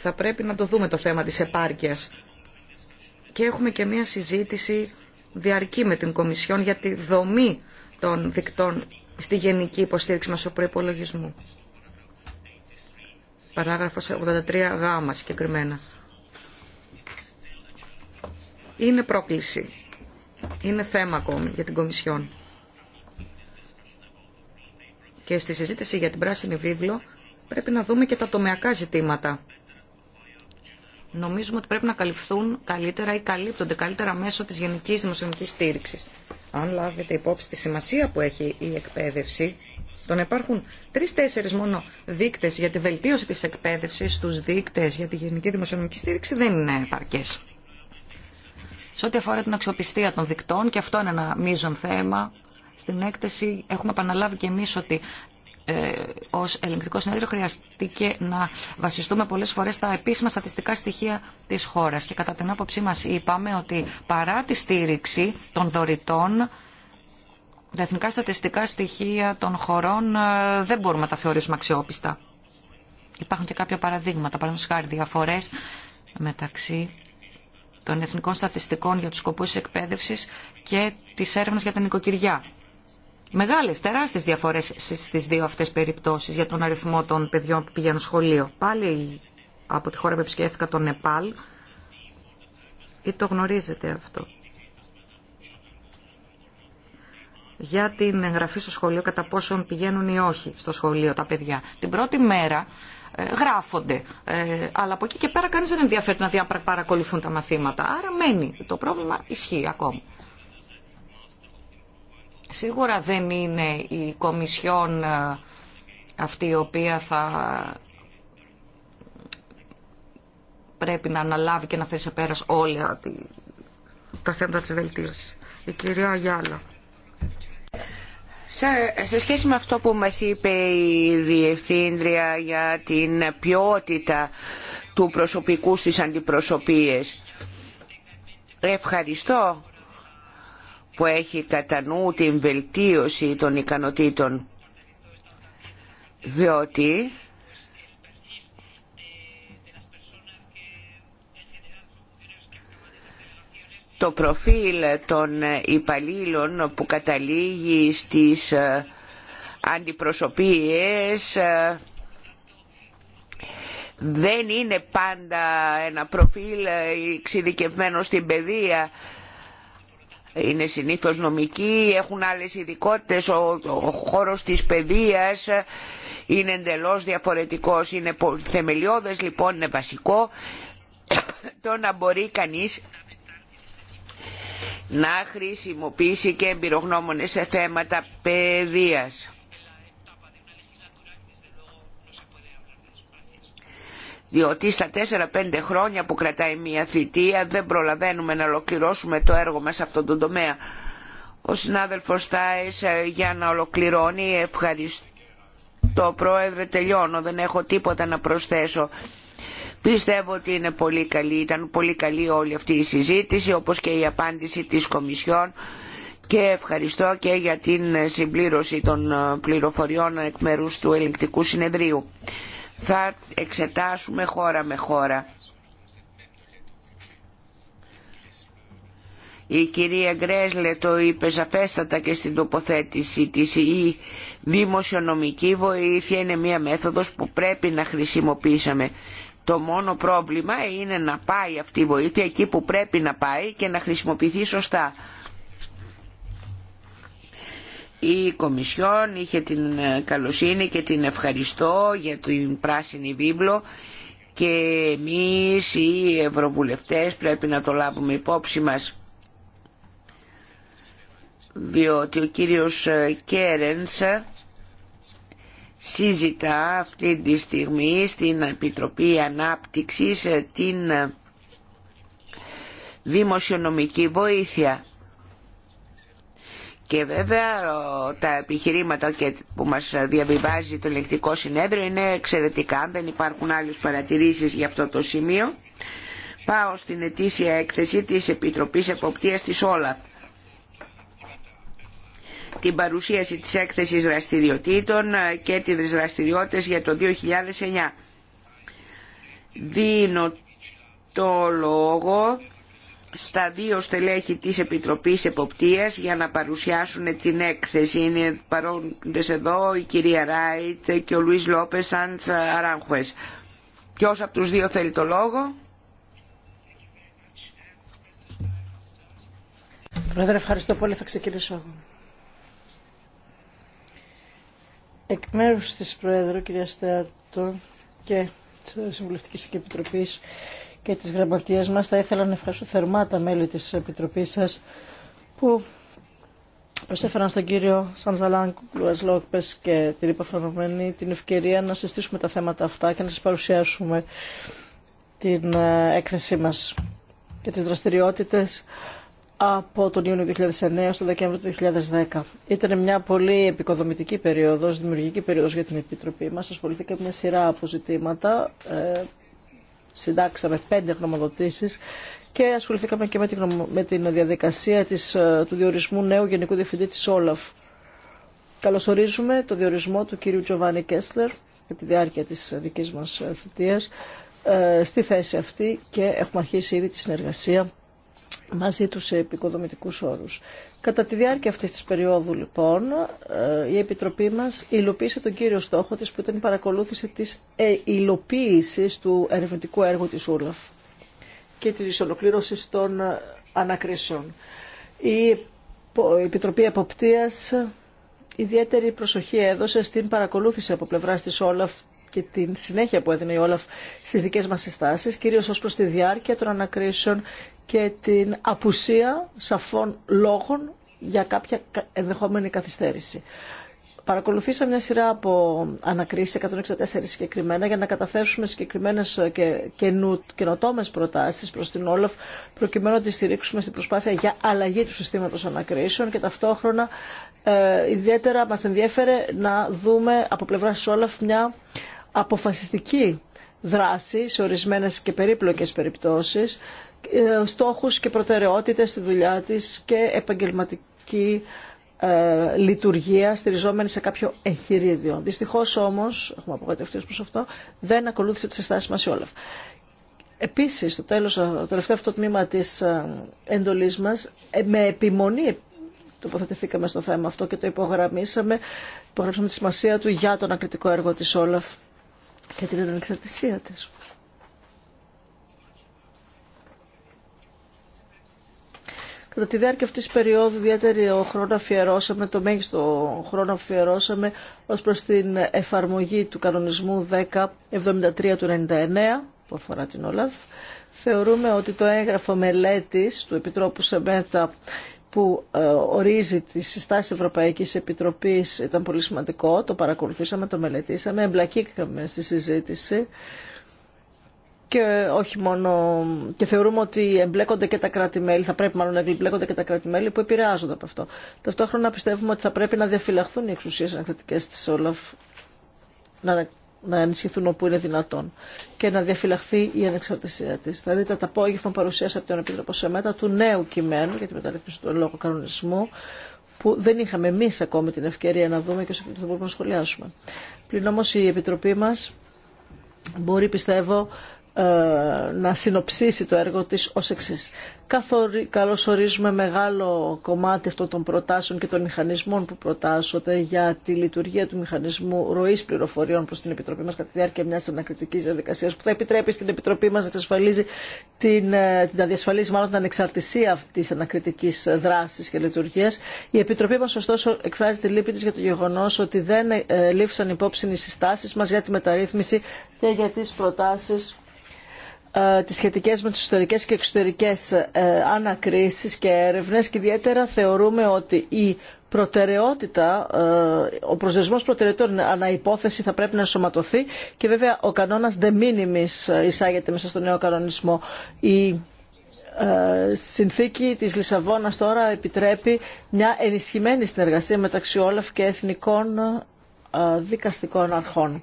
Θα πρέπει να το δούμε το θέμα της επάρκειας. Και έχουμε και μία συζήτηση διαρκή με την Κομισιόν για τη δομή των δικτών στη γενική υποστήριξη μέσω προπολογισμού. Παράγραφος 83 γάμα συγκεκριμένα. Είναι πρόκληση. Είναι θέμα ακόμη για την Κομισιόν. Και στη συζήτηση για την πράσινη βίβλο πρέπει να δούμε και τα τομεακά ζητήματα. Νομίζουμε ότι πρέπει να καλυφθούν καλύτερα ή καλύπτονται καλύτερα μέσω της γενικής δημοσιονομικής στήριξης αν λάβετε υπόψη τη σημασία που έχει η εκπαίδευση, το να υπάρχουν τρει-τέσσερι μόνο δείκτε για τη βελτίωση τη εκπαίδευση στου δείκτε για τη γενική δημοσιονομική στήριξη δεν είναι επαρκέ. Σε ό,τι αφορά την αξιοπιστία των δικτών, και αυτό είναι ένα μείζον θέμα, στην έκθεση έχουμε επαναλάβει και εμεί ότι ε, Ω ελεγκτικό συνέδριο χρειαστήκε να βασιστούμε πολλές φορές στα επίσημα στατιστικά στοιχεία της χώρας και κατά την άποψή μας είπαμε ότι παρά τη στήριξη των δωρητών τα εθνικά στατιστικά στοιχεία των χωρών ε, δεν μπορούμε να τα θεωρήσουμε αξιόπιστα. Υπάρχουν και κάποια παραδείγματα, παραδείγματο χάρη διαφορέ μεταξύ των εθνικών στατιστικών για τους σκοπούς εκπαίδευσης και της έρευνας για την οικοκυριά. Μεγάλες, τεράστιε διαφορές στις δύο αυτές περιπτώσεις για τον αριθμό των παιδιών που πηγαίνουν σχολείο. Πάλι από τη χώρα που επισκέφθηκα το Νεπάλ, ή το γνωρίζετε αυτό. για την εγγραφή στο σχολείο, κατά πόσον πηγαίνουν ή όχι στο σχολείο τα παιδιά. Την πρώτη μέρα ε, γράφονται, ε, αλλά από εκεί και πέρα κανεί δεν ενδιαφέρει να παρακολουθούν τα μαθήματα. Άρα μένει. Το πρόβλημα ισχύει ακόμα. Σίγουρα δεν είναι η Κομισιόν ε, αυτή η οποία θα πρέπει να αναλάβει και να θέσει σε πέρας όλα τα θέματα της βελτίωσης. Η κυρία Γιάλα. Σε σχέση με αυτό που μας είπε η Διευθύντρια για την ποιότητα του προσωπικού στις αντιπροσωπείες, ευχαριστώ που έχει κατά νου την βελτίωση των ικανοτήτων διότι το προφίλ των υπαλλήλων που καταλήγει στις ε, αντιπροσωπείες ε, δεν είναι πάντα ένα προφίλ ε, εξειδικευμένο στην παιδεία είναι συνήθως νομικοί, έχουν άλλες ειδικότητες, ο, ο χώρος της παιδείας είναι εντελώς διαφορετικός, είναι θεμελιώδες λοιπόν, είναι βασικό το να μπορεί κανείς να χρησιμοποιήσει και εμπειρογνώμονες σε θέματα παιδείας. διότι στα 4-5 χρόνια που κρατάει μια θητεία δεν προλαβαίνουμε να ολοκληρώσουμε το έργο μας σε αυτόν τον τομέα. Ο συνάδελφος Τάις ε, για να ολοκληρώνει ευχαριστώ πρόεδρε τελειώνω δεν έχω τίποτα να προσθέσω. Πιστεύω ότι είναι πολύ καλή, ήταν πολύ καλή όλη αυτή η συζήτηση όπως και η απάντηση της Κομισιόν και ευχαριστώ και για την συμπλήρωση των ε, πληροφοριών εκ μέρους του ελεγκτικού συνεδρίου θα εξετάσουμε χώρα με χώρα. Η κυρία Γκρέσλε το είπε σαφέστατα και στην τοποθέτηση της. Η δημοσιονομική βοήθεια είναι μία μέθοδος που πρέπει να χρησιμοποιήσαμε. Το μόνο πρόβλημα είναι να πάει αυτή η βοήθεια εκεί που πρέπει να πάει και να χρησιμοποιηθεί σωστά. Η Κομισιόν είχε την ε, καλοσύνη και την ευχαριστώ για την πράσινη βίβλο και εμείς οι ευρωβουλευτές πρέπει να το λάβουμε υπόψη μας διότι ο κύριος ε, Κέρενς συζητά αυτή τη στιγμή στην Επιτροπή Ανάπτυξης ε, την δημοσιονομική βοήθεια. Και βέβαια τα επιχειρήματα που μας διαβιβάζει το ελεκτικό συνέδριο είναι εξαιρετικά. δεν υπάρχουν άλλες παρατηρήσεις για αυτό το σημείο, πάω στην ετήσια έκθεση της Επιτροπής Εποπτείας της Όλα. Την παρουσίαση της έκθεσης δραστηριοτήτων και τις δραστηριότητε για το 2009. Δίνω το λόγο στα δύο στελέχη της Επιτροπής Εποπτείας για να παρουσιάσουν την έκθεση. Είναι παρόντες εδώ η κυρία Ράιτ και ο Λουίς Λόπες Σάντς Αράγχουες. Ποιος από τους δύο θέλει το λόγο? Πρόεδρε, ευχαριστώ πολύ. Θα ξεκινήσω Εκ μέρους της Πρόεδρου, κυρία Στέατο και της Συμβουλευτικής Επιτροπής, και τις γραμματείας μας. Θα ήθελα να ευχαριστώ θερμά τα μέλη της Επιτροπής σας που προσέφεραν στον κύριο Σανζαλάν Λουας Λόκπες και την υποφανομένη την ευκαιρία να συστήσουμε τα θέματα αυτά και να σας παρουσιάσουμε την ε, έκθεσή μας και τις δραστηριότητες από τον Ιούνιο 2009 στο Δεκέμβριο του 2010. Ήταν μια πολύ επικοδομητική περίοδος, δημιουργική περίοδος για την Επιτροπή μας. Ασχολήθηκε μια σειρά από ζητήματα ε, συντάξαμε πέντε γνωμοδοτήσεις και ασχοληθήκαμε και με την, διαδικασία της, ε, του διορισμού νέου Γενικού Διευθυντή της Όλαφ. Καλωσορίζουμε το διορισμό του κύριου Τζοβάνι Κέσλερ για τη διάρκεια της δικής μας ε, θητείας ε, στη θέση αυτή και έχουμε αρχίσει ήδη τη συνεργασία μαζί τους σε επικοδομητικούς όρους. Κατά τη διάρκεια αυτής της περίοδου, λοιπόν, ε, η Επιτροπή μας υλοποίησε τον κύριο στόχο της, που ήταν η παρακολούθηση της ε, υλοποίησης του ερευνητικού έργου της ΟΛΑΦ και της ολοκλήρωση των ε, ανακρίσεων. Η Επιτροπή Αποπτίας ιδιαίτερη προσοχή έδωσε στην παρακολούθηση από πλευράς της Όλαφ και την συνέχεια που έδινε η Όλαφ στις δικές μας συστάσεις, κυρίως ως προς τη διάρκεια των ανακρίσεων και την απουσία σαφών λόγων για κάποια ενδεχόμενη καθυστέρηση. Παρακολουθήσα μια σειρά από ανακρίσεις, 164 συγκεκριμένα, για να καταθέσουμε συγκεκριμένες ε, και καινοτόμες προτάσεις προς την Όλαφ, προκειμένου να τη στηρίξουμε στην προσπάθεια για αλλαγή του συστήματος ανακρίσεων και ταυτόχρονα ε, ιδιαίτερα μας ενδιέφερε να δούμε από πλευρά της Όλαφ μια αποφασιστική δράση σε ορισμένες και περίπλοκες περιπτώσεις, ε, στόχους και προτεραιότητες στη δουλειά της και επαγγελματική ε, λειτουργία στηριζόμενη σε κάποιο εγχειρίδιο. Δυστυχώς όμως, έχουμε απογοητευτεί προς αυτό, δεν ακολούθησε τις συστάσεις μας η Όλαφ. Επίσης, στο τέλος, ε, το τελευταίο αυτό τμήμα της εντολής μας, με επιμονή τοποθετηθήκαμε στο θέμα αυτό και το υπογραμμίσαμε, υπογράψαμε τη σημασία του για τον ακριτικό έργο της Όλαφ και την ανεξαρτησία της. Κατά τη διάρκεια αυτής της περίοδου ο χρόνο αφιερώσαμε, το μέγιστο χρόνο αφιερώσαμε ως προς την εφαρμογή του κανονισμού 1073 του 99 που αφορά την ΟΛΑΒ, Θεωρούμε ότι το έγγραφο μελέτης του Επιτρόπου Σεμέτα που ε, ορίζει τις συστάση Ευρωπαϊκής Επιτροπής ήταν πολύ σημαντικό, το παρακολουθήσαμε, το μελετήσαμε, εμπλακήκαμε στη συζήτηση και όχι μόνο. θεωρούμε ότι εμπλέκονται και τα κρατη θα πρέπει μάλλον να εμπλέκονται και τα κράτη-μέλη που επηρεάζονται από αυτό. Ταυτόχρονα πιστεύουμε ότι θα πρέπει να διαφυλαχθούν οι εξουσίε ανακριτικέ τη Όλαφ, να, να ενισχυθούν όπου είναι δυνατόν και να διαφυλαχθεί η ανεξαρτησία τη. Θα δείτε τα απόγευμα παρουσίαση από τον Επίτροπο Σεμέτα του νέου κειμένου για τη μεταρρύθμιση του λόγου κανονισμού που δεν είχαμε εμεί ακόμη την ευκαιρία να δούμε και όσο μπορούμε να σχολιάσουμε. Πλην όμω η Επιτροπή μα μπορεί, πιστεύω, ε, να συνοψίσει το έργο της ως εξής. Καλώς ορίζουμε μεγάλο κομμάτι αυτών των προτάσεων και των μηχανισμών που προτάσσονται για τη λειτουργία του μηχανισμού ροής πληροφοριών προς την Επιτροπή μας κατά τη διάρκεια μιας ανακριτικής διαδικασίας που θα επιτρέπει στην Επιτροπή μας να εξασφαλίζει την, ε, να διασφαλίζει μάλλον την ανεξαρτησία αυτής της ανακριτικής δράσης και λειτουργίας. Η Επιτροπή μας ωστόσο εκφράζει τη λύπη της για το γεγονός ότι δεν ε, λήφθησαν υπόψη οι συστάσεις μας για τη μεταρρύθμιση και για τις προτάσεις ε, τις σχετικές με τις ιστορικές και εξωτερικές ε, ανακρίσεις και έρευνες και ιδιαίτερα θεωρούμε ότι η προτεραιότητα, ε, ο προσδεσμός προτεραιότητων αναϋπόθεση θα πρέπει να ενσωματωθεί και βέβαια ο κανόνας de minimis εισάγεται μέσα στο νέο κανονισμό. Η συνθήκη της Λισαβόνας τώρα επιτρέπει μια ενισχυμένη συνεργασία μεταξύ όλων και εθνικών δικαστικών αρχών.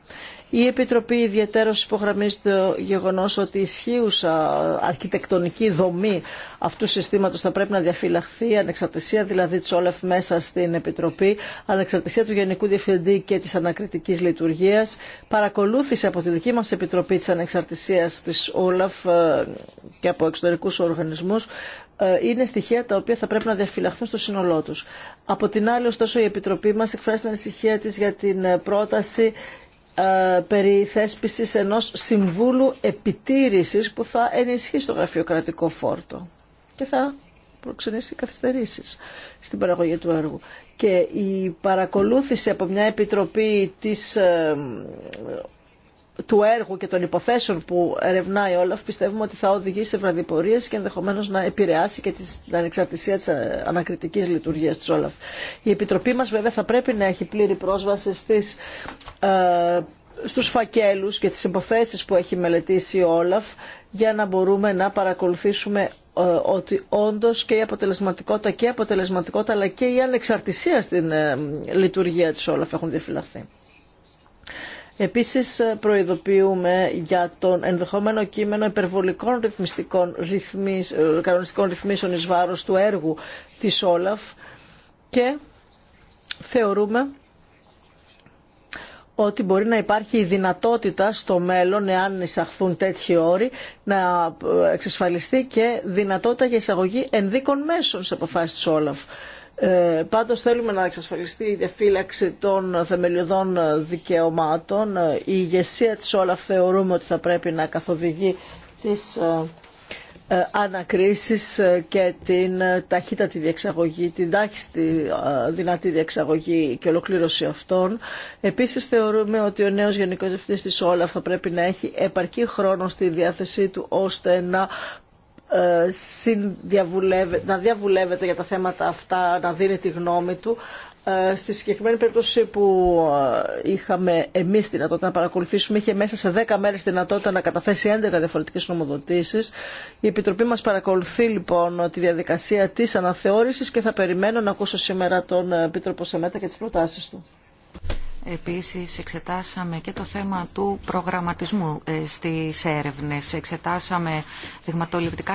Η Επιτροπή ιδιαίτερως υπογραμμίζει το γεγονός ότι η ισχύουσα αρχιτεκτονική δομή αυτού του συστήματος θα πρέπει να διαφυλαχθεί, η ανεξαρτησία δηλαδή τη Όλεφ μέσα στην Επιτροπή, ανεξαρτησία του Γενικού Διευθυντή και τη ανακριτική λειτουργία. παρακολούθηση από τη δική μα Επιτροπή τη ανεξαρτησία τη Όλαφ ε, και από εξωτερικού οργανισμού. Ε, είναι στοιχεία τα οποία θα πρέπει να διαφυλαχθούν στο σύνολό τους. Από την άλλη, ωστόσο, η Επιτροπή μας εκφράζει την ανησυχία της για την ε, πρόταση ε, περί θέσπισης ενός συμβούλου επιτήρησης που θα ενισχύσει το γραφειοκρατικό φόρτο και θα προξενήσει καθυστερήσεις στην παραγωγή του έργου. Και η παρακολούθηση από μια επιτροπή της ε, του έργου και των υποθέσεων που ερευνάει όλα πιστεύουμε ότι θα οδηγήσει σε βραδιπορίε και ενδεχομένω να επηρεάσει και την ανεξαρτησία τη ε, ανακριτική λειτουργία τη Όλαφ. Η Επιτροπή μα βέβαια θα πρέπει να έχει πλήρη πρόσβαση στις, ε, στους φακέλους και τις υποθέσεις που έχει μελετήσει η Όλαφ για να μπορούμε να παρακολουθήσουμε ε, ότι όντως και η αποτελεσματικότητα και η αποτελεσματικότητα αλλά και η ανεξαρτησία στην ε, λειτουργία της Όλαφ έχουν διαφυλαχθεί. Επίσης ε, προειδοποιούμε για τον ενδεχόμενο κείμενο υπερβολικών ρυθμιστικών, ρυθμίσ, ε, κανονιστικών ρυθμίσεων εις βάρος του έργου της Όλαφ και θεωρούμε ότι μπορεί να υπάρχει η δυνατότητα στο μέλλον, εάν εισαχθούν τέτοιοι όροι, να ε, εξασφαλιστεί και δυνατότητα για εισαγωγή ενδίκων μέσων σε αποφάσεις της Όλαφ. Ε, πάντως θέλουμε να εξασφαλιστεί η διαφύλαξη των θεμελιωδών δικαιωμάτων. Ε, η ηγεσία της Όλαφ θεωρούμε ότι θα πρέπει να καθοδηγεί τις ε, ανακρίσεις και την ταχύτατη διεξαγωγή, την τάχιστη δυνατή διεξαγωγή και ολοκλήρωση αυτών. Επίσης θεωρούμε ότι ο νέος Γενικός Διευθυντής της Όλαφ θα πρέπει να έχει επαρκή χρόνο στη διάθεσή του ώστε να ε, να διαβουλεύεται για τα θέματα αυτά, να δίνει τη γνώμη του. Ε, στη συγκεκριμένη περίπτωση που ε, είχαμε εμεί τη δυνατότητα να παρακολουθήσουμε, είχε μέσα σε 10 μέρε τη δυνατότητα να καταθέσει 11 διαφορετικέ νομοδοτήσει. Η Επιτροπή μα παρακολουθεί λοιπόν τη διαδικασία τη αναθεώρηση και θα περιμένω να ακούσω σήμερα τον Επίτροπο Σεμέτα και τι προτάσει του. Επίσης εξετάσαμε και το θέμα του προγραμματισμού ε, στις έρευνες. Εξετάσαμε δειγματοληπτικά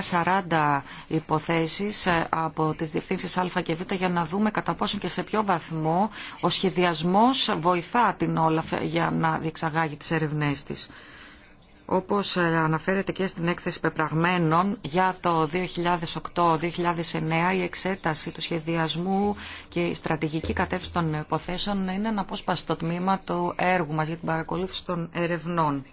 40 υποθέσεις ε, από τις διευθύνσεις Α και Β για να δούμε κατά πόσο και σε ποιο βαθμό ο σχεδιασμός βοηθά την Όλαφ για να διεξαγάγει τις έρευνές της όπως ε, αναφέρεται και στην έκθεση πεπραγμένων για το 2008-2009 η εξέταση του σχεδιασμού και η στρατηγική κατεύθυνση των υποθέσεων είναι ένα απόσπαστο τμήμα του έργου μας για την παρακολούθηση των ερευνών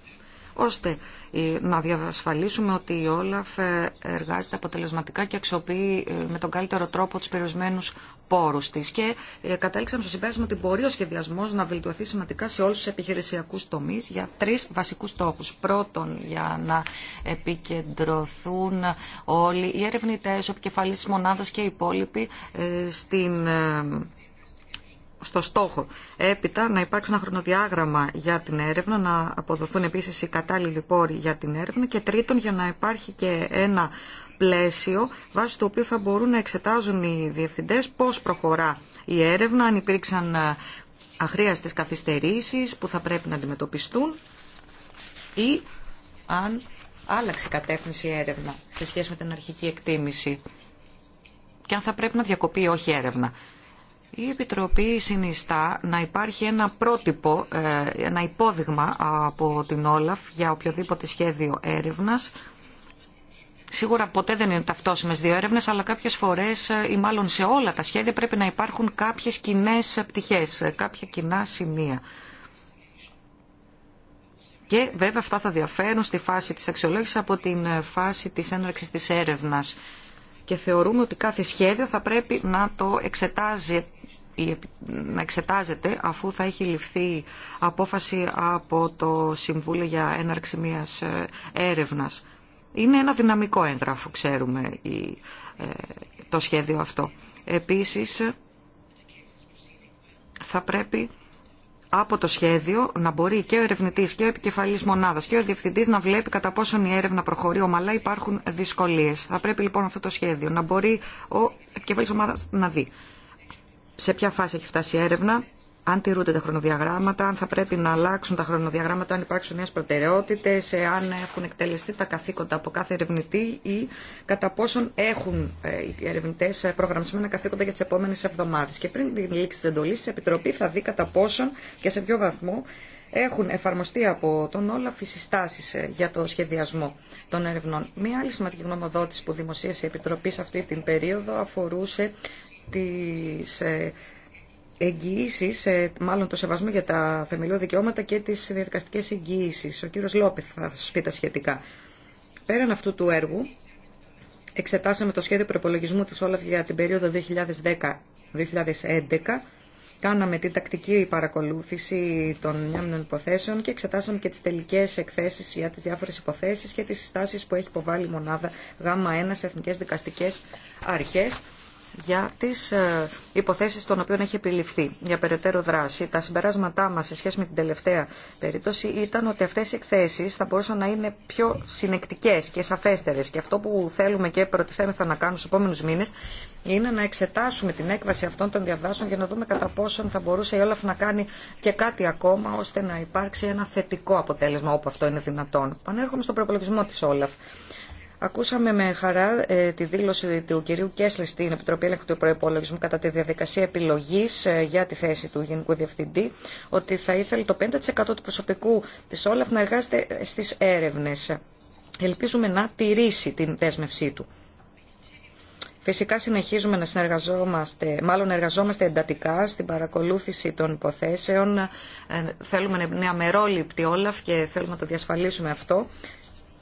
ώστε ε, να διασφαλίσουμε ότι η Όλαφ ε, εργάζεται αποτελεσματικά και αξιοποιεί ε, με τον καλύτερο τρόπο του περιορισμένου πόρους τη. Και κατέληξαμε στο συμπέρασμα ότι μπορεί ο σχεδιασμός να βελτιωθεί σημαντικά σε όλους του επιχειρησιακούς τομείς για τρεις βασικούς στόχου. Πρώτον, για να επικεντρωθούν όλοι οι ερευνητέ, ο τη μονάδα και οι υπόλοιποι στην στο στόχο. Έπειτα να υπάρξει ένα χρονοδιάγραμμα για την έρευνα, να αποδοθούν επίσης οι κατάλληλοι πόροι για την έρευνα και τρίτον για να υπάρχει και ένα πλαίσιο βάσει το οποίο θα μπορούν να εξετάζουν οι διευθυντές πώς προχωρά η έρευνα, αν υπήρξαν ε, αχρίαστες καθυστερήσεις που θα πρέπει να αντιμετωπιστούν ή αν άλλαξε η κατεύθυνση έρευνα σε σχέση με την αρχική εκτίμηση και αν θα πρέπει να διακοπεί όχι έρευνα. Η Επιτροπή συνιστά να υπάρχει ένα πρότυπο, ε, ένα υπόδειγμα από την Όλαφ για οποιοδήποτε σχέδιο έρευνας. Σίγουρα ποτέ δεν είναι ταυτόσιμες δύο έρευνες, αλλά κάποιες φορές ε, ή μάλλον σε όλα τα σχέδια πρέπει να υπάρχουν κάποιες κοινέ πτυχές, ε, κάποια κοινά σημεία. Και βέβαια αυτά θα διαφέρουν στη φάση της αξιολόγησης από την φάση της έναρξης της έρευνας. Και θεωρούμε ότι κάθε σχέδιο θα πρέπει να το εξετάζει να εξετάζεται αφού θα έχει ληφθεί απόφαση από το Συμβούλιο για έναρξη μιας ε, έρευνας. Είναι ένα δυναμικό έγγραφο, ξέρουμε, ε, το σχέδιο αυτό. Επίσης, θα πρέπει από το σχέδιο να μπορεί και ο ερευνητή και ο επικεφαλής μονάδας και ο διευθυντής να βλέπει κατά πόσον η έρευνα προχωρεί ομαλά, υπάρχουν δυσκολίες. Θα πρέπει λοιπόν αυτό το σχέδιο να μπορεί ο επικεφαλής ομάδα να δει σε ποια φάση έχει φτάσει η έρευνα, αν τηρούνται τα χρονοδιαγράμματα, αν θα πρέπει να αλλάξουν τα χρονοδιαγράμματα, αν υπάρξουν νέε προτεραιότητε, αν έχουν εκτελεστεί τα καθήκοντα από κάθε ερευνητή ή κατά πόσον έχουν ε, οι ερευνητέ προγραμματισμένα καθήκοντα για τι επόμενε εβδομάδε. Και πριν την λήξη τη εντολή, η Επιτροπή θα δει κατά πόσον και σε ποιο βαθμό έχουν εφαρμοστεί από τον Όλαφ οι συστάσει ε, για το σχεδιασμό των ερευνών. Μία άλλη σημαντική γνωμοδότηση που δημοσίευσε η Επιτροπή σε αυτή την περίοδο αφορούσε τις ε, εγγυήσει, ε, μάλλον το σεβασμό για τα θεμελιώδη δικαιώματα και τις διαδικαστικές εγγυήσει. Ο κύριος Λόπεθ θα σας πει τα σχετικά. Πέραν αυτού του έργου, εξετάσαμε το σχέδιο προπολογισμού τη Όλαφ για την περίοδο 2010-2011, Κάναμε την τακτική παρακολούθηση των νέων υποθέσεων και εξετάσαμε και τι τελικέ εκθέσει για τι διάφορε υποθέσει και τι συστάσει που έχει υποβάλει η μονάδα ΓΑΜΑ 1 σε εθνικέ δικαστικέ αρχέ για τις ε, υποθέσει των οποίων έχει επιληφθεί για περαιτέρω δράση. Τα συμπεράσματά μα σε σχέση με την τελευταία περίπτωση ήταν ότι αυτέ οι εκθέσει θα μπορούσαν να είναι πιο συνεκτικέ και σαφέστερες και αυτό που θέλουμε και προτιθέμεθα να κάνουμε στου επόμενου μήνε είναι να εξετάσουμε την έκβαση αυτών των διαβάσεων για να δούμε κατά πόσον θα μπορούσε η Όλαφ να κάνει και κάτι ακόμα ώστε να υπάρξει ένα θετικό αποτέλεσμα όπου αυτό είναι δυνατόν. Πανέρχομαι στον προπολογισμό τη Όλαφ. Ακούσαμε με χαρά ε, τη δήλωση του κυρίου Κέσλε στην Επιτροπή Έλεγχου του Προπολογισμού κατά τη διαδικασία επιλογή ε, για τη θέση του Γενικού Διευθυντή ότι θα ήθελε το 5% του προσωπικού τη Όλαφ να εργάζεται στι έρευνε. Ελπίζουμε να τηρήσει την δέσμευσή του. Φυσικά συνεχίζουμε να συνεργαζόμαστε, μάλλον εργαζόμαστε εντατικά στην παρακολούθηση των υποθέσεων. Ε, θέλουμε μια μερόληπτη Όλαφ και θέλουμε να το διασφαλίσουμε αυτό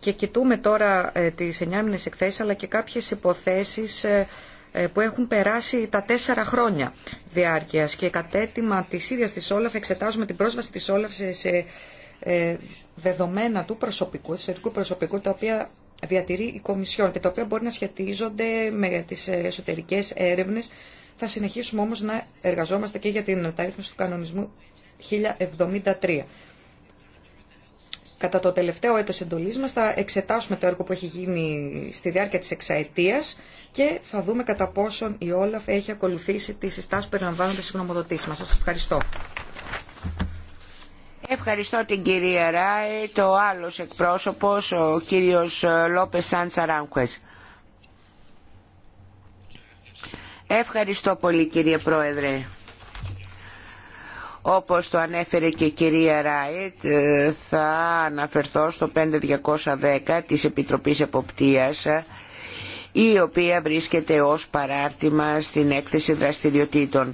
και κοιτούμε τώρα ε, τις εννιάμινες εκθέσεις αλλά και κάποιες υποθέσεις ε, ε, που έχουν περάσει τα τέσσερα χρόνια διάρκειας και κατ' αίτημα της ίδιας της Όλαφ εξετάζουμε την πρόσβαση της Όλαφ σε δεδομένα του προσωπικού, του εσωτερικού προσωπικού, τα οποία διατηρεί η Κομισιόν και τα οποία μπορεί να σχετίζονται με τις εσωτερικές έρευνες. Θα συνεχίσουμε όμως να εργαζόμαστε και για την μεταρρύθμιση του κανονισμού 1073. Κατά το τελευταίο έτος εντολής μας θα εξετάσουμε το έργο που έχει γίνει στη διάρκεια της εξαετίας και θα δούμε κατά πόσον η Όλαφ έχει ακολουθήσει τις συστάσεις που περιλαμβάνονται στις γνωμοδοτήσεις μας. Σας ευχαριστώ. Ευχαριστώ την κυρία Ράι, το άλλος εκπρόσωπος, ο κύριος Λόπες Σάντσαράνκουες. Ευχαριστώ πολύ κύριε Πρόεδρε. Όπως το ανέφερε και η κυρία Ράιτ, ε, θα αναφερθώ στο 5210 της Επιτροπής Εποπτείας, η οποία βρίσκεται ως παράρτημα στην έκθεση δραστηριοτήτων.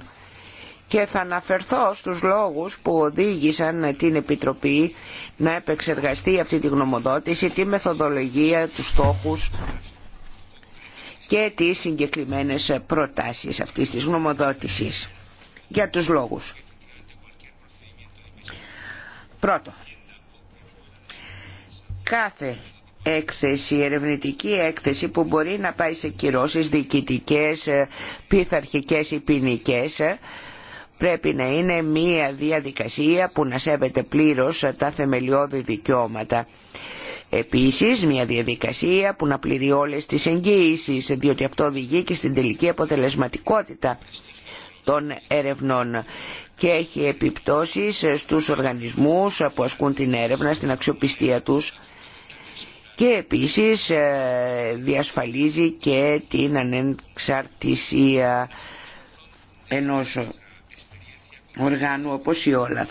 Και θα αναφερθώ στους λόγους που οδήγησαν την Επιτροπή να επεξεργαστεί αυτή τη γνωμοδότηση, τη μεθοδολογία, τους στόχους και τις συγκεκριμένες προτάσεις αυτής της γνωμοδότησης για τους λόγους. Πρώτο, κάθε έκθεση, ερευνητική έκθεση που μπορεί να πάει σε κυρώσεις διοικητικές, ε, πειθαρχικές ή ποινικές, ε, πρέπει να είναι μία διαδικασία που να σέβεται πλήρως τα θεμελιώδη δικαιώματα. Επίσης, μία διαδικασία που να πληρεί όλες τις εγγύησεις, διότι αυτό οδηγεί και στην τελική αποτελεσματικότητα των ερευνών και έχει επιπτώσεις στους οργανισμούς που ασκούν την έρευνα, στην αξιοπιστία τους και επίσης ε, διασφαλίζει και την ανεξαρτησία ενός οργάνου όπως η Όλαφ.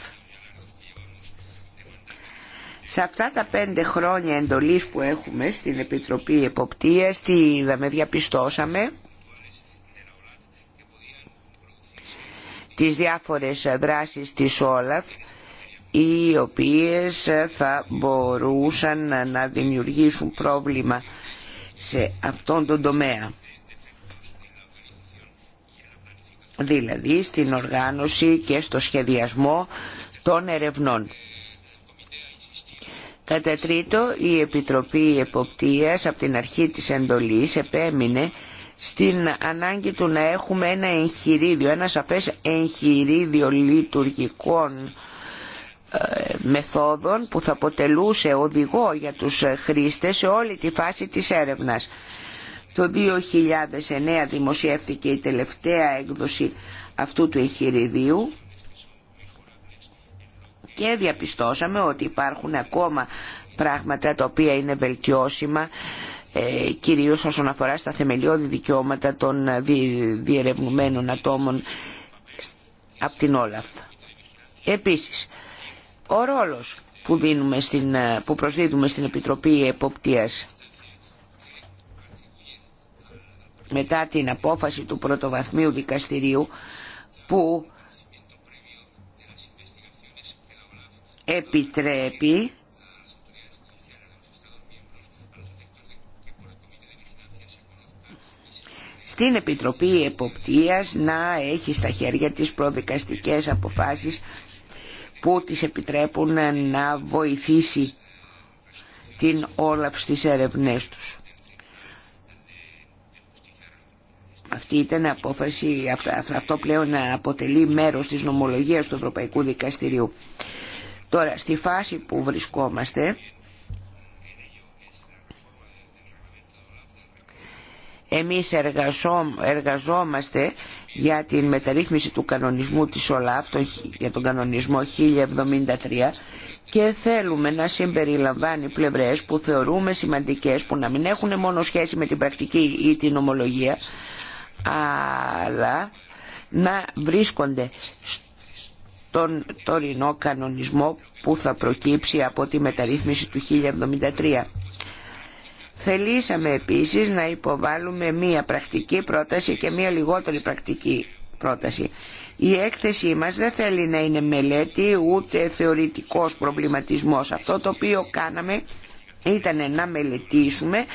Σε αυτά τα πέντε χρόνια εντολής που έχουμε στην Επιτροπή Εποπτείας, τι είδαμε, διαπιστώσαμε τις διάφορες δράσεις της Όλαφ οι οποίες θα μπορούσαν να δημιουργήσουν πρόβλημα σε αυτόν τον τομέα. Δηλαδή στην οργάνωση και στο σχεδιασμό των ερευνών. Κατά τρίτο, η Επιτροπή Εποπτείας από την αρχή της εντολής επέμεινε στην ανάγκη του να έχουμε ένα εγχειρίδιο, ένα σαφές εγχειρίδιο λειτουργικών ε, μεθόδων που θα αποτελούσε οδηγό για τους χρήστες σε όλη τη φάση της έρευνας. Το 2009 δημοσιεύθηκε η τελευταία έκδοση αυτού του εγχειριδίου και διαπιστώσαμε ότι υπάρχουν ακόμα πράγματα τα οποία είναι βελτιώσιμα ε, κυρίως όσον αφορά στα θεμελιώδη δικαιώματα των ε, διερευνουμένων ατόμων από την Όλαφ. Επίσης, ο ρόλος που, δίνουμε στην, ε, που προσδίδουμε στην Επιτροπή Εποπτείας μετά την απόφαση του πρωτοβαθμίου δικαστηρίου που επιτρέπει στην Επιτροπή Εποπτείας να έχει στα χέρια της προδικαστικές αποφάσεις που τις επιτρέπουν να βοηθήσει την Όλαφ στις έρευνές τους. Αυτή ήταν απόφαση, αυτό πλέον αποτελεί μέρος της νομολογίας του Ευρωπαϊκού Δικαστηρίου. Τώρα, στη φάση που βρισκόμαστε, Εμείς εργαζόμαστε για την μεταρρύθμιση του κανονισμού της ΟΛΑΦ, για τον κανονισμό 1073 και θέλουμε να συμπεριλαμβάνει πλευρές που θεωρούμε σημαντικές, που να μην έχουν μόνο σχέση με την πρακτική ή την ομολογία, αλλά να βρίσκονται στον τωρινό κανονισμό που θα προκύψει από τη μεταρρύθμιση του 1073. Θελήσαμε επίσης να υποβάλουμε μία πρακτική πρόταση και μία λιγότερη πρακτική πρόταση. Η έκθεσή μας δεν θέλει να είναι μελέτη ούτε θεωρητικός προβληματισμός. Αυτό το οποίο κάναμε ήταν να μελετήσουμε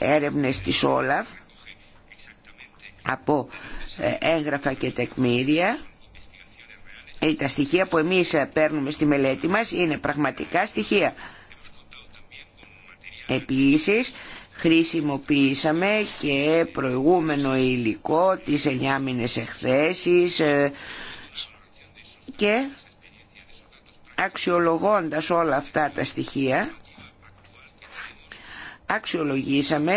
έρευνες της Όλαφ από ε, έγγραφα και τεκμήρια ε, τα στοιχεία που εμείς ε, παίρνουμε στη μελέτη μας είναι πραγματικά στοιχεία Επίσης χρησιμοποιήσαμε και προηγούμενο υλικό, τις εννιάμινες εκθέσεις ε, και αξιολογώντας όλα αυτά τα στοιχεία αξιολογήσαμε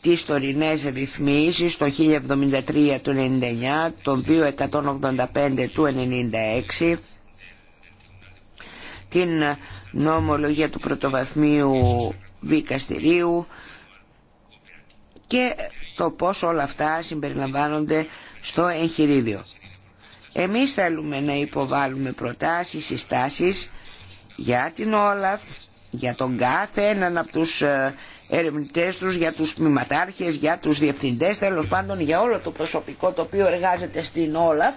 τις τωρινές ρυθμίσεις το 1073 του 99, τον 285 του 96 την νομολογία του πρωτοβαθμίου δικαστηρίου και το πώς όλα αυτά συμπεριλαμβάνονται στο εγχειρίδιο. Εμείς θέλουμε να υποβάλουμε προτάσεις, συστάσεις για την Όλαφ, για τον κάθε έναν από τους ε, ερευνητές τους, για τους μηματάρχες, για τους διευθυντές, τέλος πάντων για όλο το προσωπικό το οποίο εργάζεται στην Όλαφ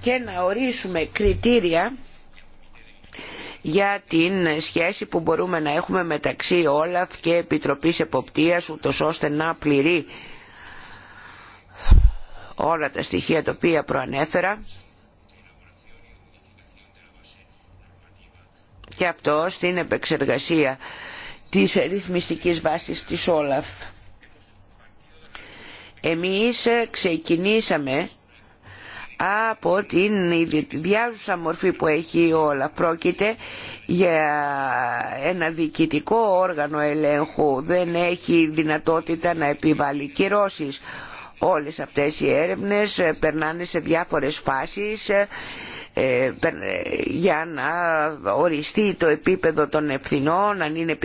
και να ορίσουμε κριτήρια για την σχέση που μπορούμε να έχουμε μεταξύ Όλαφ και Επιτροπής Εποπτείας ούτως ώστε να πληρεί όλα τα στοιχεία τα οποία προανέφερα και αυτό στην επεξεργασία της ρυθμιστικής βάσης της Όλαφ. Εμείς ξεκινήσαμε από την ιδιάζουσα μορφή που έχει όλα. Πρόκειται για ένα διοικητικό όργανο ελέγχου, δεν έχει δυνατότητα να επιβάλλει κυρώσεις. Όλες αυτές οι έρευνες περνάνε σε διάφορες φάσεις ε, ε, για να οριστεί το επίπεδο των ευθυνών, αν είναι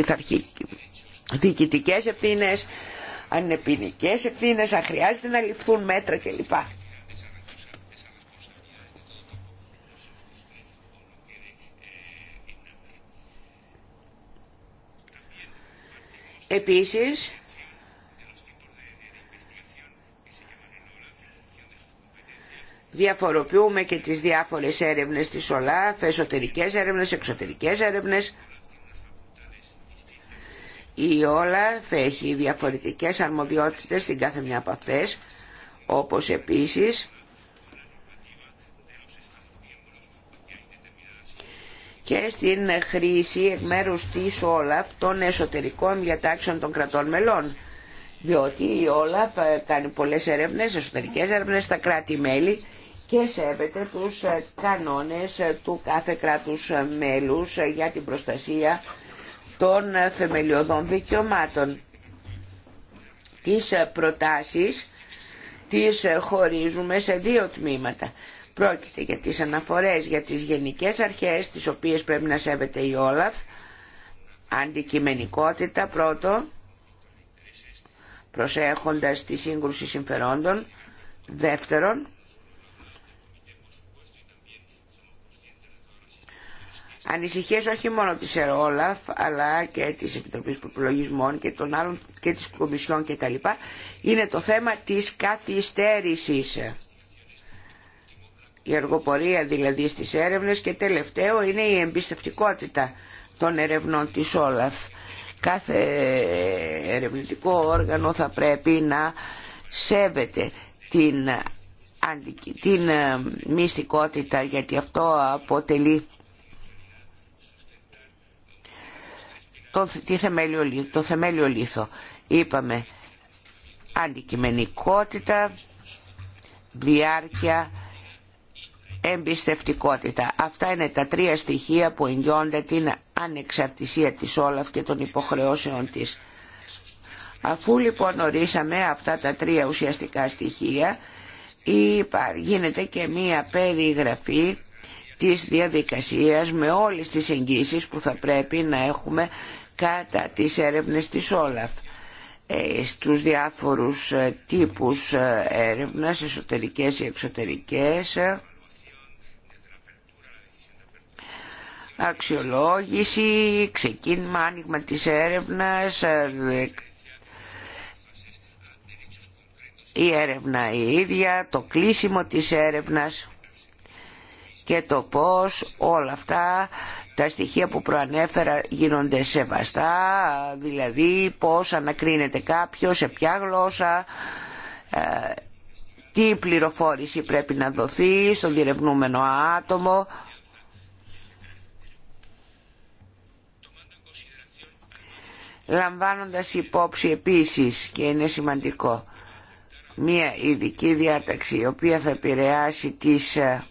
διοικητικές ευθύνες, αν είναι ποινικές ευθύνες, αν χρειάζεται να ληφθούν μέτρα κλπ. Επίσης, διαφοροποιούμε και τις διάφορες έρευνες της ΟΛΑΦ, εσωτερικές έρευνες, εξωτερικές έρευνες. Η ΟΛΑΦ έχει διαφορετικές αρμοδιότητες στην κάθε μια από αυτές, όπως επίσης και στην χρήση εκ μέρους της Όλαφ των εσωτερικών διατάξεων των κρατών μελών. Διότι η Όλαφ ε, κάνει πολλές έρευνες, εσωτερικές έρευνες στα κράτη-μέλη και σέβεται τους ε, κανόνες ε, του κάθε κράτους μέλους για την προστασία των θεμελιωδών δικαιωμάτων. Τις προτάσεις τις χωρίζουμε σε δύο τμήματα. Πρόκειται για τις αναφορές για τις γενικές αρχές τις οποίες πρέπει να σέβεται η Όλαφ. Αντικειμενικότητα πρώτο, προσέχοντας τη σύγκρουση συμφερόντων. Δεύτερον, ανησυχίες όχι μόνο της ΕΡΟΛΑΦ αλλά και της Επιτροπής Προπολογισμών και των άλλων και της Κομισιόν κτλ. είναι το θέμα της καθυστέρησης η εργοπορία δηλαδή στις έρευνες και τελευταίο είναι η εμπιστευτικότητα των ερευνών της Όλαφ. Κάθε ερευνητικό όργανο θα πρέπει να σέβεται την, την ε, μυστικότητα γιατί αυτό αποτελεί το, τι θεμέλιο, το θεμέλιο λίθο. Είπαμε αντικειμενικότητα, διάρκεια, εμπιστευτικότητα. Αυτά είναι τα τρία στοιχεία που εγγυώνται την ανεξαρτησία της Όλαφ και των υποχρεώσεων της. Αφού λοιπόν ορίσαμε αυτά τα τρία ουσιαστικά στοιχεία, γίνεται και μία περιγραφή της διαδικασίας με όλες τις εγγύσεις που θα πρέπει να έχουμε κατά τις έρευνες της Όλαφ ε, στους διάφορους ε, τύπους ε, έρευνας, εσωτερικές ή εξωτερικές, αξιολόγηση, ξεκίνημα, άνοιγμα της έρευνας, ε, η έρευνα η ίδια, το κλείσιμο της έρευνας και το πώς όλα αυτά τα στοιχεία που προανέφερα γίνονται σεβαστά, δηλαδή πώς ανακρίνεται κάποιος, σε ποια γλώσσα, ε, τι πληροφόρηση πρέπει να δοθεί στον διερευνούμενο άτομο, λαμβάνοντας υπόψη επίσης και είναι σημαντικό μία ειδική διάταξη η οποία θα επηρεάσει τις ε,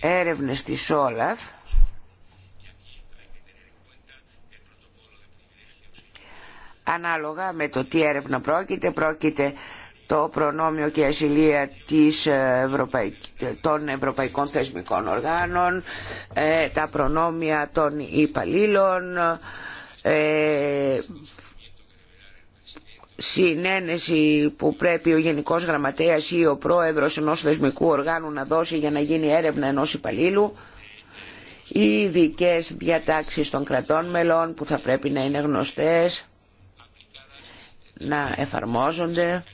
έρευνες της Όλαφ ανάλογα με το τι έρευνα πρόκειται πρόκειται το προνόμιο και ασυλία της ε, των ευρωπαϊκών θεσμικών οργάνων ε, τα προνόμια των υπαλλήλων ε, συνένεση που πρέπει ο Γενικός Γραμματέας ή ο Πρόεδρος ενός θεσμικού οργάνου να δώσει για να γίνει έρευνα ενός υπαλλήλου οι ειδικέ διατάξεις των κρατών μελών που θα πρέπει να είναι γνωστές να εφαρμόζονται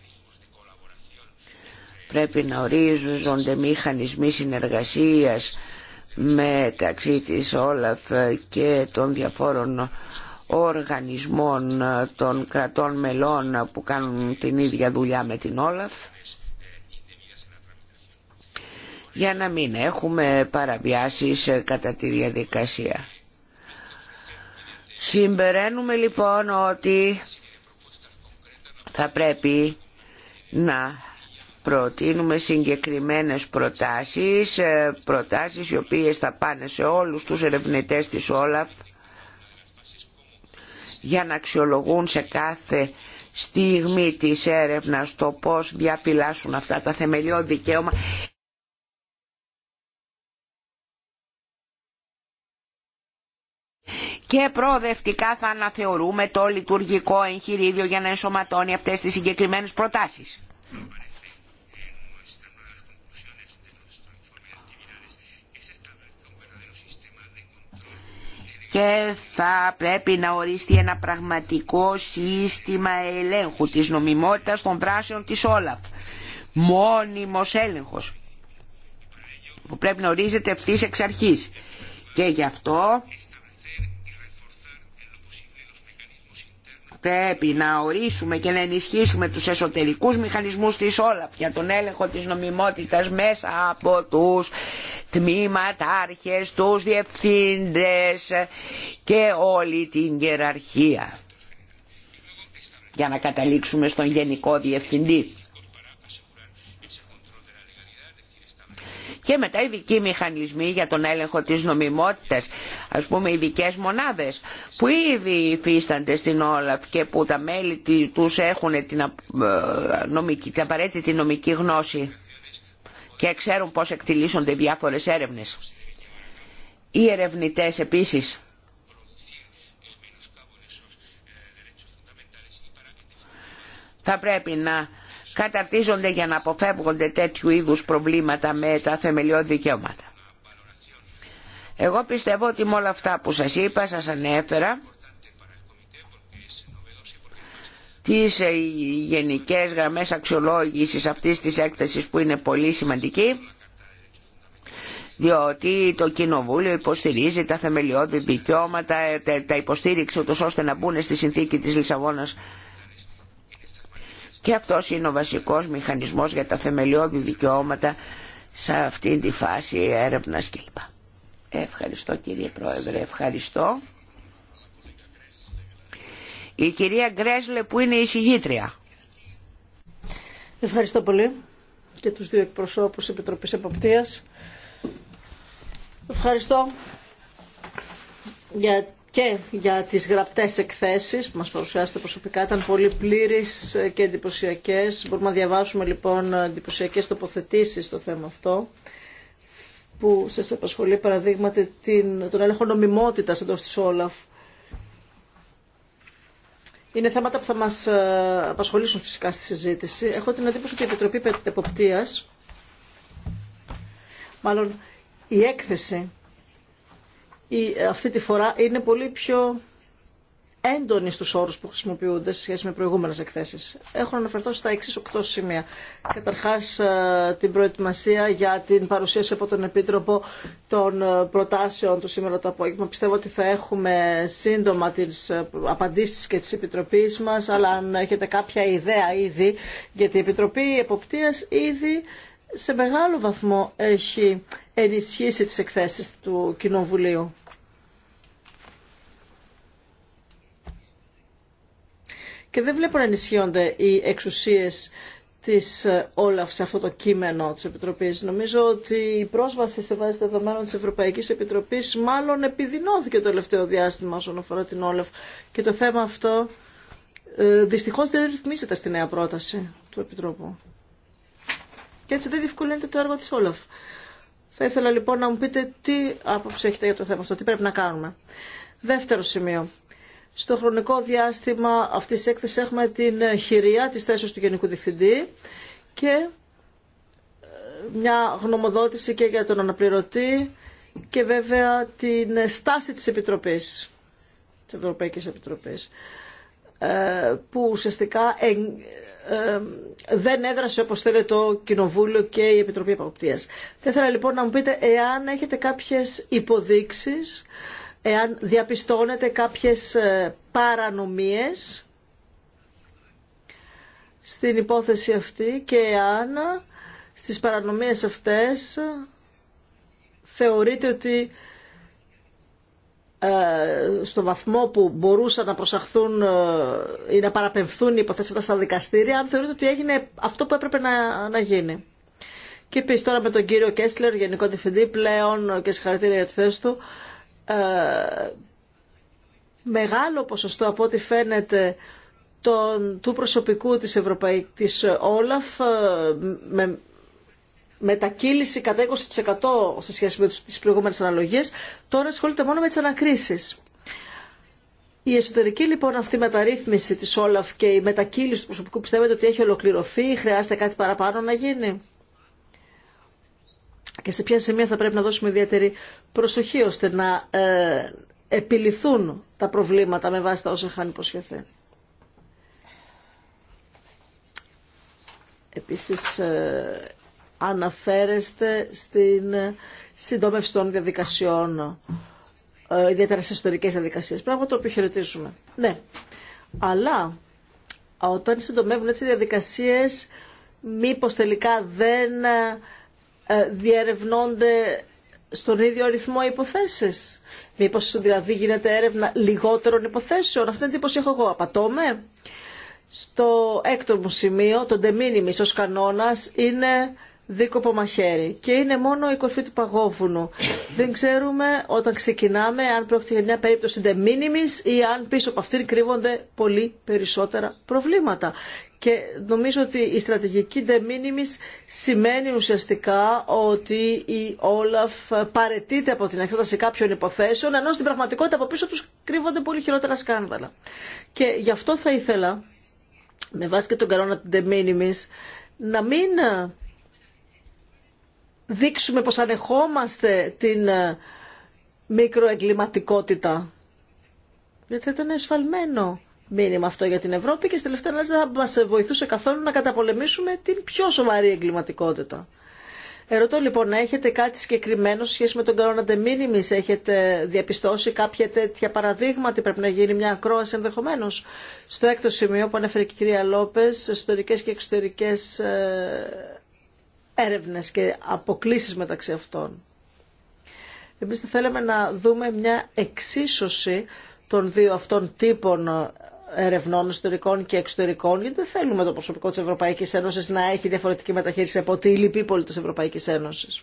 πρέπει να ορίζονται μηχανισμοί συνεργασίας μεταξύ της Όλαφ και των διαφόρων οργανισμών ε, των κρατών μελών που κάνουν την ίδια δουλειά με την Όλαφ για να μην έχουμε παραβιάσεις ε, κατά τη διαδικασία. Συμπεραίνουμε λοιπόν ότι θα πρέπει να προτείνουμε συγκεκριμένες προτάσεις, ε, προτάσεις οι οποίες θα πάνε σε όλους τους ερευνητές της Όλαφ για να αξιολογούν σε κάθε στιγμή της έρευνας το πώς διαφυλάσσουν αυτά τα θεμελιώδη δικαίωμα. Και προοδευτικά θα αναθεωρούμε το λειτουργικό εγχειρίδιο για να ενσωματώνει αυτές τις συγκεκριμένες προτάσεις. και θα πρέπει να οριστεί ένα πραγματικό σύστημα ελέγχου της νομιμότητας των δράσεων της Όλαφ. Μόνιμος έλεγχος που πρέπει να ορίζεται ευθύ εξ αρχής. Και γι' αυτό πρέπει να ορίσουμε και να ενισχύσουμε τους εσωτερικούς μηχανισμούς της όλα για τον έλεγχο της νομιμότητας μέσα από τους τμήματάρχες, τους διευθύντες και όλη την γεραρχία για να καταλήξουμε στον Γενικό Διευθυντή. και μετά ειδικοί μηχανισμοί για τον έλεγχο της νομιμότητας, ας πούμε ειδικέ μονάδες που ήδη υφίστανται στην Όλαφ και που τα μέλη τους έχουν την, ε, νομική, την απαραίτητη νομική γνώση και ξέρουν πώς εκτιλήσονται διάφορες έρευνες. Οι ερευνητές επίσης θα πρέπει να καταρτίζονται για να αποφεύγονται τέτοιου είδους προβλήματα με τα θεμελιώδη δικαιώματα. Εγώ πιστεύω ότι με όλα αυτά που σας είπα, σας ανέφερα, τις ε, γενικές γραμμές αξιολόγησης αυτής της έκθεσης που είναι πολύ σημαντική, διότι το Κοινοβούλιο υποστηρίζει τα θεμελιώδη δικαιώματα, ε, τα υποστήριξε ούτως ώστε να μπουν στη συνθήκη της Λισαβόνας και αυτός είναι ο βασικός μηχανισμός για τα θεμελιώδη δικαιώματα σε αυτή τη φάση έρευνα κλπ. Ευχαριστώ κύριε Πρόεδρε, ευχαριστώ. Η κυρία Γκρέσλε που είναι η συγγήτρια. Ευχαριστώ πολύ και τους δύο εκπροσώπους της Επιτροπής Εποπτείας. Ευχαριστώ για και για τις γραπτές εκθέσεις που μας παρουσιάσετε προσωπικά. Ήταν πολύ πλήρης και εντυπωσιακέ. Μπορούμε να διαβάσουμε λοιπόν εντυπωσιακέ τοποθετήσεις στο θέμα αυτό που σας απασχολεί παραδείγματι την, τον έλεγχο νομιμότητας εντός της Όλαφ. Είναι θέματα που θα μας ε, απασχολήσουν φυσικά στη συζήτηση. Έχω την εντύπωση ότι η Επιτροπή Εποπτείας, μάλλον η έκθεση αυτή τη φορά είναι πολύ πιο έντονη στους όρους που χρησιμοποιούνται σε σχέση με προηγούμενες εκθέσεις. Έχω αναφερθώ στα εξή οκτώ σημεία. Καταρχάς ε, την προετοιμασία για την παρουσίαση από τον Επίτροπο των ε, προτάσεων του σήμερα το απόγευμα. Πιστεύω ότι θα έχουμε σύντομα τις ε, απαντήσεις και της Επιτροπής μας, αλλά αν έχετε κάποια ιδέα ήδη, γιατί η Επιτροπή Εποπτείας ήδη σε μεγάλο βαθμό έχει ενισχύσει τις εκθέσεις του Κοινοβουλίου. Και δεν βλέπω να ενισχύονται οι εξουσίες της ε, Όλαφ σε αυτό το κείμενο της Επιτροπής. Νομίζω ότι η πρόσβαση σε βάση δεδομένων της Ευρωπαϊκής Επιτροπής μάλλον επιδεινώθηκε το τελευταίο διάστημα όσον αφορά την Όλαφ. Και το θέμα αυτό ε, δυστυχώς δεν ρυθμίζεται στη νέα πρόταση του Επιτρόπου και έτσι δεν διευκολύνεται το έργο της Όλαφ. Θα ήθελα λοιπόν να μου πείτε τι άποψη έχετε για το θέμα αυτό, τι πρέπει να κάνουμε. Δεύτερο σημείο. Στο χρονικό διάστημα αυτής τη έκθεσης έχουμε την χειρία τη θέση του Γενικού Διευθυντή και ε, μια γνωμοδότηση και για τον αναπληρωτή και βέβαια την στάση της Επιτροπής, της Ευρωπαϊκής Επιτροπής. Ε, που ουσιαστικά ε, δεν έδρασε όπως θέλει το Κοινοβούλιο και η Επιτροπή Επαγωπτίας. Θα ήθελα λοιπόν να μου πείτε εάν έχετε κάποιες υποδείξεις, εάν διαπιστώνετε κάποιες ε, παρανομίες στην υπόθεση αυτή και εάν στις παρανομίες αυτές θεωρείτε ότι ε, στο βαθμό που μπορούσαν να προσαχθούν ε, ή να παραπεμφθούν οι υποθέσεις αυτά στα δικαστήρια, αν θεωρείτε ότι έγινε αυτό που έπρεπε να, να γίνει. Και επίση τώρα με τον κύριο Κέσλερ, Γενικό Διευθυντή πλέον και συγχαρητήρια για τη θέση του, ε, μεγάλο ποσοστό από ό,τι φαίνεται τον, του προσωπικού της, Ευρωπαϊκής της Όλαφ, με μετακύληση κατά 20% σε σχέση με τις προηγούμενες αναλογίες, τώρα ασχολείται μόνο με τις ανακρίσεις. Η εσωτερική λοιπόν αυτή μεταρρύθμιση της Όλαφ και η μετακύληση του προσωπικού πιστεύετε ότι έχει ολοκληρωθεί, χρειάζεται κάτι παραπάνω να γίνει. Και σε ποια σημεία θα πρέπει να δώσουμε ιδιαίτερη προσοχή ώστε να ε, επιληθούν τα προβλήματα με βάση τα όσα είχαν υποσχεθεί. Επίσης, ε, αναφέρεστε στην συντόμευση των διαδικασιών, ε, ιδιαίτερα σε ιστορικές διαδικασίες, πράγμα το οποίο χαιρετίζουμε. Ναι, αλλά όταν συντομεύουν έτσι διαδικασίες, μήπως τελικά δεν ε, διερευνώνται στον ίδιο αριθμό υποθέσεις. Μήπως δηλαδή γίνεται έρευνα λιγότερων υποθέσεων. Αυτή την εντύπωση έχω εγώ. με Στο έκτο μου σημείο, το de ως κανόνας, είναι δίκοπο μαχαίρι και είναι μόνο η κορφή του παγόβουνου. Δεν ξέρουμε όταν ξεκινάμε αν πρόκειται για μια περίπτωση de minimis ή αν πίσω από αυτήν κρύβονται πολύ περισσότερα προβλήματα. Και νομίζω ότι η στρατηγική de minimis σημαίνει ουσιαστικά ότι η Όλαφ παρετείται από την εκδόταση κάποιων υποθέσεων, ενώ στην πραγματικότητα από πίσω τους κρύβονται πολύ χειρότερα σκάνδαλα. Και γι' αυτό θα ήθελα, με βάση και τον κανόνα de minimis, να μην δείξουμε πως ανεχόμαστε την ε, μικροεγκληματικότητα. Γιατί ήταν εσφαλμένο μήνυμα αυτό για την Ευρώπη και στη τελευταία ανάλυση δεν θα μας βοηθούσε καθόλου να καταπολεμήσουμε την πιο σοβαρή εγκληματικότητα. Ερωτώ λοιπόν, έχετε κάτι συγκεκριμένο σχέση με τον κανόνα de minimis, έχετε διαπιστώσει κάποια τέτοια παραδείγματα, πρέπει να γίνει μια ακρόαση ενδεχομένω. Στο έκτο σημείο που ανέφερε η κυρία Λόπε, εσωτερικέ και εξωτερικέ ε, έρευνες και αποκλίσεις μεταξύ αυτών. Εμείς θα θέλαμε να δούμε μια εξίσωση των δύο αυτών τύπων ερευνών ιστορικών και εξωτερικών, γιατί δεν θέλουμε το προσωπικό της Ευρωπαϊκής Ένωσης να έχει διαφορετική μεταχείριση από τη λυπή πόλη της Ευρωπαϊκής Ένωσης.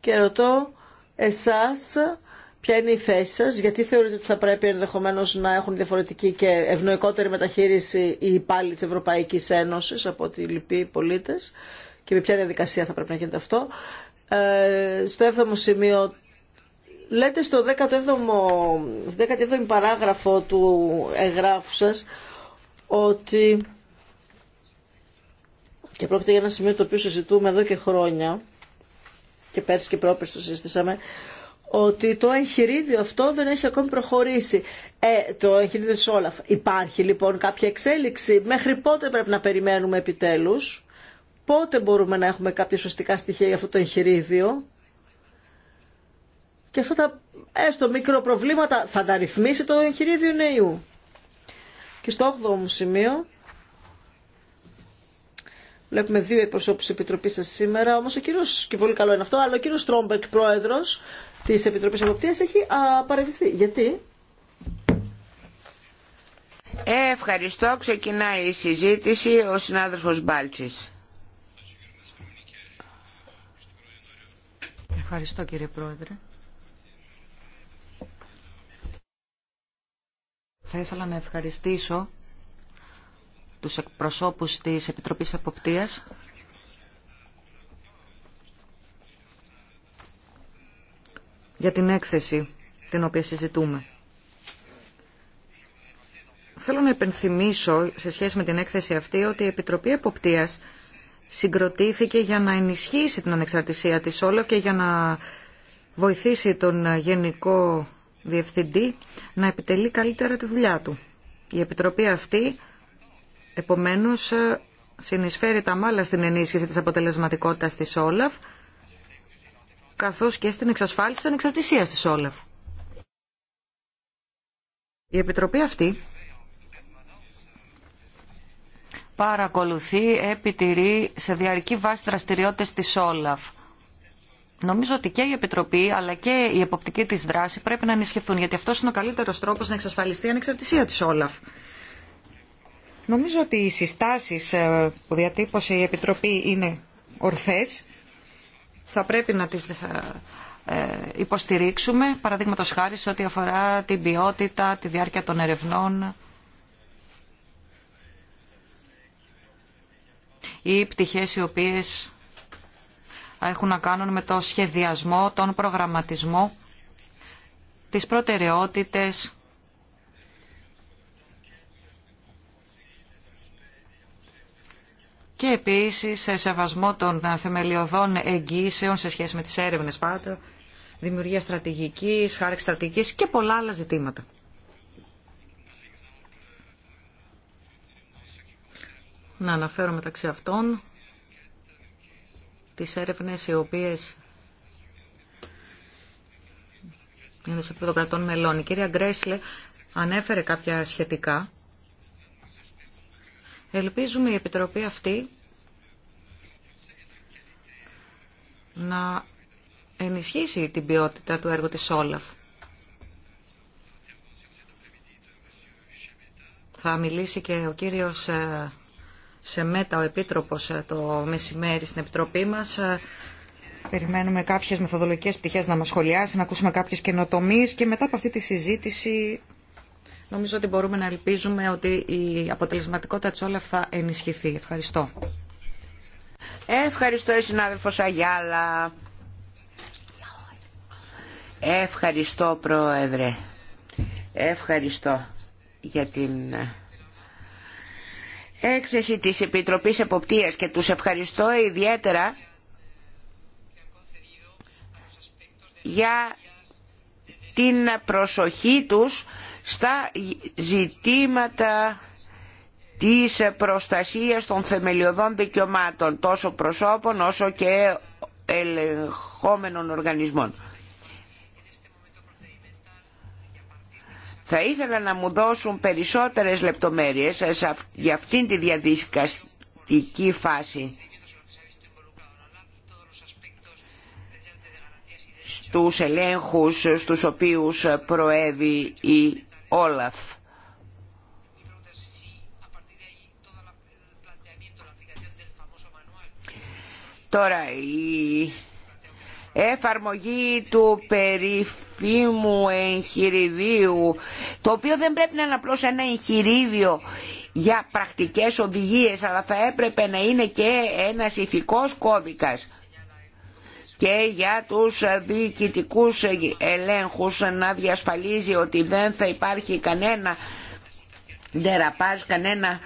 Και ρωτώ εσάς ποια είναι η θέση σα, γιατί θεωρείτε ότι θα πρέπει ενδεχομένω να έχουν διαφορετική και ευνοϊκότερη μεταχείριση οι υπάλληλοι τη Ευρωπαϊκή Ένωση από ότι οι λοιποί πολίτε και με ποια διαδικασία θα πρέπει να γίνεται αυτό. Ε, στο 7ο σημείο λέτε στο 17ο, παράγραφο του εγγράφου σα ότι και πρόκειται για ένα σημείο το οποίο συζητούμε εδώ και χρόνια και πέρσι και πρόπερσι το συζητήσαμε ότι το εγχειρίδιο αυτό δεν έχει ακόμη προχωρήσει. Ε, το εγχειρίδιο της Όλαφ. Υπάρχει λοιπόν κάποια εξέλιξη. Μέχρι πότε πρέπει να περιμένουμε επιτέλους. Πότε μπορούμε να έχουμε κάποια σωστικά στοιχεία για αυτό το εγχειρίδιο. Και αυτά τα έστω μικροπροβλήματα θα τα ρυθμίσει το εγχειρίδιο νέου. Και στο 8ο μου σημείο, Βλέπουμε δύο εκπροσώπου τη Επιτροπή σα σήμερα. Όμω ο κύριο, και πολύ καλό είναι αυτό, αλλά ο κύριο Τρόμπερκ, κυριο στρομπερκ προεδρο τη Επιτροπή Εποπτεία έχει παραιτηθεί. Γιατί? ευχαριστώ. Ξεκινάει η συζήτηση. Ο συνάδελφος Μπάλτση. Ευχαριστώ κύριε Πρόεδρε. Θα ήθελα να ευχαριστήσω τους εκπροσώπους της Επιτροπής Αποπτίας για την έκθεση την οποία συζητούμε. Θέλω να επενθυμίσω σε σχέση με την έκθεση αυτή ότι η Επιτροπή Εποπτείας συγκροτήθηκε για να ενισχύσει την ανεξαρτησία της όλο και για να βοηθήσει τον Γενικό Διευθυντή να επιτελεί καλύτερα τη δουλειά του. Η Επιτροπή αυτή, επομένως, συνεισφέρει τα μάλλα στην ενίσχυση της αποτελεσματικότητας της Όλαφ καθώς και στην εξασφάλιση της ανεξαρτησίας της Όλαφ. Η Επιτροπή αυτή παρακολουθεί, επιτηρεί σε διαρκή βάση δραστηριότητες της Όλαφ. Νομίζω ότι και η Επιτροπή αλλά και η εποπτική της δράση πρέπει να ενισχυθούν γιατί αυτός είναι ο καλύτερος τρόπος να εξασφαλιστεί η ανεξαρτησία της Όλαφ. Νομίζω ότι οι συστάσεις ε, που διατύπωσε η Επιτροπή είναι ορθές θα πρέπει να τις ε, υποστηρίξουμε, παραδείγματο χάρη σε ό,τι αφορά την ποιότητα, τη διάρκεια των ερευνών. ή πτυχές οι οποίες έχουν να κάνουν με το σχεδιασμό, τον προγραμματισμό, τις προτεραιότητες, και επίσης σε σεβασμό των θεμελιωδών εγγύσεων σε σχέση με τις έρευνες πάντα, δημιουργία στρατηγικής, χάρη στρατηγική και πολλά άλλα ζητήματα. Να αναφέρω μεταξύ αυτών τις έρευνες οι οποίες είναι σε πρωτοκρατών μελών. Η κυρία Γκρέσλε ανέφερε κάποια σχετικά Ελπίζουμε η Επιτροπή αυτή να ενισχύσει την ποιότητα του έργου της Όλαφ. Θα μιλήσει και ο κύριος ε, Σεμέτα, ο Επίτροπος, ε, το μεσημέρι στην Επιτροπή μας. Ε, περιμένουμε κάποιες μεθοδολογικές πτυχές να μας σχολιάσει, να ακούσουμε κάποιες καινοτομίες και μετά από αυτή τη συζήτηση Νομίζω ότι μπορούμε να ελπίζουμε ότι η αποτελεσματικότητα της όλα θα ενισχυθεί. Ευχαριστώ. Ευχαριστώ η συνάδελφος Αγιάλα. Ευχαριστώ Πρόεδρε. Ευχαριστώ για την έκθεση της Επιτροπής Εποπτείας και τους ευχαριστώ ιδιαίτερα για την προσοχή τους στα ζητήματα της προστασίας των θεμελιωδών δικαιωμάτων τόσο προσώπων όσο και ελεγχόμενων οργανισμών. Θα ήθελα να μου δώσουν περισσότερες λεπτομέρειες για αυτήν τη διαδικαστική φάση στους ελέγχους στους οποίους προέβη η Όλαφ. Τώρα η εφαρμογή του περιφήμου εγχειριδίου το οποίο δεν πρέπει να είναι απλώς ένα εγχειρίδιο για πρακτικές οδηγίες αλλά θα έπρεπε να είναι και ένας ηθικός κώδικας και για τους διοικητικούς ελέγχους να διασφαλίζει ότι δεν θα υπάρχει κανένα ντεραπάζ, κανένα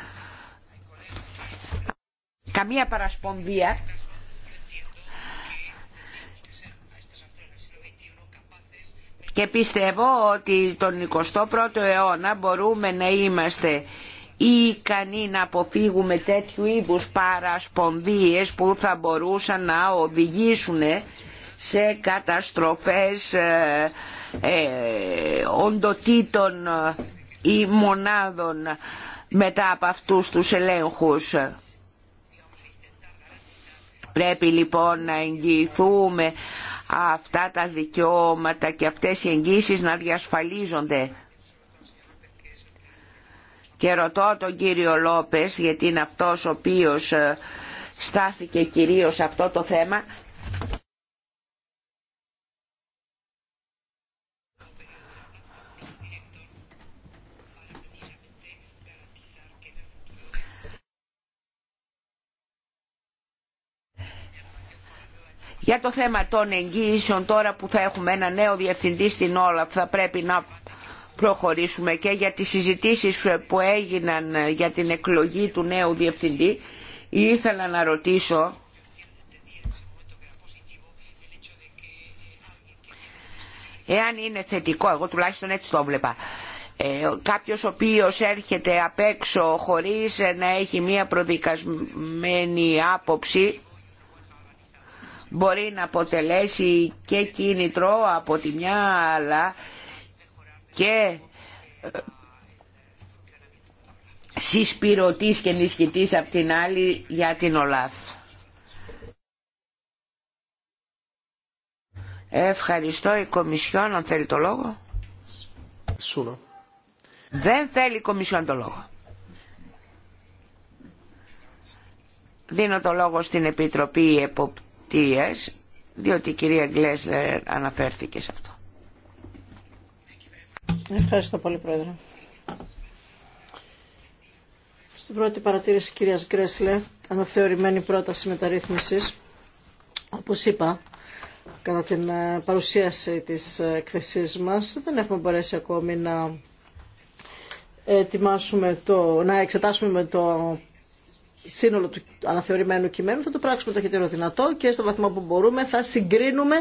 καμία παρασπονδία και πιστεύω ότι τον 21ο αιώνα μπορούμε να είμαστε ή ικανοί να αποφύγουμε τέτοιου είδους παρασπονδίες που θα μπορούσαν να οδηγήσουν σε καταστροφές ε, ε, οντοτήτων ή μονάδων μετά από αυτούς τους ελέγχους. Πρέπει λοιπόν να εγγυηθούμε αυτά τα δικαιώματα και αυτές οι εγγύσεις να διασφαλίζονται. Και ρωτώ τον κύριο Λόπες, γιατί είναι αυτός ο οποίος ε, στάθηκε κυρίως σε αυτό το θέμα, για το θέμα των εγγύησεων τώρα που θα έχουμε ένα νέο διευθυντή στην όλα θα πρέπει να προχωρήσουμε και για τις συζητήσεις που έγιναν για την εκλογή του νέου διευθυντή ήθελα να ρωτήσω εάν είναι θετικό, εγώ τουλάχιστον έτσι το βλέπα, ε, κάποιος ο οποίος έρχεται απ' έξω χωρίς να έχει μία προδικασμένη άποψη μπορεί να αποτελέσει και κίνητρο από τη μια αλλά και ε, συσπηρωτής και ενισχυτής από την άλλη για την ΟΛΑΘ. Ευχαριστώ η Κομισιόν, αν θέλει το λόγο. Δεν θέλει η Κομισιόν το λόγο. Δίνω το λόγο στην Επιτροπή Εποπτείας, διότι η κυρία Γκλέσλερ αναφέρθηκε σε αυτό. Ευχαριστώ πολύ, Πρόεδρε. Στην πρώτη παρατήρηση της κυρίας Γκρέσλε, αναθεωρημένη πρόταση μεταρρύθμισης, όπως είπα, κατά την ε, παρουσίαση της εκθεσής μας, δεν έχουμε μπορέσει ακόμη να το, να εξετάσουμε με το σύνολο του αναθεωρημένου κειμένου, θα το πράξουμε το χειτήριο δυνατό και στο βαθμό που μπορούμε θα συγκρίνουμε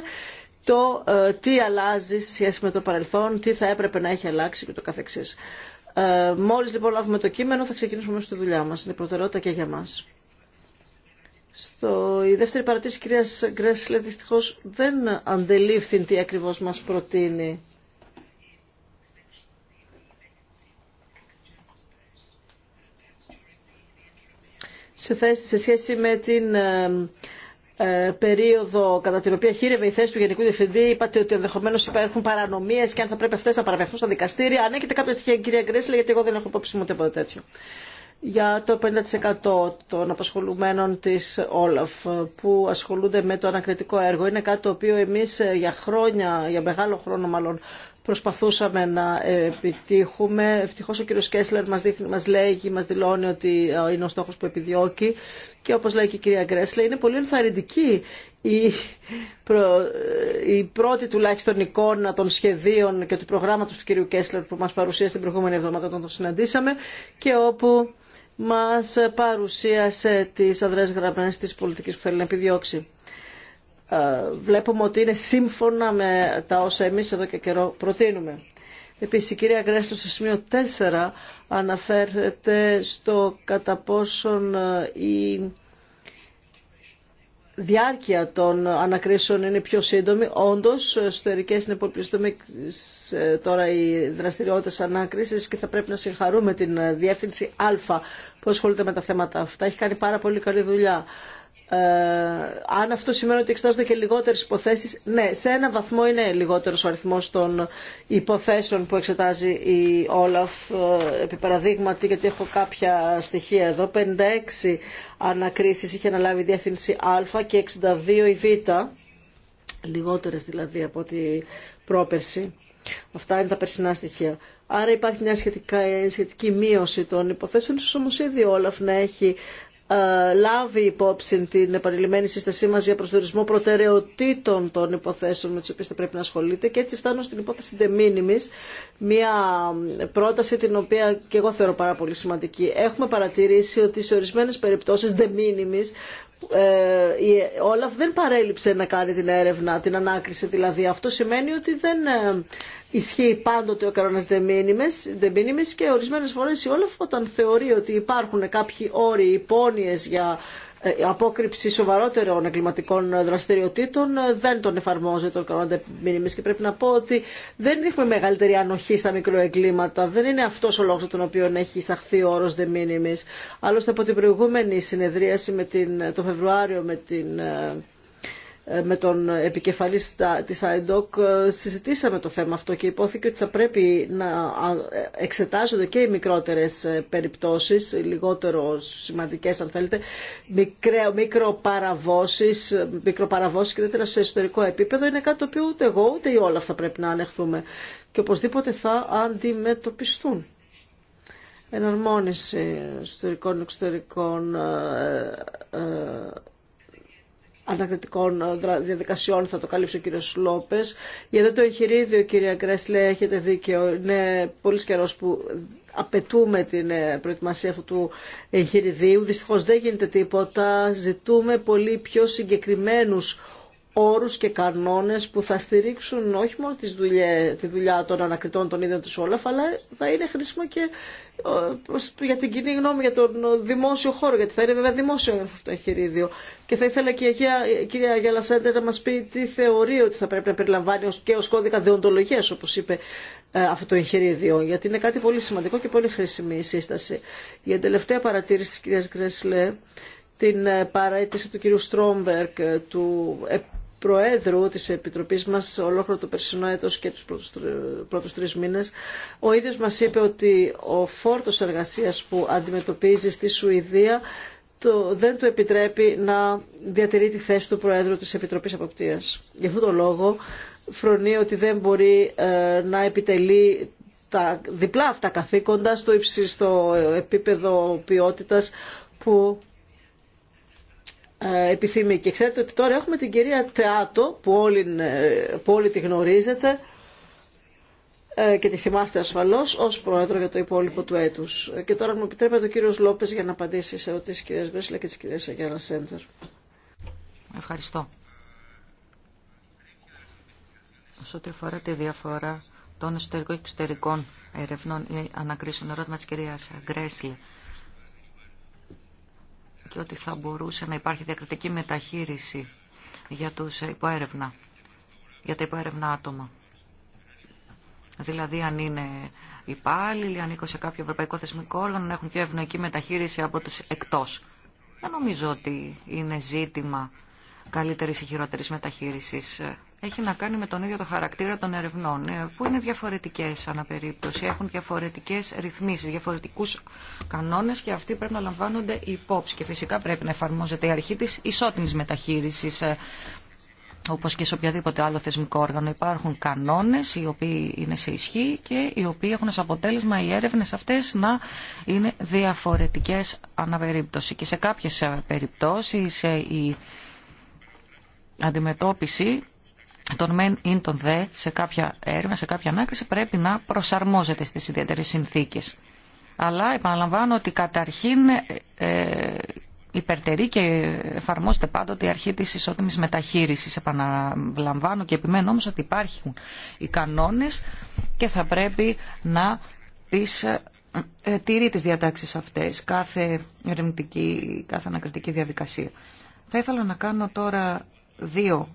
το ε, τι αλλάζει σχέση με το παρελθόν, τι θα έπρεπε να έχει αλλάξει και το καθεξής. Ε, μόλις λοιπόν λάβουμε το κείμενο θα ξεκινήσουμε μέσα στη δουλειά μας. Είναι προτεραιότητα και για μας. Στο, η δεύτερη παρατήρηση κυρίας Γκρέσλε δυστυχώς δεν αντελήφθη τι ακριβώς μας προτείνει. Σε, σε σχέση με την ε, ε, περίοδο κατά την οποία χείρευε η θέση του Γενικού Διευθυντή, είπατε ότι ενδεχομένω υπάρχουν παρανομίε και αν θα πρέπει αυτέ να παραμεθούν στα δικαστήρια. Αν έχετε κάποια στοιχεία, κυρία Γκρέσλε, γιατί εγώ δεν έχω υπόψη μου τίποτα τέτοιο. Για το 50% των απασχολουμένων τη Όλαφ που ασχολούνται με το ανακριτικό έργο είναι κάτι το οποίο εμεί ε, για χρόνια, για μεγάλο χρόνο μάλλον, προσπαθούσαμε να επιτύχουμε. Ευτυχώς ο κύριο Κέσλερ μας, δείχνει, μας λέει μας δηλώνει ότι ε, είναι ο στόχος που επιδιώκει και όπως λέει και η κυρία Γκρέσλε είναι πολύ ενθαρρυντική η, προ... η πρώτη τουλάχιστον εικόνα των σχεδίων και του προγράμματος του κυρίου Κέσλερ που μας παρουσίασε την προηγούμενη εβδομάδα όταν τον συναντήσαμε και όπου μας παρουσίασε τις αδρές γραμμές της πολιτικής που θέλει να επιδιώξει. Βλέπουμε ότι είναι σύμφωνα με τα όσα εμείς εδώ και καιρό προτείνουμε. Επίσης η κυρία Γκρέστο σε σημείο 4 αναφέρεται στο κατά πόσον ε, η διάρκεια των ανακρίσεων είναι πιο σύντομη. Όντω, ερικές είναι πολύ πιο ε, τώρα οι δραστηριότητε ανάκριση και θα πρέπει να συγχαρούμε την ε, διεύθυνση Α που ασχολείται με τα θέματα αυτά. Έχει κάνει πάρα πολύ καλή δουλειά. Ε, αν αυτό σημαίνει ότι εξετάζονται και λιγότερε υποθέσει, ναι, σε ένα βαθμό είναι λιγότερο ο αριθμό των υποθέσεων που εξετάζει η Όλαφ. Ε, επί παραδείγματι, γιατί έχω κάποια στοιχεία εδώ, 56 ανακρίσει είχε αναλάβει η διεύθυνση Α και 62 η Β, λιγότερε δηλαδή από την πρόπερση. Αυτά είναι τα περσινά στοιχεία. Άρα υπάρχει μια σχετική μείωση των υποθέσεων, ίσως όμως ήδη Όλαφ να έχει ε, λάβει υπόψη την επανειλημμένη σύστασή μας για προσδιορισμό προτεραιοτήτων των υποθέσεων με τι οποίε θα πρέπει να ασχολείται και έτσι φτάνω στην υπόθεση de minimis, μια πρόταση την οποία και εγώ θεωρώ πάρα πολύ σημαντική. Έχουμε παρατηρήσει ότι σε ορισμένες περιπτώσεις de ε, η Όλαφ δεν παρέλειψε να κάνει την έρευνα, την ανάκριση δηλαδή. Αυτό σημαίνει ότι δεν ε, ισχύει πάντοτε ο κανόνας de και ορισμένες φορές η Όλαφ όταν θεωρεί ότι υπάρχουν κάποιοι όροι, υπόνοιες για ε, απόκρυψη σοβαρότερων εγκληματικών δραστηριοτήτων ε, δεν τον εφαρμόζεται ο κανόνα μήνυμης και πρέπει να πω ότι δεν έχουμε μεγαλύτερη ανοχή στα μικροεγκλήματα. Δεν είναι αυτός ο λόγος τον οποίο έχει εισαχθεί ο όρος δε μήνυμης. Άλλωστε από την προηγούμενη συνεδρίαση με την, ε, το Φεβρουάριο με την ε, με τον επικεφαλής της ΑΕΝΤΟΚ ε, συζητήσαμε το θέμα αυτό και υπόθηκε ότι θα πρέπει να ε, εξετάζονται και οι μικρότερες περιπτώσεις, λιγότερο σημαντικές αν θέλετε, μικρό μικροπαραβώσεις, μικροπαραβώσεις και τέτοια σε εσωτερικό επίπεδο είναι κάτι το οποίο ούτε εγώ ούτε η όλα θα πρέπει να ανεχθούμε και οπωσδήποτε θα αντιμετωπιστούν εναρμόνιση εσωτερικών εξωτερικών ε, ανακριτικών ε, διαδικασιών θα το καλύψει ο κύριος Λόπες. Για το εγχειρίδιο, κυρία Γκρέσλε, έχετε δίκαιο. Είναι πολύ καιρό που απαιτούμε την ε, προετοιμασία αυτού του εγχειριδίου. Δυστυχώς δεν γίνεται τίποτα. Ζητούμε πολύ πιο συγκεκριμένους όρους και κανόνες που θα στηρίξουν όχι μόνο τις τη δουλειά των ανακριτών των ίδιων της Όλαφ, αλλά θα είναι χρήσιμο και ε, για την κοινή γνώμη, για τον δημόσιο χώρο, γιατί θα είναι βέβαια δημόσιο αυτό το εγχειρίδιο. Και θα ήθελα και η κυρία Αγία Σέντερ να μας πει τι θεωρεί ότι θα πρέπει να περιλαμβάνει και ως κώδικα δεοντολογίας, όπως είπε ε, αυτό το εγχειρίδιο, γιατί είναι κάτι πολύ σημαντικό και πολύ χρήσιμη η σύσταση. Η τελευταία παρατήρηση της κυρίας Γκρέσλε την ε, παραίτηση του κυρίου Στρόμπερκ, του Προέδρου της Επιτροπής μας ολόκληρο το περσινό έτος και τους πρώτους, πρώτους τρεις μήνες, ο ίδιος μας είπε ότι ο φόρτος εργασίας που αντιμετωπίζει στη Σουηδία το, δεν του επιτρέπει να διατηρεί τη θέση του Προέδρου της Επιτροπής Αποπτίας. Γι' αυτόν τον λόγο φρονεί ότι δεν μπορεί ε, να επιτελεί τα διπλά αυτά καθήκοντα στο, στο επίπεδο ποιότητας που ε, επιθυμεί. Και ξέρετε ότι τώρα έχουμε την κυρία Τεάτο που όλοι, ε, που τη γνωρίζετε ε, και τη θυμάστε ασφαλώς ως πρόεδρο για το υπόλοιπο του έτους. Και τώρα μου επιτρέπετε ο κύριος Λόπες για να απαντήσει σε ερωτήσεις της κυρίας Γκρέσλε και της κυρίας Αγιάννα Σέντζερ. Ευχαριστώ. Σε ό,τι αφορά τη διαφορά των εσωτερικών και εξωτερικών ερευνών ή ανακρίσεων, ερώτημα της κυρίας Γκρέσλη και ότι θα μπορούσε να υπάρχει διακριτική μεταχείριση για, τους υποέρευνα, για τα υποέρευνα άτομα. Δηλαδή αν είναι υπάλληλοι, ανήκουν σε κάποιο ευρωπαϊκό θεσμικό όργανο, να έχουν πιο ευνοϊκή μεταχείριση από τους εκτός. Δεν νομίζω ότι είναι ζήτημα καλύτερης ή χειρότερης μεταχείρισης έχει να κάνει με τον ίδιο το χαρακτήρα των ερευνών, ε, που είναι διαφορετικές αναπερίπτωση, έχουν διαφορετικές ρυθμίσεις, διαφορετικούς κανόνες και αυτοί πρέπει να λαμβάνονται υπόψη και φυσικά πρέπει να εφαρμόζεται η αρχή της ισότιμης μεταχείρισης ε, όπως και σε οποιαδήποτε άλλο θεσμικό όργανο υπάρχουν κανόνες οι οποίοι είναι σε ισχύ και οι οποίοι έχουν ως αποτέλεσμα οι έρευνες αυτές να είναι διαφορετικές αναπερίπτωση. Και σε κάποιες ε, περιπτώσεις η αντιμετώπιση τον μεν ή τον δε σε κάποια έρευνα, σε κάποια ανάκριση πρέπει να προσαρμόζεται στις ιδιαίτερες συνθήκες. Αλλά επαναλαμβάνω ότι καταρχήν ε, ε, υπερτερεί και εφαρμόζεται πάντοτε η αρχή της ισότιμης μεταχείρισης. Επαναλαμβάνω και επιμένω όμως ότι υπάρχουν οι κανόνες και θα πρέπει να τις ε, τηρεί τις διατάξεις αυτές κάθε ερευνητική, κάθε ανακριτική διαδικασία. Θα ήθελα να κάνω τώρα δύο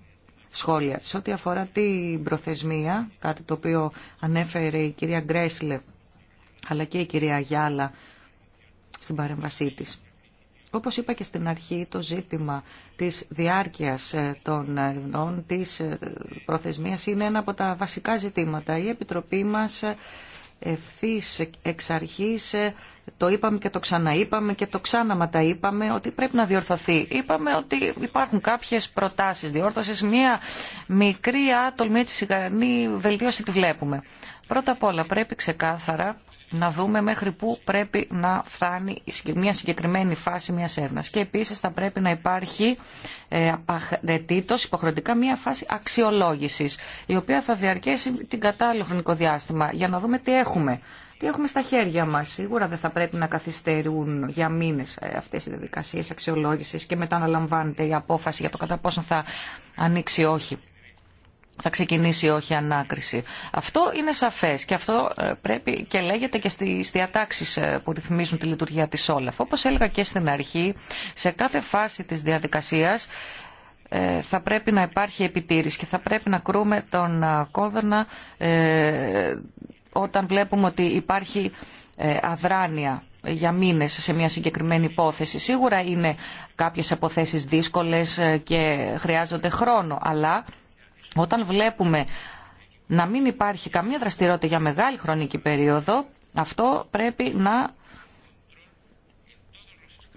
σχόλια. Σε ό,τι αφορά την προθεσμία, κάτι το οποίο ανέφερε η κυρία Γκρέσλε, αλλά και η κυρία Γιάλα στην παρέμβασή της. Όπως είπα και στην αρχή, το ζήτημα της διάρκειας ε, των ερευνών, της ε, προθεσμίας, είναι ένα από τα βασικά ζητήματα. Η Επιτροπή μας ε, ευθύς εξ αρχής το είπαμε και το ξαναείπαμε και το ξαναμα τα είπαμε ότι πρέπει να διορθωθεί. Είπαμε ότι υπάρχουν κάποιες προτάσεις διόρθωσης, μία μικρή άτολμη έτσι σιγανή βελτίωση τη βλέπουμε. Πρώτα απ' όλα πρέπει ξεκάθαρα να δούμε μέχρι πού πρέπει να φτάνει μια συγκεκριμένη φάση μια έρευνα. Και επίση θα πρέπει να υπάρχει ε, απαραίτητο υποχρεωτικά μια φάση αξιολόγηση, η οποία θα διαρκέσει την κατάλληλο χρονικό διάστημα για να δούμε τι έχουμε τι έχουμε στα χέρια μα. Σίγουρα δεν θα πρέπει να καθυστερούν για μήνε αυτέ οι διαδικασίε αξιολόγηση και μετά να λαμβάνεται η απόφαση για το κατά πόσο θα ανοίξει όχι. Θα ξεκινήσει όχι ανάκριση. Αυτό είναι σαφέ. και αυτό ε, πρέπει και λέγεται και στι διατάξεις ε, που ρυθμίζουν τη λειτουργία τη Όλαφ. Όπω έλεγα και στην αρχή, σε κάθε φάση τη διαδικασία ε, θα πρέπει να υπάρχει επιτήρηση και θα πρέπει να κρούμε τον κόδωνα όταν βλέπουμε ότι υπάρχει ε, αδράνεια για μήνες σε μια συγκεκριμένη υπόθεση. Σίγουρα είναι κάποιες αποθέσεις δύσκολες ε, και χρειάζονται χρόνο, αλλά όταν βλέπουμε να μην υπάρχει καμία δραστηριότητα για μεγάλη χρονική περίοδο, αυτό πρέπει να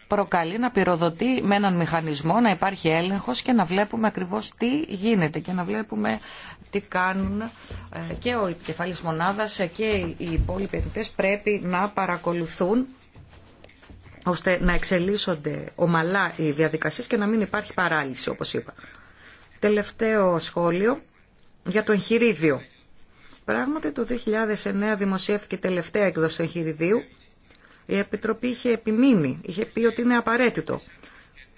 προκαλεί να πυροδοτεί με έναν μηχανισμό, να υπάρχει έλεγχος και να βλέπουμε ακριβώς τι γίνεται και να βλέπουμε τι κάνουν ε, και ο επικεφαλής μονάδας ε, και οι υπόλοιποι παιδιτές. πρέπει να παρακολουθούν ώστε να εξελίσσονται ομαλά οι διαδικασίες και να μην υπάρχει παράλυση όπως είπα. Τελευταίο σχόλιο για το εγχειρίδιο. Πράγματι το 2009 δημοσιεύτηκε η τελευταία έκδοση του εγχειριδίου η Επιτροπή είχε επιμείνει, είχε πει ότι είναι απαραίτητο.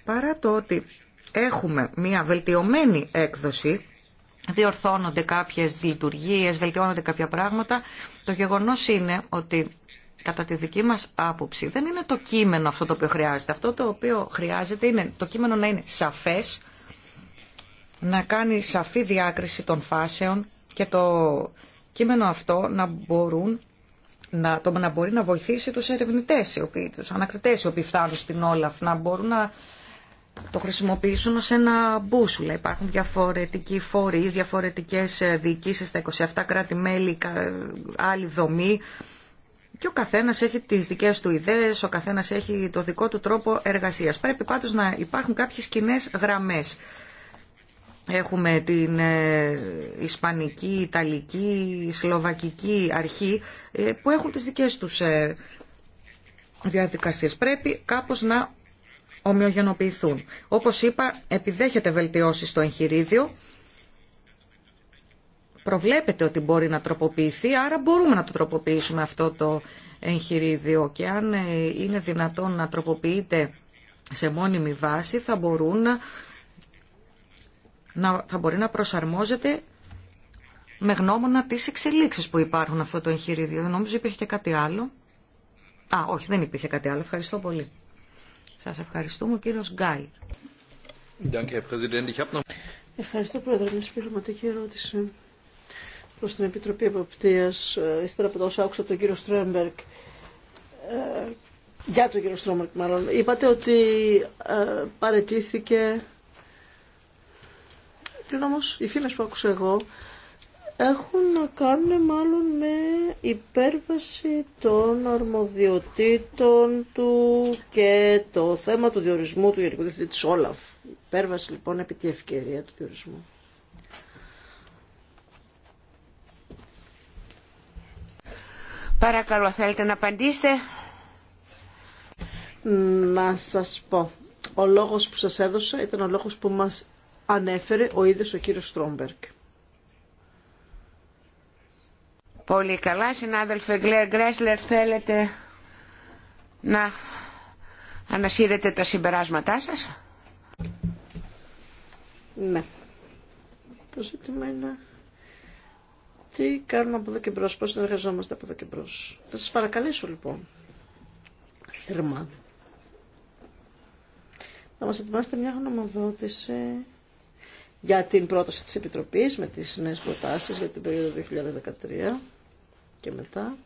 Παρά το ότι έχουμε μια βελτιωμένη έκδοση, διορθώνονται κάποιες λειτουργίες, βελτιώνονται κάποια πράγματα, το γεγονός είναι ότι κατά τη δική μας άποψη δεν είναι το κείμενο αυτό το οποίο χρειάζεται. Αυτό το οποίο χρειάζεται είναι το κείμενο να είναι σαφές, να κάνει σαφή διάκριση των φάσεων και το κείμενο αυτό να μπορούν να, το, να μπορεί να βοηθήσει τους ερευνητές, οι οποίοι, τους ανακριτές οι οποίοι φτάνουν στην Όλαφ, να μπορούν να το χρησιμοποιήσουν ως ένα μπούσουλα. Υπάρχουν διαφορετικοί φορείς, διαφορετικές ε, διοικήσεις στα 27 κράτη-μέλη, άλλη δομή και ο καθένας έχει τις δικές του ιδέες, ο καθένας έχει το δικό του τρόπο εργασίας. Πρέπει πάντως να υπάρχουν κάποιες κοινέ γραμμές Έχουμε την ε, Ισπανική, Ιταλική, Σλοβακική αρχή ε, που έχουν τις δικές τους ε, διαδικασίες. Πρέπει κάπως να ομοιογενοποιηθούν. Όπως είπα, επιδέχεται βελτιώσει στο εγχειρίδιο. Προβλέπεται ότι μπορεί να τροποποιηθεί, άρα μπορούμε να το τροποποιήσουμε αυτό το εγχειρίδιο. Και αν είναι δυνατόν να τροποποιείται σε μόνιμη βάση, θα μπορούν να να, θα μπορεί να προσαρμόζεται με γνώμονα τις εξελίξεις που υπάρχουν αυτό το εγχειρίδιο. Δεν νομίζω υπήρχε και κάτι άλλο. Α, όχι, δεν υπήρχε κάτι άλλο. Ευχαριστώ πολύ. Σας ευχαριστούμε, ο κύριος Γκάι. Ευχαριστώ, Πρόεδρε. Μια συμπληρωματική ερώτηση προς την Επιτροπή Εποπτείας, ε, ύστερα από το άκουσα από τον κύριο Στρέμπερκ. Ε, για τον κύριο Στρέμπερκ, μάλλον. Είπατε ότι ε, παρετήθηκε πριν όμως οι φήμες που άκουσα εγώ έχουν να κάνουν μάλλον με υπέρβαση των αρμοδιοτήτων του και το θέμα του διορισμού του Γενικού Διευθυντή της Όλαφ. Υπέρβαση λοιπόν επί τη ευκαιρία του διορισμού. Παρακαλώ, θέλετε να απαντήσετε. Να σας πω. Ο λόγος που σας έδωσα ήταν ο λόγος που μας ανέφερε ο ίδιος ο κύριος Στρόμπερκ. Πολύ καλά, συνάδελφε Γκλέρ Γκρέσλερ, θέλετε να ανασύρετε τα συμπεράσματά σας. Ναι. Το ζήτημα είναι τι κάνουμε από εδώ και μπρος, πώς συνεργαζόμαστε από εδώ και μπρος. Θα σας παρακαλέσω λοιπόν, θερμά, να μας ετοιμάσετε μια γνωμοδότηση για την πρόταση της Επιτροπής με τις νέες προτάσεις για την περίοδο 2013 και μετά.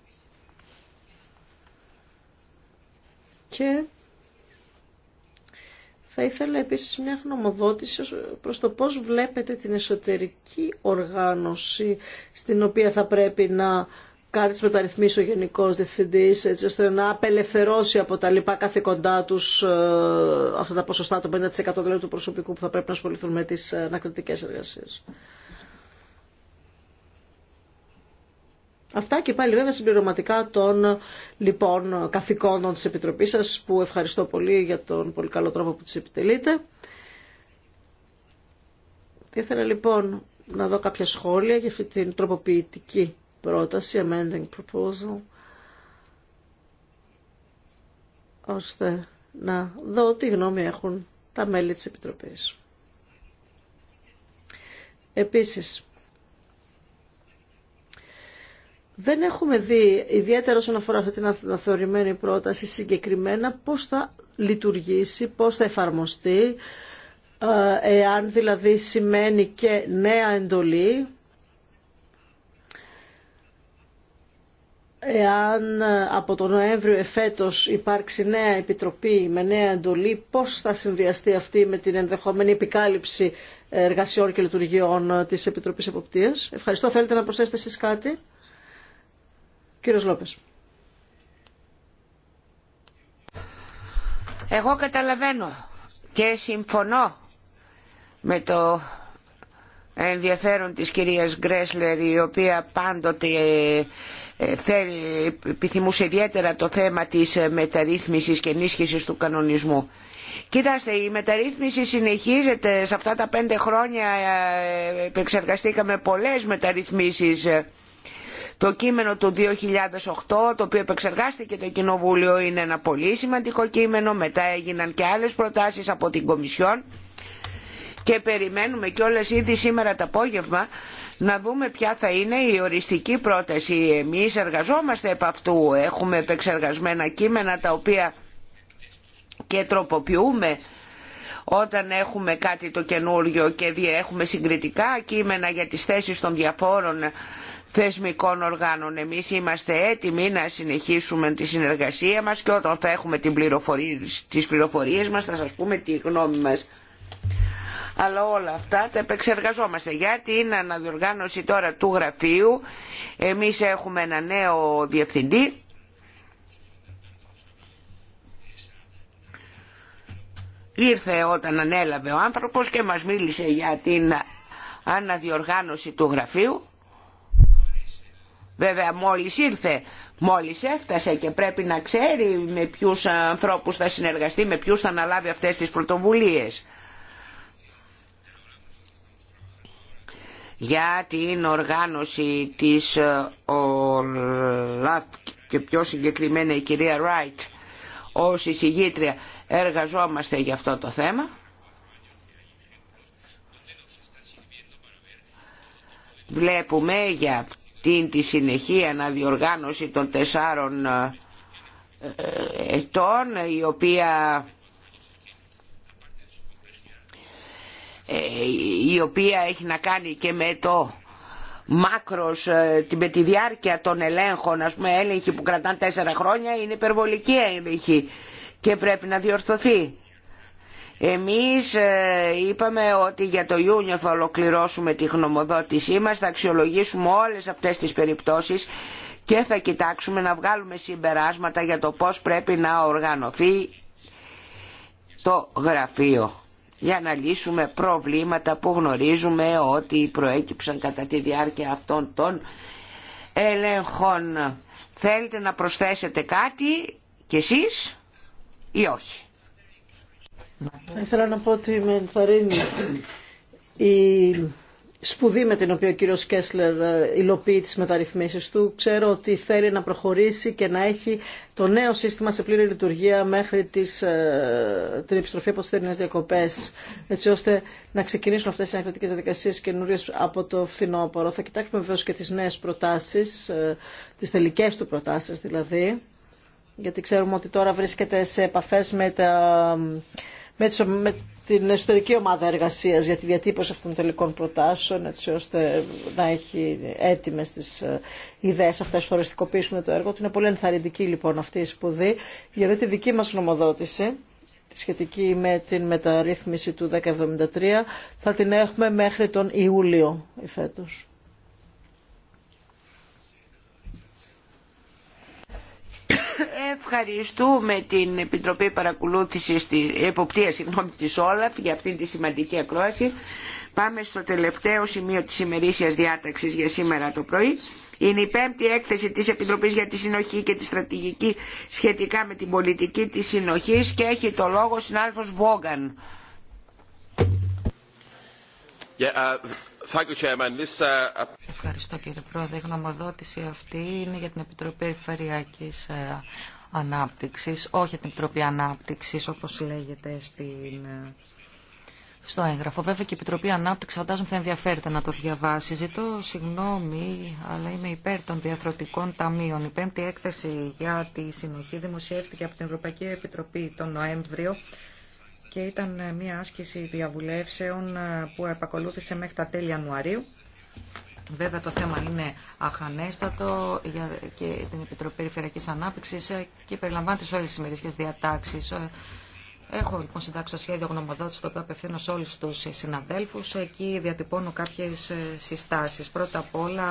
Και θα ήθελα επίσης μια γνωμοδότηση προς το πώς βλέπετε την εσωτερική οργάνωση στην οποία θα πρέπει να κάτι τις μεταρρυθμίσει ο Γενικός Διευθυντής έτσι ώστε να απελευθερώσει από τα λοιπά καθηκοντά τους ε, αυτά τα ποσοστά, το 50% δηλαδή του προσωπικού που θα πρέπει να ασχοληθούν με τις ε, ανακριτικές εργασίες. Αυτά και πάλι βέβαια συμπληρωματικά των λοιπόν καθηκόντων της Επιτροπής σας που ευχαριστώ πολύ για τον πολύ καλό τρόπο που τις επιτελείτε. ήθελα λοιπόν να δω κάποια σχόλια για αυτή την τροποποιητική πρόταση, amending proposal, ώστε να δω τι γνώμη έχουν τα μέλη της Επιτροπής. Επίσης, δεν έχουμε δει, ιδιαίτερα όσον αφορά αυτή την αθεωρημένη πρόταση, συγκεκριμένα πώς θα λειτουργήσει, πώς θα εφαρμοστεί, ε, εάν δηλαδή σημαίνει και νέα εντολή εάν ε, από τον Νοέμβριο εφέτος υπάρξει νέα επιτροπή με νέα εντολή, πώς θα συνδυαστεί αυτή με την ενδεχόμενη επικάλυψη εργασιών και λειτουργιών της Επιτροπής Εποπτείας. Ευχαριστώ. Θέλετε να προσθέσετε εσείς κάτι. Κύριος Λόπες. Εγώ καταλαβαίνω και συμφωνώ με το ενδιαφέρον της κυρίας Γκρέσλερ η οποία πάντοτε ε, ε, θέλει, επιθυμούσε ιδιαίτερα το θέμα της ε, μεταρρύθμισης και ενίσχυσης του κανονισμού. Κοιτάξτε, η μεταρρύθμιση συνεχίζεται. Σε αυτά τα πέντε χρόνια ε, επεξεργαστήκαμε πολλές μεταρρυθμίσεις. Το κείμενο του 2008, το οποίο επεξεργάστηκε το Κοινοβούλιο, είναι ένα πολύ σημαντικό κείμενο. Μετά έγιναν και άλλες προτάσεις από την Κομισιόν. Και περιμένουμε κιόλας ήδη σήμερα το απόγευμα να δούμε ποια θα είναι η οριστική πρόταση. Εμείς εργαζόμαστε επ' αυτού, έχουμε επεξεργασμένα κείμενα τα οποία και τροποποιούμε όταν έχουμε κάτι το καινούργιο και έχουμε συγκριτικά κείμενα για τις θέσεις των διαφόρων θεσμικών οργάνων. Εμείς είμαστε έτοιμοι να συνεχίσουμε τη συνεργασία μας και όταν θα έχουμε την πληροφορία, τις πληροφορίες μας θα σας πούμε τη γνώμη μας αλλά όλα αυτά τα επεξεργαζόμαστε. Για την αναδιοργάνωση τώρα του γραφείου, εμείς έχουμε ένα νέο διευθυντή, Ήρθε όταν ανέλαβε ο άνθρωπος και μας μίλησε για την αναδιοργάνωση του γραφείου. Βέβαια μόλις ήρθε, μόλις έφτασε και πρέπει να ξέρει με ποιους ανθρώπους θα συνεργαστεί, με ποιους θα αναλάβει αυτές τις πρωτοβουλίες. για την οργάνωση της ε, ΟΛΑΦ και πιο συγκεκριμένα η κυρία Ράιτ ως εισηγήτρια εργαζόμαστε για αυτό το θέμα. Βλέπουμε για την τη συνεχή αναδιοργάνωση των τεσσάρων ε, ε, ετών η οποία Ε, η οποία έχει να κάνει και με το μάκρος, ε, με τη διάρκεια των ελέγχων, ας πούμε έλεγχοι που κρατάνε τέσσερα χρόνια είναι υπερβολική έλεγχη και πρέπει να διορθωθεί. Εμείς ε, είπαμε ότι για το Ιούνιο θα ολοκληρώσουμε τη γνωμοδότησή μας, θα αξιολογήσουμε όλες αυτές τις περιπτώσεις και θα κοιτάξουμε να βγάλουμε συμπεράσματα για το πώς πρέπει να οργανωθεί το γραφείο για να λύσουμε προβλήματα που γνωρίζουμε ότι προέκυψαν κατά τη διάρκεια αυτών των ελέγχων. Θέλετε να προσθέσετε κάτι κι εσείς ή όχι. Θα ήθελα να πω ότι με ενθαρρύνει σπουδή με την οποία ο κύριος Κέσλερ ε, υλοποιεί τις μεταρρυθμίσεις του. Ξέρω ότι θέλει να προχωρήσει και να έχει το νέο σύστημα σε πλήρη λειτουργία μέχρι τις, ε, την επιστροφή από τις θερινές διακοπές, έτσι ώστε να ξεκινήσουν αυτές οι ανακριτικές διαδικασίες καινούριε από το φθινόπωρο. Θα κοιτάξουμε βεβαίως και τις νέες προτάσεις, ε, τις τελικές του προτάσεις δηλαδή, γιατί ξέρουμε ότι τώρα βρίσκεται σε επαφές με τα... με την εσωτερική ομάδα εργασία για τη διατύπωση αυτών των τελικών προτάσεων, έτσι ώστε να έχει έτοιμε τι ε, ιδέε αυτέ που οριστικοποιήσουν το έργο του. Είναι πολύ ενθαρρυντική λοιπόν αυτή η σπουδή. γιατί τη δική μα γνωμοδότηση, σχετική με την μεταρρύθμιση του 1073, θα την έχουμε μέχρι τον Ιούλιο φέτος. Ευχαριστούμε την Επιτροπή Παρακολούθησης τη Εποπτεία συγγνώμη, της Όλαφ για αυτή τη σημαντική ακρόαση. Πάμε στο τελευταίο σημείο της ημερήσια διάταξης για σήμερα το πρωί. Είναι η πέμπτη έκθεση της Επιτροπής για τη Συνοχή και τη Στρατηγική σχετικά με την πολιτική της συνοχής και έχει το λόγο συνάδελφος Βόγκαν. Uh, Uh, Ευχαριστώ κύριε Πρόεδρε. Η γνωμοδότηση αυτή είναι για την Επιτροπή Περιφερειακή ε, ανάπτυξη, όχι την Επιτροπή ανάπτυξη, όπω λέγεται ε, στο έγγραφο. Βέβαια και η Επιτροπή Ανάπτυξη φαντάζομαι θα ενδιαφέρεται να το διαβάσει. Ζητώ συγγνώμη, αλλά είμαι υπέρ των διαθροτικών ταμείων. Η πέμπτη έκθεση για τη συνοχή δημοσιεύτηκε από την Ευρωπαϊκή Επιτροπή τον Νοέμβριο και ήταν ε, μια άσκηση διαβουλεύσεων ε, που επακολούθησε μέχρι τα τέλη Ιανουαρίου. Βέβαια το θέμα είναι αχανέστατο και την Επιτροπή Περιφερειακής ανάπτυξη ε, και περιλαμβάνει τις όλες τις ημερήσιες διατάξεις. Έχω λοιπόν συντάξει το σχέδιο γνωμοδότηση το οποίο απευθύνω σε όλου του συναδέλφου. Εκεί διατυπώνω κάποιε συστάσει. Πρώτα απ' όλα,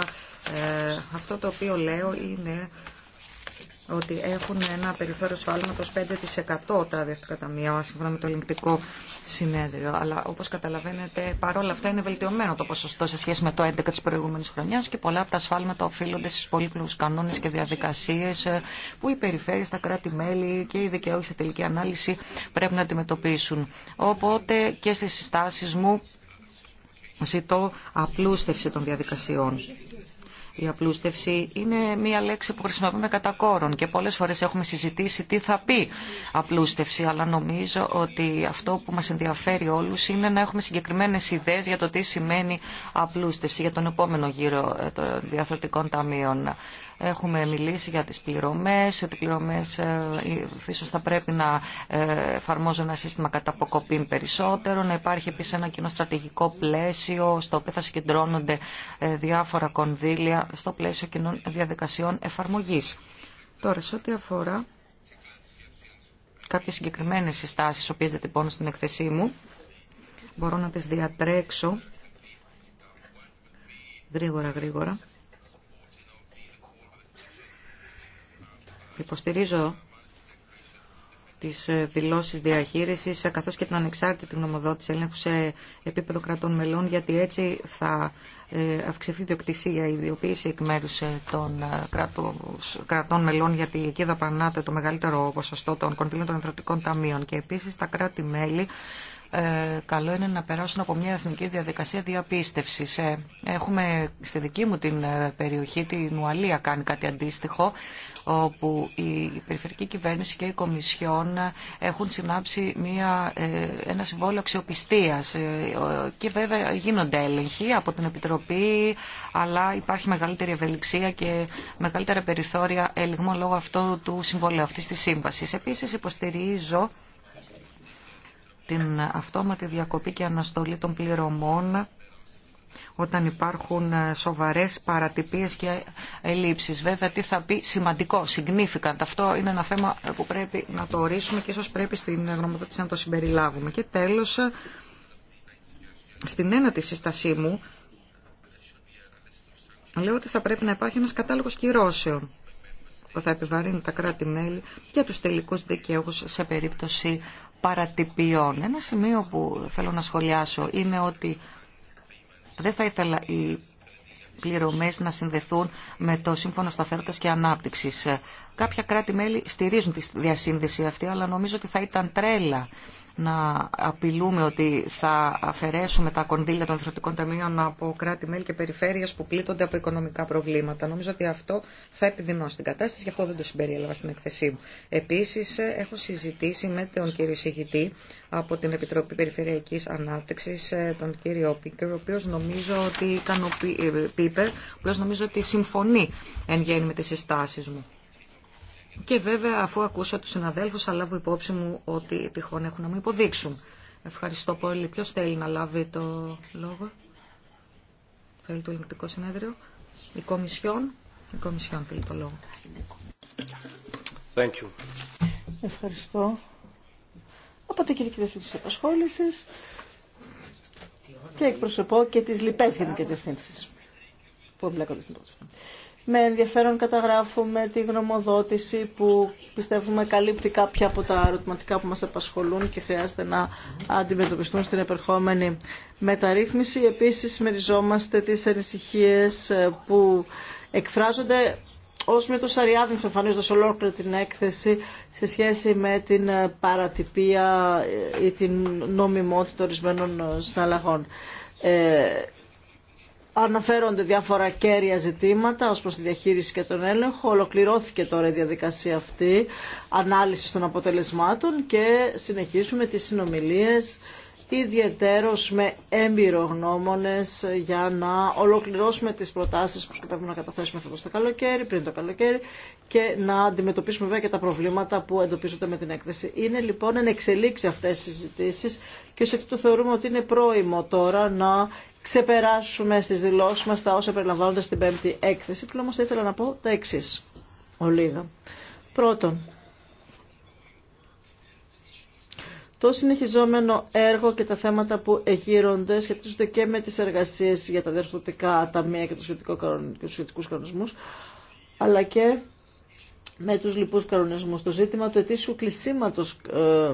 αυτό το οποίο λέω είναι ότι έχουν ένα περιθώριο σφάλματος 5% τα δεύτερα ταμεία, σύμφωνα με το ελεγκτικό συνέδριο. Αλλά όπως καταλαβαίνετε, παρόλα αυτά είναι βελτιωμένο το ποσοστό σε σχέση με το 11% της προηγούμενης χρονιάς και πολλά από τα σφάλματα οφείλονται στις πολύπλοκους κανόνες και διαδικασίες ε, που οι περιφέρειες, τα κράτη-μέλη και οι δικαιώσει σε τελική ανάλυση πρέπει να αντιμετωπίσουν. Οπότε και στις συστάσεις μου ζητώ απλούστευση των διαδικασιών η απλούστευση είναι μία λέξη που χρησιμοποιούμε κατά κόρον και πολλές φορές έχουμε συζητήσει τι θα πει απλούστευση, αλλά νομίζω ότι αυτό που μας ενδιαφέρει όλους είναι να έχουμε συγκεκριμένες ιδέες για το τι σημαίνει απλούστευση για τον επόμενο γύρο ε, των διαφορετικών ταμείων. Έχουμε μιλήσει για τις πληρωμές, ότι οι πληρωμές ε, ε, ίσως θα πρέπει να ε, εφαρμόζουν ένα σύστημα κατά περισσότερο, να υπάρχει επίσης ένα κοινό στρατηγικό πλαίσιο στο οποίο θα συγκεντρώνονται διάφορα κονδύλια στο πλαίσιο κοινών διαδικασιών εφαρμογής. Τώρα, σε ό,τι αφορά κάποιες συγκεκριμένες συστάσεις, οποίες δεν τυπώνω στην εκθεσή μου, μπορώ να τις διατρέξω γρήγορα-γρήγορα. Υποστηρίζω τις ε, δηλώσεις διαχείρισης ε, καθώς και την ανεξάρτητη γνωμοδότηση έλεγχου σε επίπεδο κρατών μελών γιατί έτσι θα ε, αυξηθεί η διοκτησία, η ιδιοποίηση εκ μέρου των κρατών μελών γιατί εκεί δαπανάται το μεγαλύτερο ποσοστό των κοντινών των ανθρωπικών ταμείων και επίσης τα κράτη-μέλη ε, καλό είναι να περάσουν από μια εθνική διαδικασία διαπίστευσης. Ε, έχουμε στη δική μου την ε, περιοχή, την Ουαλία κάνει κάτι αντίστοιχο, όπου η περιφερική κυβέρνηση και η Κομισιόν έχουν συνάψει μια, ένα συμβόλαιο αξιοπιστίας. Και βέβαια γίνονται έλεγχοι από την Επιτροπή, αλλά υπάρχει μεγαλύτερη ευελιξία και μεγαλύτερα περιθώρια ελιγμών λόγω αυτού του συμβολέου αυτής της σύμβασης. Επίσης υποστηρίζω την αυτόματη διακοπή και αναστολή των πληρωμών όταν υπάρχουν ε, σοβαρές παρατυπίες και ελλείψεις. Βέβαια, τι θα πει σημαντικό, significant. Αυτό είναι ένα θέμα που πρέπει να το ορίσουμε και ίσως πρέπει στην γνωμοδότηση να το συμπεριλάβουμε. Και τέλος, ε, στην ένατη σύστασή μου, λέω ότι θα πρέπει να υπάρχει ένας κατάλογος κυρώσεων που θα επιβαρύνει τα κράτη-μέλη και τους τελικούς δικαίους σε περίπτωση παρατυπιών. Ένα σημείο που θέλω να σχολιάσω είναι ότι δεν θα ήθελα οι πληρωμές να συνδεθούν με το Σύμφωνο Σταθερότητας και Ανάπτυξης. Κάποια κράτη-μέλη στηρίζουν τη διασύνδεση αυτή, αλλά νομίζω ότι θα ήταν τρέλα να απειλούμε ότι θα αφαιρέσουμε τα κονδύλια των ανθρωπικων ταμειων ταμείων από κράτη-μέλη και περιφέρειες που πλήττονται από οικονομικά προβλήματα. Νομίζω ότι αυτό θα επιδεινώσει την κατάσταση, γι' αυτό δεν το συμπεριέλαβα στην εκθεσή μου. Επίσης, έχω συζητήσει με τον κύριο Σιγητή από την Επιτροπή Περιφερειακής Ανάπτυξης, ε, τον κύριο Πίπερ, ο οποίο νομίζω ότι, ε, Πίπερ, ο οποίος νομίζω ότι συμφωνεί εν γέννη με τις συστάσεις μου. Και βέβαια αφού ακούσα τους συναδέλφους θα λάβω υπόψη μου ότι τυχόν έχουν να μου υποδείξουν. Ευχαριστώ πολύ. Ποιος θέλει να λάβει το λόγο. Θέλει το ελεγκτικό συνέδριο. Η Κομισιόν. Η Κομισιόν θέλει το λόγο. Thank you. Ευχαριστώ. Από το κυρία Διευθύνση της Επασχόλησης και εκπροσωπώ και τις λοιπές γενικές διευθύνσεις που εμπλέκονται στην πρόσφαση. Με ενδιαφέρον καταγράφουμε τη γνωμοδότηση που πιστεύουμε καλύπτει κάποια από τα ερωτηματικά που μας απασχολούν και χρειάζεται να αντιμετωπιστούν στην επερχόμενη μεταρρύθμιση. Επίσης, μεριζόμαστε τις ανησυχίε ε, που εκφράζονται ως με το Σαριάδη εμφανίζοντα ολόκληρη την έκθεση σε σχέση με την ε, παρατυπία ε, ή την νομιμότητα ορισμένων συναλλαγών αναφέρονται διάφορα κέρια ζητήματα ως προς τη διαχείριση και τον έλεγχο. Ολοκληρώθηκε τώρα η διαδικασία αυτή ανάλυσης των αποτελεσμάτων και συνεχίζουμε τις συνομιλίες ιδιαιτέρως με γνώμονες για να ολοκληρώσουμε τις προτάσεις που σκοπεύουμε να καταθέσουμε αυτό το καλοκαίρι, πριν το καλοκαίρι και να αντιμετωπίσουμε βέβαια και τα προβλήματα που εντοπίζονται με την έκθεση. Είναι λοιπόν εν εξελίξει αυτές οι συζητήσεις και ως θεωρούμε ότι είναι πρόημο τώρα να ξεπεράσουμε στις δηλώσεις μας τα όσα περιλαμβάνονται στην πέμπτη έκθεση. Πριν όμως θα ήθελα να πω τα εξή. Ολίγα. Πρώτον, το συνεχιζόμενο έργο και τα θέματα που εγείρονται σχετίζονται και με τις εργασίες για τα διευθυντικά ταμεία και τους σχετικούς κανονισμούς, αλλά και με τους λοιπούς κανονισμούς. Το ζήτημα του ετήσιου κλεισίματος ε,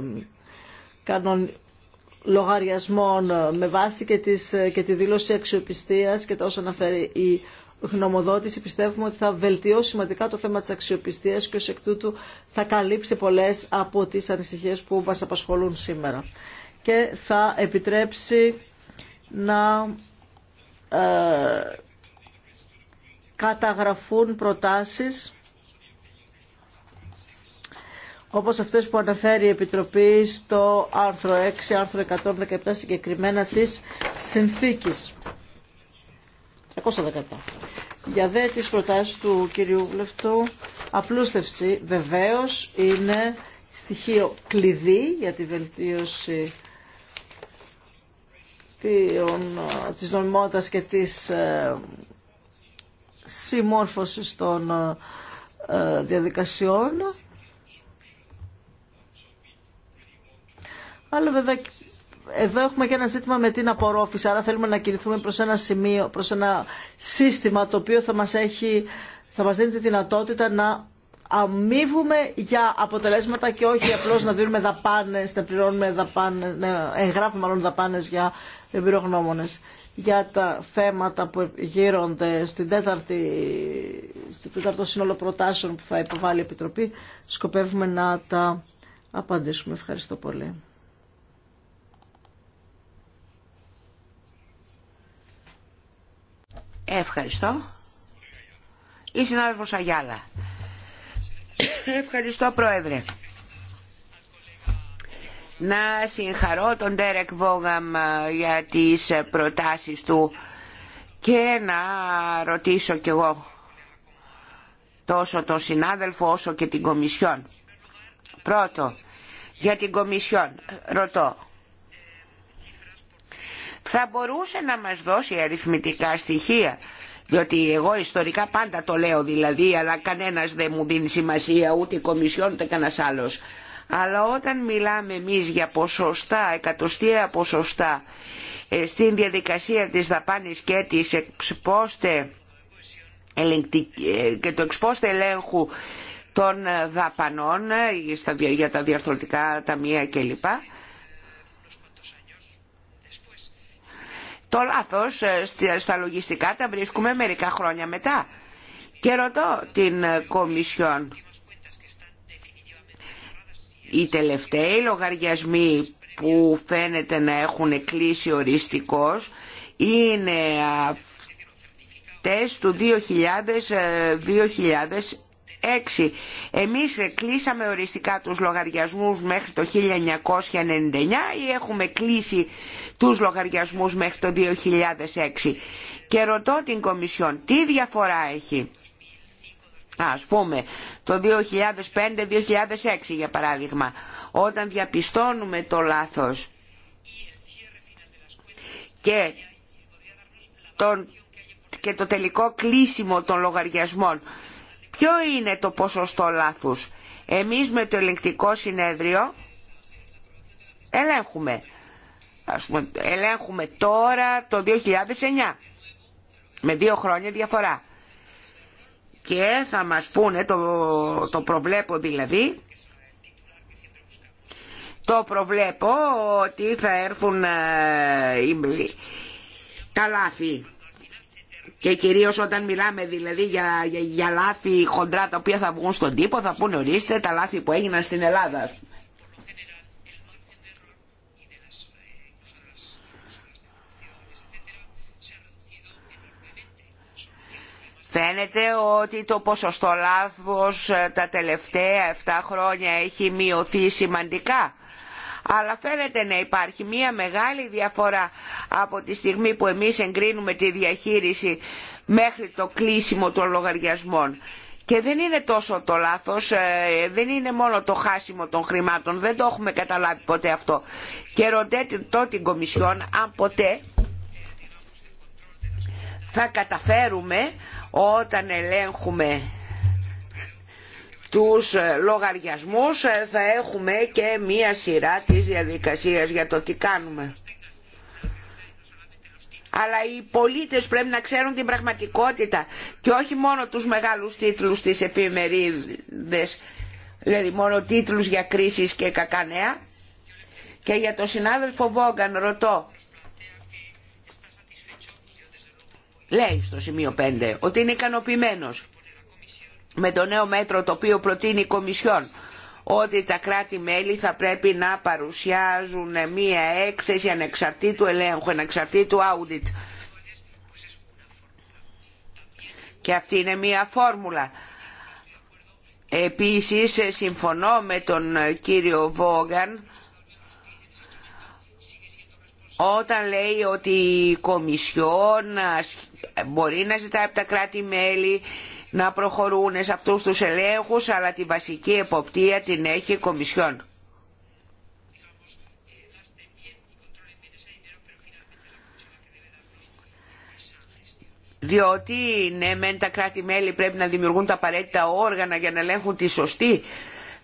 λογαριασμών ε, με βάση και, τις, ε, και τη δήλωση αξιοπιστίας και τα όσα αναφέρει η γνωμοδότηση πιστεύουμε ότι θα βελτιώσει σημαντικά το θέμα της αξιοπιστίας και ως εκ τούτου θα καλύψει πολλές από τις ανησυχίες που μας απασχολούν σήμερα και θα επιτρέψει να ε, καταγραφούν προτάσεις όπως αυτές που αναφέρει η Επιτροπή στο άρθρο 6, άρθρο 117 συγκεκριμένα της συνθήκης. 317. Για δε τις προτάσεις του κυρίου Βλεφτού, απλούστευση βεβαίως είναι στοιχείο κλειδί για τη βελτίωση της νομιμότητας και της ε, συμμόρφωσης των ε, διαδικασιών Αλλά βέβαια εδώ έχουμε και ένα ζήτημα με την απορρόφηση, άρα θέλουμε να κινηθούμε προς ένα σημείο, προς ένα σύστημα το οποίο θα μας, έχει, θα μας δίνει τη δυνατότητα να αμείβουμε για αποτελέσματα και όχι απλώς να δίνουμε δαπάνες, να πληρώνουμε δαπάνες, να εγγράφουμε μάλλον δαπάνες για εμπειρογνώμονες. Για τα θέματα που γύρονται στην τέταρτη, στην τέταρτο σύνολο προτάσεων που θα υποβάλει η Επιτροπή, σκοπεύουμε να τα απαντήσουμε. Ευχαριστώ πολύ. Ευχαριστώ. Η συνάδελφο Αγιάλα. Ευχαριστώ Πρόεδρε. Να συγχαρώ τον Τέρεκ Βόγαμ ε, για τις ε, προτάσεις του και να ρωτήσω κι εγώ τόσο τον συνάδελφο όσο και την Κομισιόν. Πρώτο, για την Κομισιόν ρωτώ θα μπορούσε να μας δώσει αριθμητικά στοιχεία διότι εγώ ιστορικά πάντα το λέω δηλαδή αλλά κανένας δεν μου δίνει σημασία ούτε η Κομισιόν ούτε κανένας άλλος αλλά όταν μιλάμε εμείς για ποσοστά, εκατοστία ποσοστά ε, στην διαδικασία της δαπάνης και της εξπόστε και του εξπόστε ελέγχου των ε, δαπανών ε, για τα διαρθρωτικά ταμεία κλπ Το λάθος ε, στα λογιστικά τα βρίσκουμε μερικά χρόνια μετά. Και ρωτώ την ε, Κομισιόν. Οι τελευταίοι λογαριασμοί που φαίνεται να έχουν κλείσει οριστικώς είναι αυτές του 2000, 2000 έξι. Εμείς κλείσαμε οριστικά τους λογαριασμούς μέχρι το 1999 ή έχουμε κλείσει τους λογαριασμούς μέχρι το 2006. Και ρωτώ την Κομισιόν τι διαφορά έχει. Ας πούμε το 2005-2006 για παράδειγμα όταν διαπιστώνουμε το λάθος και, τον, και το τελικό κλείσιμο των λογαριασμών Ποιο είναι το ποσοστό λάθους. Εμείς με το ελεγκτικό συνέδριο ελέγχουμε. Ας πούμε, ελέγχουμε τώρα το 2009. Με δύο χρόνια διαφορά. Και θα μας πούνε, το, το προβλέπω δηλαδή, το προβλέπω ότι θα έρθουν ε, τα λάθη και κυρίως όταν μιλάμε δηλαδή για, για, λάθη χοντρά τα οποία θα βγουν στον τύπο θα πούνε ορίστε τα λάθη που έγιναν στην Ελλάδα. Φαίνεται ότι το ποσοστό λάθος ε, τα τελευταία 7 χρόνια έχει μειωθεί σημαντικά. Αλλά φαίνεται να υπάρχει μια μεγάλη διαφορά από τη στιγμή που εμείς εγκρίνουμε τη διαχείριση μέχρι το κλείσιμο των λογαριασμών. Και δεν είναι τόσο το λάθος, ε, δεν είναι μόνο το χάσιμο των χρημάτων, δεν το έχουμε καταλάβει ποτέ αυτό. Και ρωτέτε το την Κομισιόν αν ποτέ θα καταφέρουμε όταν ελέγχουμε τους ε, λογαριασμούς ε, θα έχουμε και μία σειρά της διαδικασίας για το τι κάνουμε αλλά οι πολίτες πρέπει να ξέρουν την πραγματικότητα και όχι μόνο τους μεγάλους τίτλους της εφημερίδες, δηλαδή μόνο τίτλους για κρίσεις και κακά Και για τον συνάδελφο Βόγκαν ρωτώ, λέει στο σημείο 5 ότι είναι ικανοποιημένος με το νέο μέτρο το οποίο προτείνει η Κομισιόν ότι τα κράτη-μέλη θα πρέπει να παρουσιάζουν μία έκθεση ανεξαρτήτου ελέγχου, ανεξαρτήτου audit. Και αυτή είναι μία φόρμουλα. Επίσης συμφωνώ με τον κύριο Βόγκαν όταν λέει ότι η Κομισιόν μπορεί να ζητάει από τα κράτη-μέλη να προχωρούν σε αυτούς τους ελέγχους αλλά τη βασική εποπτεία την έχει η Κομισιόν. διότι ναι μεν τα κράτη-μέλη πρέπει να δημιουργούν τα απαραίτητα όργανα για να ελέγχουν τη σωστή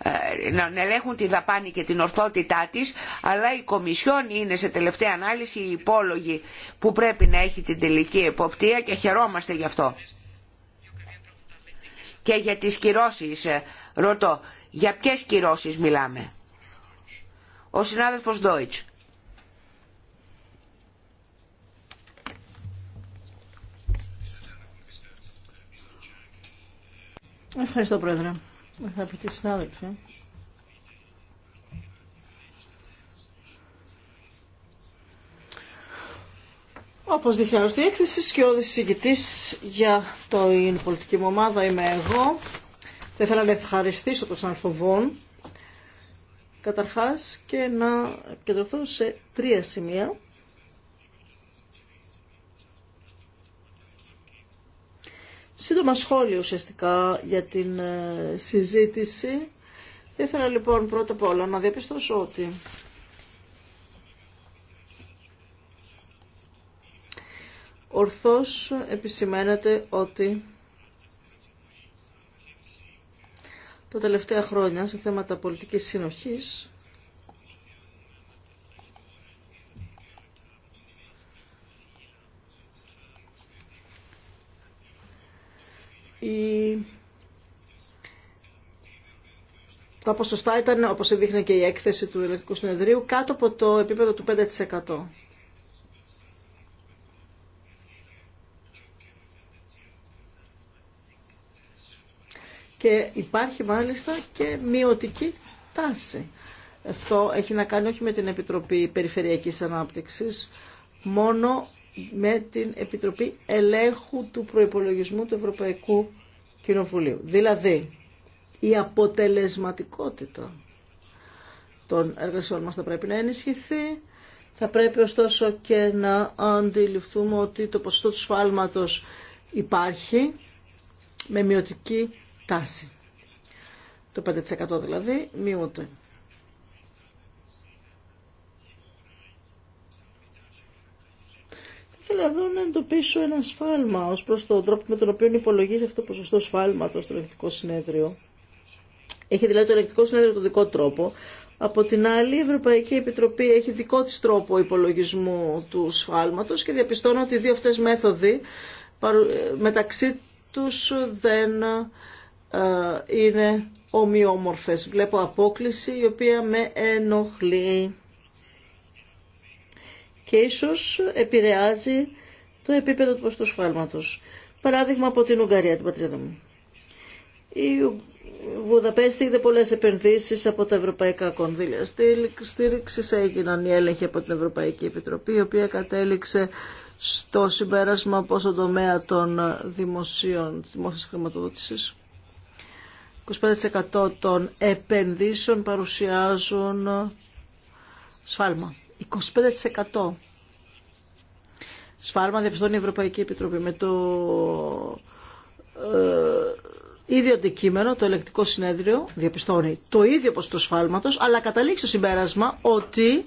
ε, να ελέγχουν τη δαπάνη και την ορθότητά της αλλά η Κομισιόν είναι σε τελευταία ανάλυση η υπόλογη που πρέπει να έχει την τελική εποπτεία και χαιρόμαστε γι' αυτό και για τις κυρώσεις ε, ρωτώ για ποιες κυρώσεις μιλάμε ο συνάδελφος Ντόιτς Ευχαριστώ πρόεδρε αγαπητοί συνάδελφοι Όπω δείχνει άλλωστε η έκθεση, σκιώδη συγκητής για την πολιτική μου ομάδα είμαι εγώ. Θα ήθελα να ευχαριστήσω τον Σανφοβόν καταρχάς και να κεντρώθω σε τρία σημεία. Σύντομα σχόλια ουσιαστικά για την ε, συζήτηση. Θα ήθελα λοιπόν πρώτα απ' όλα να διαπιστώσω ότι ορθώς επισημαίνεται ότι τα τελευταία χρόνια σε θέματα πολιτικής συνοχής τα ποσοστά ήταν, όπως έδειχνε και η έκθεση του Ελεκτικού Συνεδρίου, κάτω από το επίπεδο του 5%. και υπάρχει μάλιστα και μειωτική τάση. Αυτό έχει να κάνει όχι με την Επιτροπή Περιφερειακής Ανάπτυξης, μόνο με την Επιτροπή Ελέγχου του Προϋπολογισμού του Ευρωπαϊκού Κοινοβουλίου. Δηλαδή, η αποτελεσματικότητα των εργασιών μας θα πρέπει να ενισχυθεί, θα πρέπει ωστόσο και να αντιληφθούμε ότι το ποσοστό του σφάλματος υπάρχει με μειωτική τάση. Το 5% δηλαδή μειούται. ήθελα εδώ να εντοπίσω ένα σφάλμα ως προς τον τρόπο με τον οποίο υπολογίζει αυτό το ποσοστό σφάλματος στο ελεκτικό συνέδριο. Έχει δηλαδή το ελεκτικό συνέδριο το δικό τρόπο. Από την άλλη, η Ευρωπαϊκή Επιτροπή έχει δικό της τρόπο υπολογισμού του σφάλματος και διαπιστώνω ότι οι δύο αυτές μέθοδοι ε, μεταξύ τους δεν ε, είναι ομοιόμορφες. Βλέπω απόκληση η οποία με ενοχλεί και ίσως επηρεάζει το επίπεδο του ποστοσφάλματος. Παράδειγμα από την Ουγγαρία, την πατρίδα μου. Η Βουδαπέστη είδε πολλές επενδύσεις από τα ευρωπαϊκά κονδύλια. Στήριξη έγιναν οι έλεγχοι από την Ευρωπαϊκή Επιτροπή, η οποία κατέληξε στο συμπέρασμα πόσο τομέα των δημοσίων, δημόσιας χρηματοδότησης 25% των επενδύσεων παρουσιάζουν ε, σφάλμα. 25% σφάλμα διαπιστώνει η Ευρωπαϊκή Επιτροπή. Με το ε, ίδιο αντικείμενο, το ελεκτικό συνέδριο διαπιστώνει το ίδιο ποσοστό το σφάλματος, αλλά καταλήξει το συμπέρασμα ότι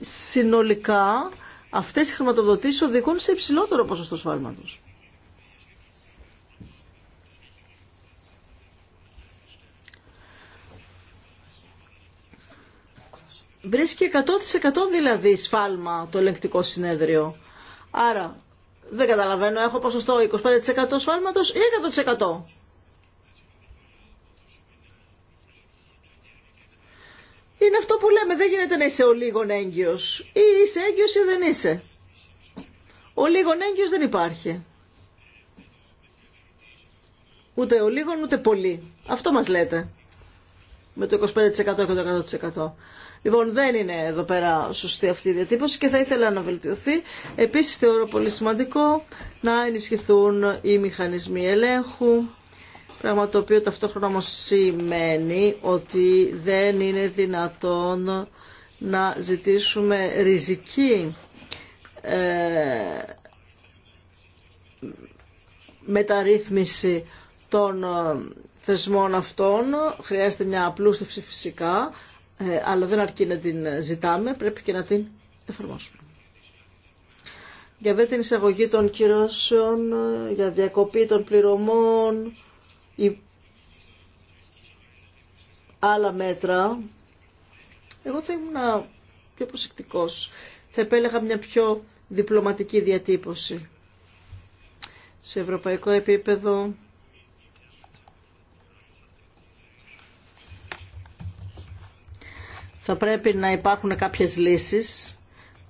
συνολικά αυτές οι χρηματοδοτήσεις οδηγούν σε υψηλότερο ποσοστό σφάλματος. βρίσκει 100% δηλαδή σφάλμα το ελεγκτικό συνέδριο. Άρα δεν καταλαβαίνω, έχω ποσοστό 25% σφάλματος ή 100%. Είναι αυτό που λέμε, δεν γίνεται να είσαι ο λίγον έγκυος. Ή είσαι έγκυος ή δεν είσαι. Ο λίγον έγκυος δεν υπάρχει. Ούτε ο λίγον ούτε πολύ. Αυτό μας λέτε με το 25% και το 100%. Λοιπόν, δεν είναι εδώ πέρα σωστή αυτή η διατύπωση και θα ήθελα να βελτιωθεί. Επίσης, θεωρώ πολύ σημαντικό να ενισχυθούν οι μηχανισμοί ελέγχου, πράγμα το οποίο ταυτόχρονα όμως σημαίνει ότι δεν είναι δυνατόν να ζητήσουμε ριζική ε, μεταρρύθμιση των ε, θεσμών αυτών. Χρειάζεται μια απλούστευση φυσικά, ε, αλλά δεν αρκεί να την ζητάμε, πρέπει και να την εφαρμόσουμε. Για δε την εισαγωγή των κυρώσεων, για διακοπή των πληρωμών, ή άλλα μέτρα, εγώ θα ήμουν πιο προσεκτικός. Θα επέλεγα μια πιο διπλωματική διατύπωση. Σε ευρωπαϊκό επίπεδο θα πρέπει να υπάρχουν κάποιες λύσεις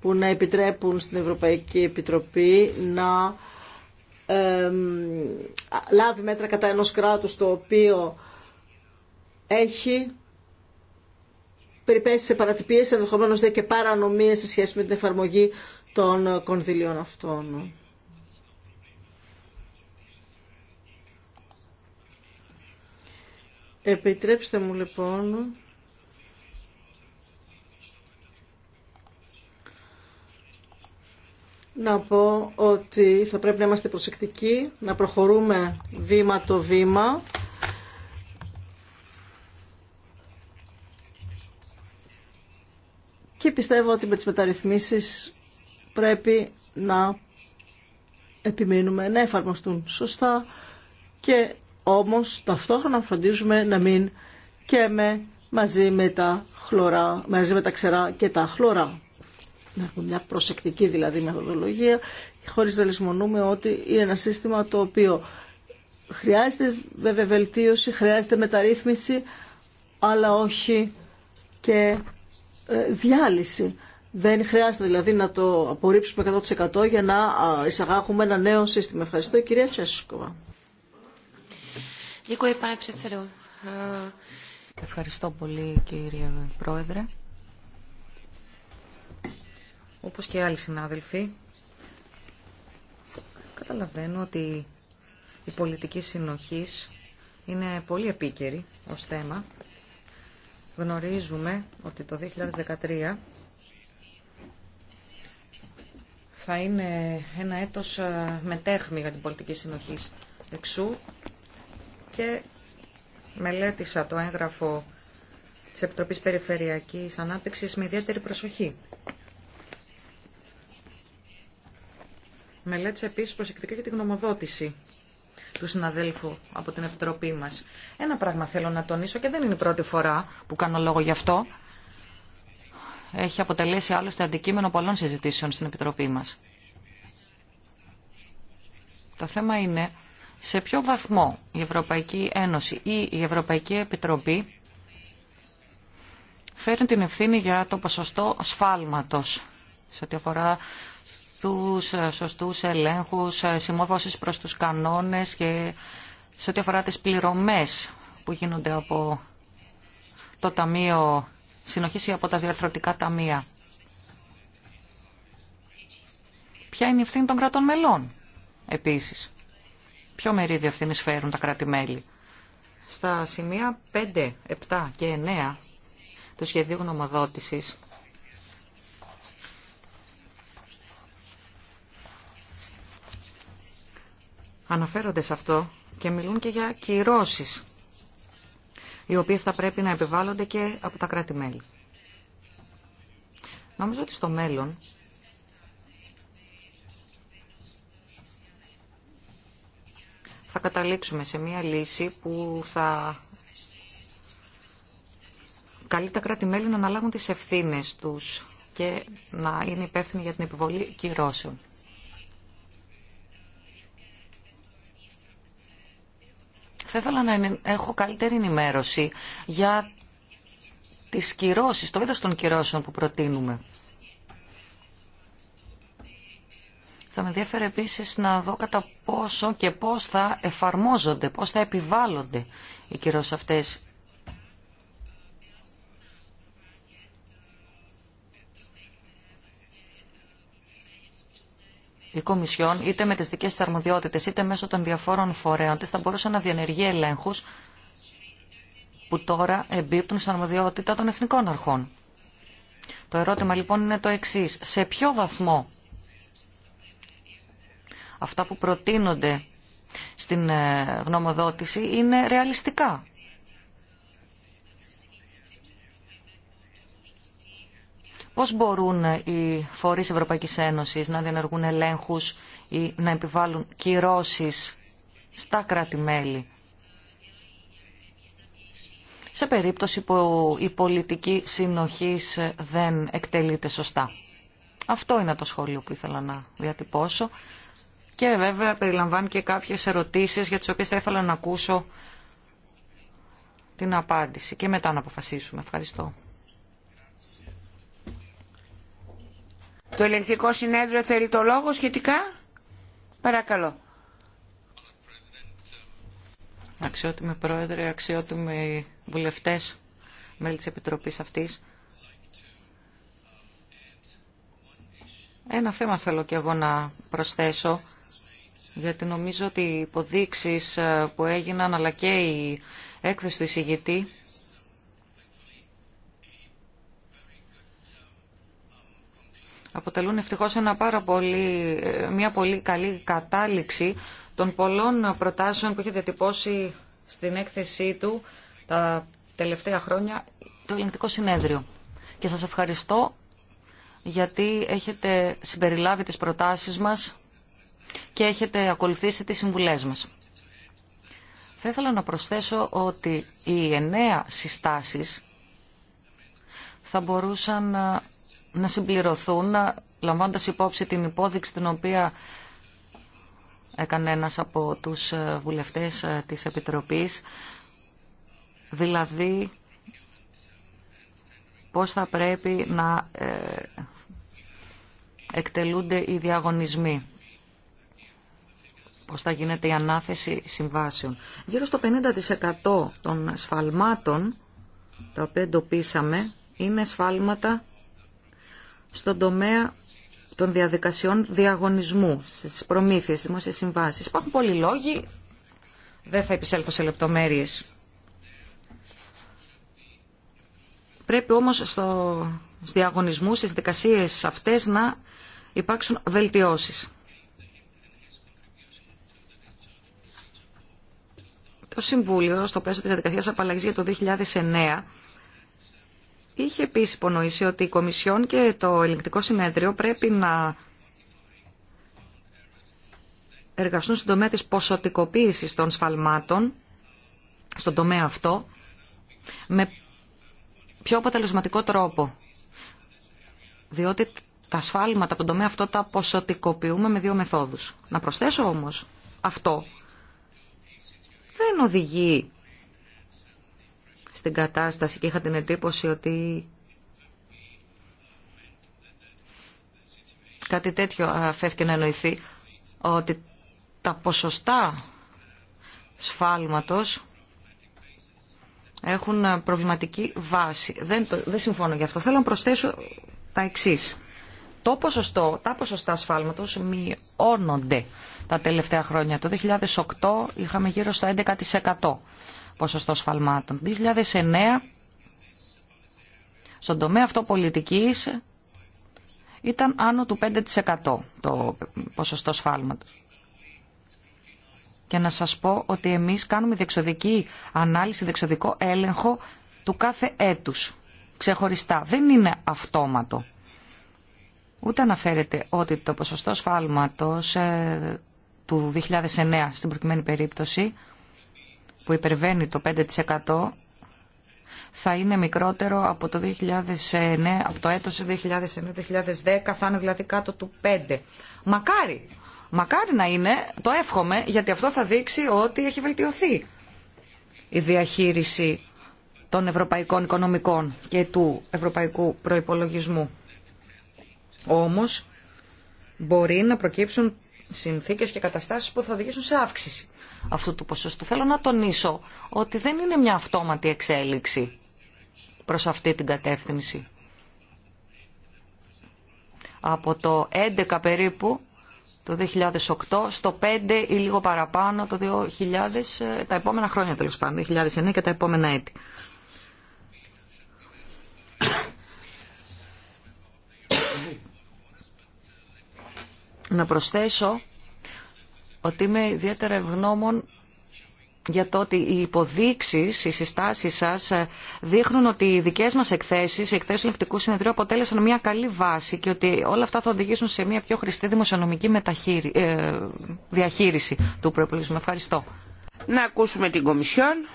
που να επιτρέπουν στην Ευρωπαϊκή Επιτροπή να λάβει μέτρα κατά ενός κράτους το οποίο έχει περιπέσει σε παρατυπίες, ενδεχομένω και παρανομίες σε σχέση με την εφαρμογή των κονδυλίων αυτών. Επιτρέψτε μου λοιπόν να πω ότι θα πρέπει να είμαστε προσεκτικοί, να προχωρούμε βήμα το βήμα. Και πιστεύω ότι με τις μεταρρυθμίσεις πρέπει να επιμείνουμε να εφαρμοστούν σωστά και όμως ταυτόχρονα φροντίζουμε να μην καίμε μαζί με τα, χλωρά, μαζί με τα ξερά και τα χλωρά έχουμε μια προσεκτική δηλαδή μεθοδολογία, χωρίς να λησμονούμε ότι είναι ένα σύστημα το οποίο χρειάζεται βέβαια βελτίωση, χρειάζεται μεταρρύθμιση, αλλά όχι και ε, διάλυση. Δεν χρειάζεται δηλαδή να το απορρίψουμε 100% για να εισαγάγουμε ένα νέο σύστημα. Ευχαριστώ κυρία Τσέσκοβα. Ε, Ευχαριστώ πολύ κύριε Πρόεδρε όπως και άλλοι συνάδελφοι, καταλαβαίνω ότι η πολιτική συνοχής είναι πολύ επίκαιρη ως θέμα. Γνωρίζουμε ότι το 2013 θα είναι ένα έτος ε, μετέχμη για την πολιτική συνοχής εξού και μελέτησα το έγγραφο της Επιτροπής Περιφερειακής Ανάπτυξης με ιδιαίτερη προσοχή. μελέτησα επίσης προσεκτικά και τη γνωμοδότηση του συναδέλφου από την Επιτροπή μας. Ένα πράγμα θέλω να τονίσω και δεν είναι η πρώτη φορά που κάνω λόγο γι' αυτό. Έχει αποτελέσει άλλωστε αντικείμενο πολλών συζητήσεων στην Επιτροπή μας. Το θέμα είναι σε ποιο βαθμό η Ευρωπαϊκή Ένωση ή η Ευρωπαϊκή Επιτροπή φέρνει την ευθύνη για το ποσοστό σφάλματος σε ό,τι αφορά τους ε, σωστούς ελέγχους, ε, συμμόρφωσης προς τους κανόνες και σε ό,τι αφορά τις πληρωμές που γίνονται από το Ταμείο Συνοχής ή από τα διαρθρωτικά ταμεία. Ποια είναι η ευθύνη των κρατών μελών, επίσης. Ποιο μερίδιο ευθύνη φέρουν τα κράτη-μέλη. Στα σημεία 5, 7 και 9 του σχεδίου γνωμοδότησης αναφέρονται σε αυτό και μιλούν και για κυρώσεις, οι οποίες θα πρέπει να επιβάλλονται και από τα κράτη-μέλη. Νομίζω ότι στο μέλλον θα καταλήξουμε σε μια λύση που θα καλεί τα κράτη-μέλη να αναλάβουν τις ευθύνες τους και να είναι υπεύθυνοι για την επιβολή κυρώσεων. Θα ήθελα να έχω καλύτερη ενημέρωση για τις κυρώσεις, το είδος των κυρώσεων που προτείνουμε. Θα με ενδιαφέρει επίσης να δω κατά πόσο και πώς θα εφαρμόζονται, πώς θα επιβάλλονται οι κυρώσεις αυτές. η Κομισιόν, είτε με τι δικέ τη αρμοδιότητε, είτε μέσω των διαφόρων φορέων τη, θα μπορούσε να διενεργεί ελέγχου που τώρα εμπίπτουν στην αρμοδιότητα των εθνικών αρχών. Το ερώτημα λοιπόν είναι το εξή. Σε ποιο βαθμό αυτά που προτείνονται στην ε, γνωμοδότηση είναι ρεαλιστικά Πώς μπορούν οι φορείς Ευρωπαϊκής Ένωσης να διενεργούν ελέγχους ή να επιβάλλουν κυρώσεις στα κράτη-μέλη σε περίπτωση που η πολιτική συνοχής δεν εκτελείται σωστά. Αυτό είναι το σχόλιο που ήθελα να διατυπώσω και βέβαια περιλαμβάνει και κάποιες ερωτήσεις για τις οποίες θα ήθελα να ακούσω την απάντηση και μετά να αποφασίσουμε. Ευχαριστώ. Το ελεγχτικό συνέδριο θέλει το λόγο σχετικά. Παρακαλώ. Αξιότιμοι πρόεδρε, αξιότιμοι βουλευτές, μέλη της Επιτροπής αυτής. Ένα θέμα θέλω και εγώ να προσθέσω, γιατί νομίζω ότι οι υποδείξεις ε, που έγιναν, αλλά και η έκθεση του εισηγητή, αποτελούν ευτυχώς ένα πάρα πολύ, ε, μια πολύ καλή κατάληξη των πολλών προτάσεων που έχει διατυπώσει στην έκθεσή του τα τελευταία χρόνια το Ελληνικό Συνέδριο. Και σας ευχαριστώ γιατί έχετε συμπεριλάβει τις προτάσεις μας και έχετε ακολουθήσει τις συμβουλές μας. Θα ήθελα να προσθέσω ότι οι εννέα συστάσεις θα μπορούσαν να συμπληρωθούν λαμβάνοντας υπόψη την υπόδειξη την οποία έκανε ένας από τους ε, βουλευτές ε, της Επιτροπής, δηλαδή πώς θα πρέπει να ε, εκτελούνται οι διαγωνισμοί, πώς θα γίνεται η ανάθεση συμβάσεων. Γύρω στο 50% των σφαλμάτων, τα οποία εντοπίσαμε, είναι σφάλματα στον τομέα των διαδικασιών διαγωνισμού, στις προμήθειες, δημόσιες συμβάσεις. Υπάρχουν πολλοί λόγοι, δεν θα επισέλθω σε λεπτομέρειες. Πρέπει όμως στο, διαγωνισμού διαγωνισμούς, στις δικασίες αυτές να υπάρξουν βελτιώσεις. Το Συμβούλιο, στο πλαίσιο της διαδικασίας απαλλαγή για το 2009, Είχε επίσης υπονοήσει ότι η Κομισιόν και το Ελεγκτικό Συνέδριο πρέπει να εργαστούν στον τομέα της ποσοτικοποίησης των σφαλμάτων, στον τομέα αυτό, με πιο αποτελεσματικό τρόπο. Διότι τα σφάλματα από τον τομέα αυτό τα ποσοτικοποιούμε με δύο μεθόδους. Να προσθέσω όμως αυτό δεν οδηγεί στην κατάσταση και είχα την εντύπωση ότι κάτι τέτοιο φεύγει να εννοηθεί, ότι τα ποσοστά σφάλματος έχουν προβληματική βάση. Δεν, δεν συμφώνω γι' αυτό. Θέλω να προσθέσω τα εξή. Το ποσοστό, τα ποσοστά σφάλματος μειώνονται τα τελευταία χρόνια. Το 2008 είχαμε γύρω στο 11% ποσοστό σφαλμάτων. 2009, στον τομέα αυτό πολιτικής, ήταν άνω του 5% το ποσοστό σφάλματος. Και να σας πω ότι εμείς κάνουμε διεξοδική ανάλυση, διεξοδικό έλεγχο του κάθε έτους, ξεχωριστά. Δεν είναι αυτόματο. Ούτε αναφέρεται ότι το ποσοστό σφάλματος ε, του 2009 στην προκειμένη περίπτωση που υπερβαίνει το 5% θα είναι μικρότερο από το 2009, από το έτος 2009-2010, θα είναι δηλαδή κάτω του 5. Μακάρι, μακάρι να είναι, το εύχομαι, γιατί αυτό θα δείξει ότι έχει βελτιωθεί η διαχείριση των ευρωπαϊκών οικονομικών και του ευρωπαϊκού προϋπολογισμού. Όμως, μπορεί να προκύψουν συνθήκες και καταστάσεις που θα οδηγήσουν σε αύξηση αυτού του ποσοστού. Θέλω να τονίσω ότι δεν είναι μια αυτόματη εξέλιξη προς αυτή την κατεύθυνση. Από το 11 περίπου το 2008 στο 5 ή λίγο παραπάνω το 2000, ε, τα επόμενα χρόνια τέλος πάντων, 2009 και τα επόμενα έτη. Να προσθέσω ότι είμαι ιδιαίτερα ευγνώμων για το ότι οι υποδείξεις, οι συστάσεις σας ε, δείχνουν ότι οι δικές μας εκθέσεις, οι εκθέσεις του Λεπτικού Συνεδρίου αποτέλεσαν μια καλή βάση και ότι όλα αυτά θα οδηγήσουν σε μια πιο χρηστή δημοσιονομική ε, διαχείριση του προϋπολογισμού. Ευχαριστώ. Να ακούσουμε την Κομισιόν.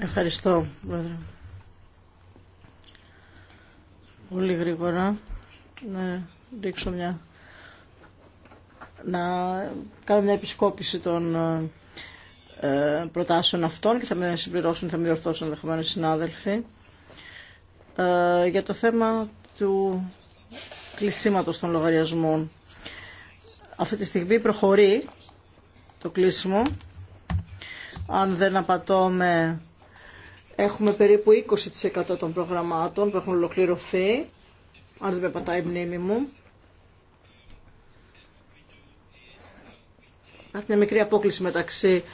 Ευχαριστώ, Πρόεδρε. Πολύ γρήγορα. να ρίξω μια να κάνουμε μια επισκόπηση των ε, ε, προτάσεων αυτών και θα με συμπληρώσουν, θα με διορθώσουν ενδεχομένω οι συνάδελφοι ε, για το θέμα του κλεισίματος των λογαριασμών. Αυτή τη στιγμή προχωρεί το κλείσιμο. Αν δεν απατώμε, έχουμε περίπου 20% των προγραμμάτων που έχουν ολοκληρωθεί, αν δεν με πατάει η μνήμη μου. Υπάρχει μια μικρή απόκληση μεταξύ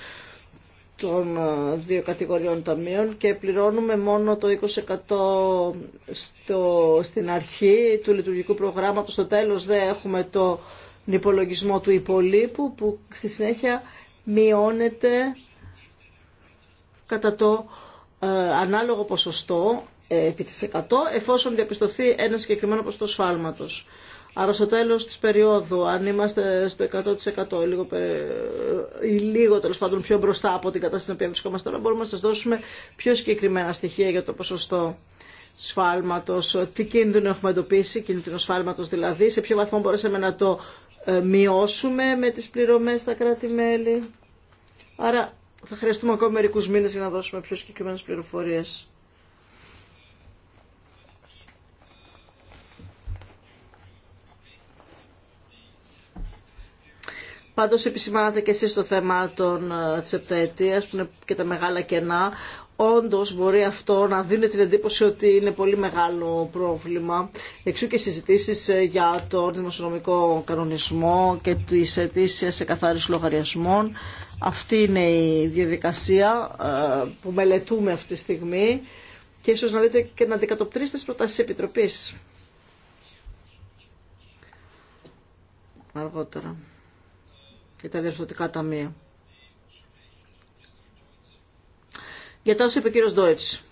των ε, δύο κατηγοριών ταμείων και πληρώνουμε μόνο το 20% στο, στην αρχή του λειτουργικού προγράμματος. Στο τέλος δεν έχουμε το υπολογισμό του υπολείπου που στη συνέχεια μειώνεται κατά το ε, ανάλογο ποσοστό ε, επί της 100 εφόσον διαπιστωθεί ένα συγκεκριμένο ποσοστό σφάλματος. Άρα στο τέλος της περίοδου, αν είμαστε στο 100% ή λίγο, ή λίγο πάντων πιο μπροστά από την κατάσταση στην οποία βρισκόμαστε τώρα, μπορούμε να σας δώσουμε πιο συγκεκριμένα στοιχεία για το ποσοστό σφάλματος, τι κίνδυνο έχουμε εντοπίσει, κίνδυνο σφάλματος δηλαδή, σε ποιο βαθμό μπορέσαμε να το ε, μειώσουμε με τις πληρωμές στα κράτη-μέλη. Άρα θα χρειαστούμε ακόμη μερικούς μήνες για να δώσουμε πιο συγκεκριμένες πληροφορίες. Πάντως επισημάνατε και εσεί το θέμα των, ε, της που είναι και τα μεγάλα κενά. Όντως μπορεί αυτό να δίνει την εντύπωση ότι είναι πολύ μεγάλο πρόβλημα. Εξού και συζητήσει ε, για τον δημοσιονομικό κανονισμό και τις αιτήσει σε καθάριση λογαριασμών. Αυτή είναι η διαδικασία ε, που μελετούμε αυτή τη στιγμή και ίσω να δείτε και να αντικατοπτρίσετε τι προτάσει τη Επιτροπής. Αργότερα και τα διορθωτικά ταμεία. Για τα όσα είπε ο κύριος Ντόιτς.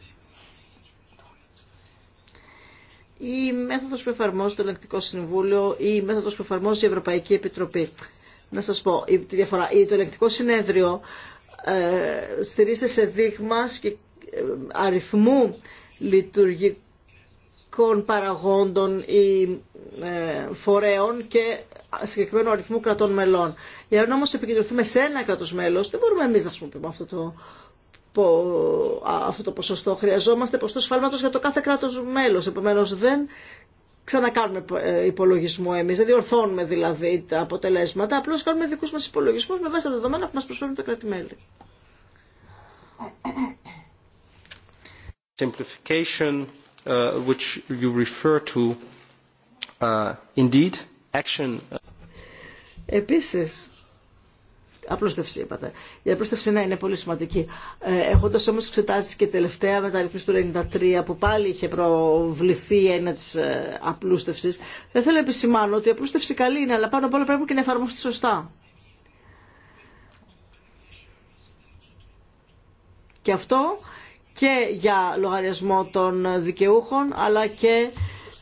Η μέθοδος που εφαρμόζει το Ελεκτικό Συμβούλιο ή η μέθοδος που εφαρμόζει η Ευρωπαϊκή Επιτροπή. Να σας πω τη διαφορά. Το Ελεκτικό Συνέδριο ε, στηρίζεται σε δείγμα ε, αριθμού λειτουργικού τοπικών παραγόντων ή ε, φορέων και συγκεκριμένου αριθμού κρατών μελών. Για να όμως επικεντρωθούμε σε ένα κράτος μέλος, δεν μπορούμε εμείς να χρησιμοποιούμε αυτό το, αυτό το ποσοστό. Χρειαζόμαστε ποσοστό σφάλματος για το κάθε κράτος μέλος. Επομένως δεν ξανακάνουμε ε, υπολογισμό εμείς, δεν διορθώνουμε δηλαδή τα αποτελέσματα, απλώς κάνουμε δικούς μας υπολογισμούς με βάση τα δεδομένα που μας προσφέρουν τα κράτη-μέλη. Simplification Uh, which you refer to uh, indeed action uh, Επίσης, απλούστευση είπατε. Η απλούστευση ναι, είναι πολύ σημαντική. Ε, έχοντας όμως εξετάσει και τελευταία μεταρρύθμιση του 1993 που πάλι είχε προβληθεί ένα της ε, απλούστευσης, δεν θέλω να επισημάνω ότι η απλούστευση καλή είναι, αλλά πάνω απ' όλα πρέπει να εφαρμοστεί σωστά. Και αυτό και για λογαριασμό των δικαιούχων αλλά και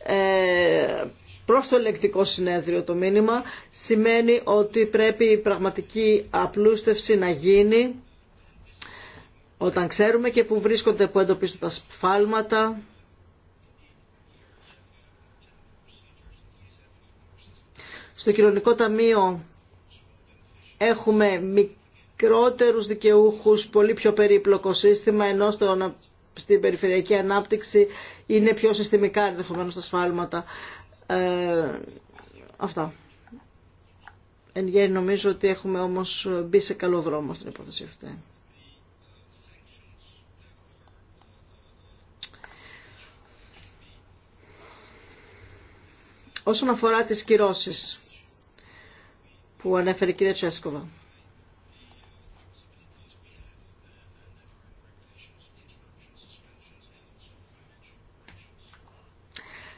ε, προς το ελεκτικό συνέδριο το μήνυμα σημαίνει ότι πρέπει η πραγματική απλούστευση να γίνει όταν ξέρουμε και που βρίσκονται, που εντοπίζονται τα σφάλματα. Στο κοινωνικό ταμείο έχουμε μικρή μικρότερους δικαιούχους, πολύ πιο περίπλοκο σύστημα, ενώ στο, στην περιφερειακή ανάπτυξη είναι πιο συστημικά ενδεχομένω τα σφάλματα. Ε, αυτά. Εν νομίζω ότι έχουμε όμως μπει σε καλό δρόμο στην υπόθεση αυτή. Όσον αφορά τις κυρώσεις που ανέφερε η κυρία Τσέσκοβα.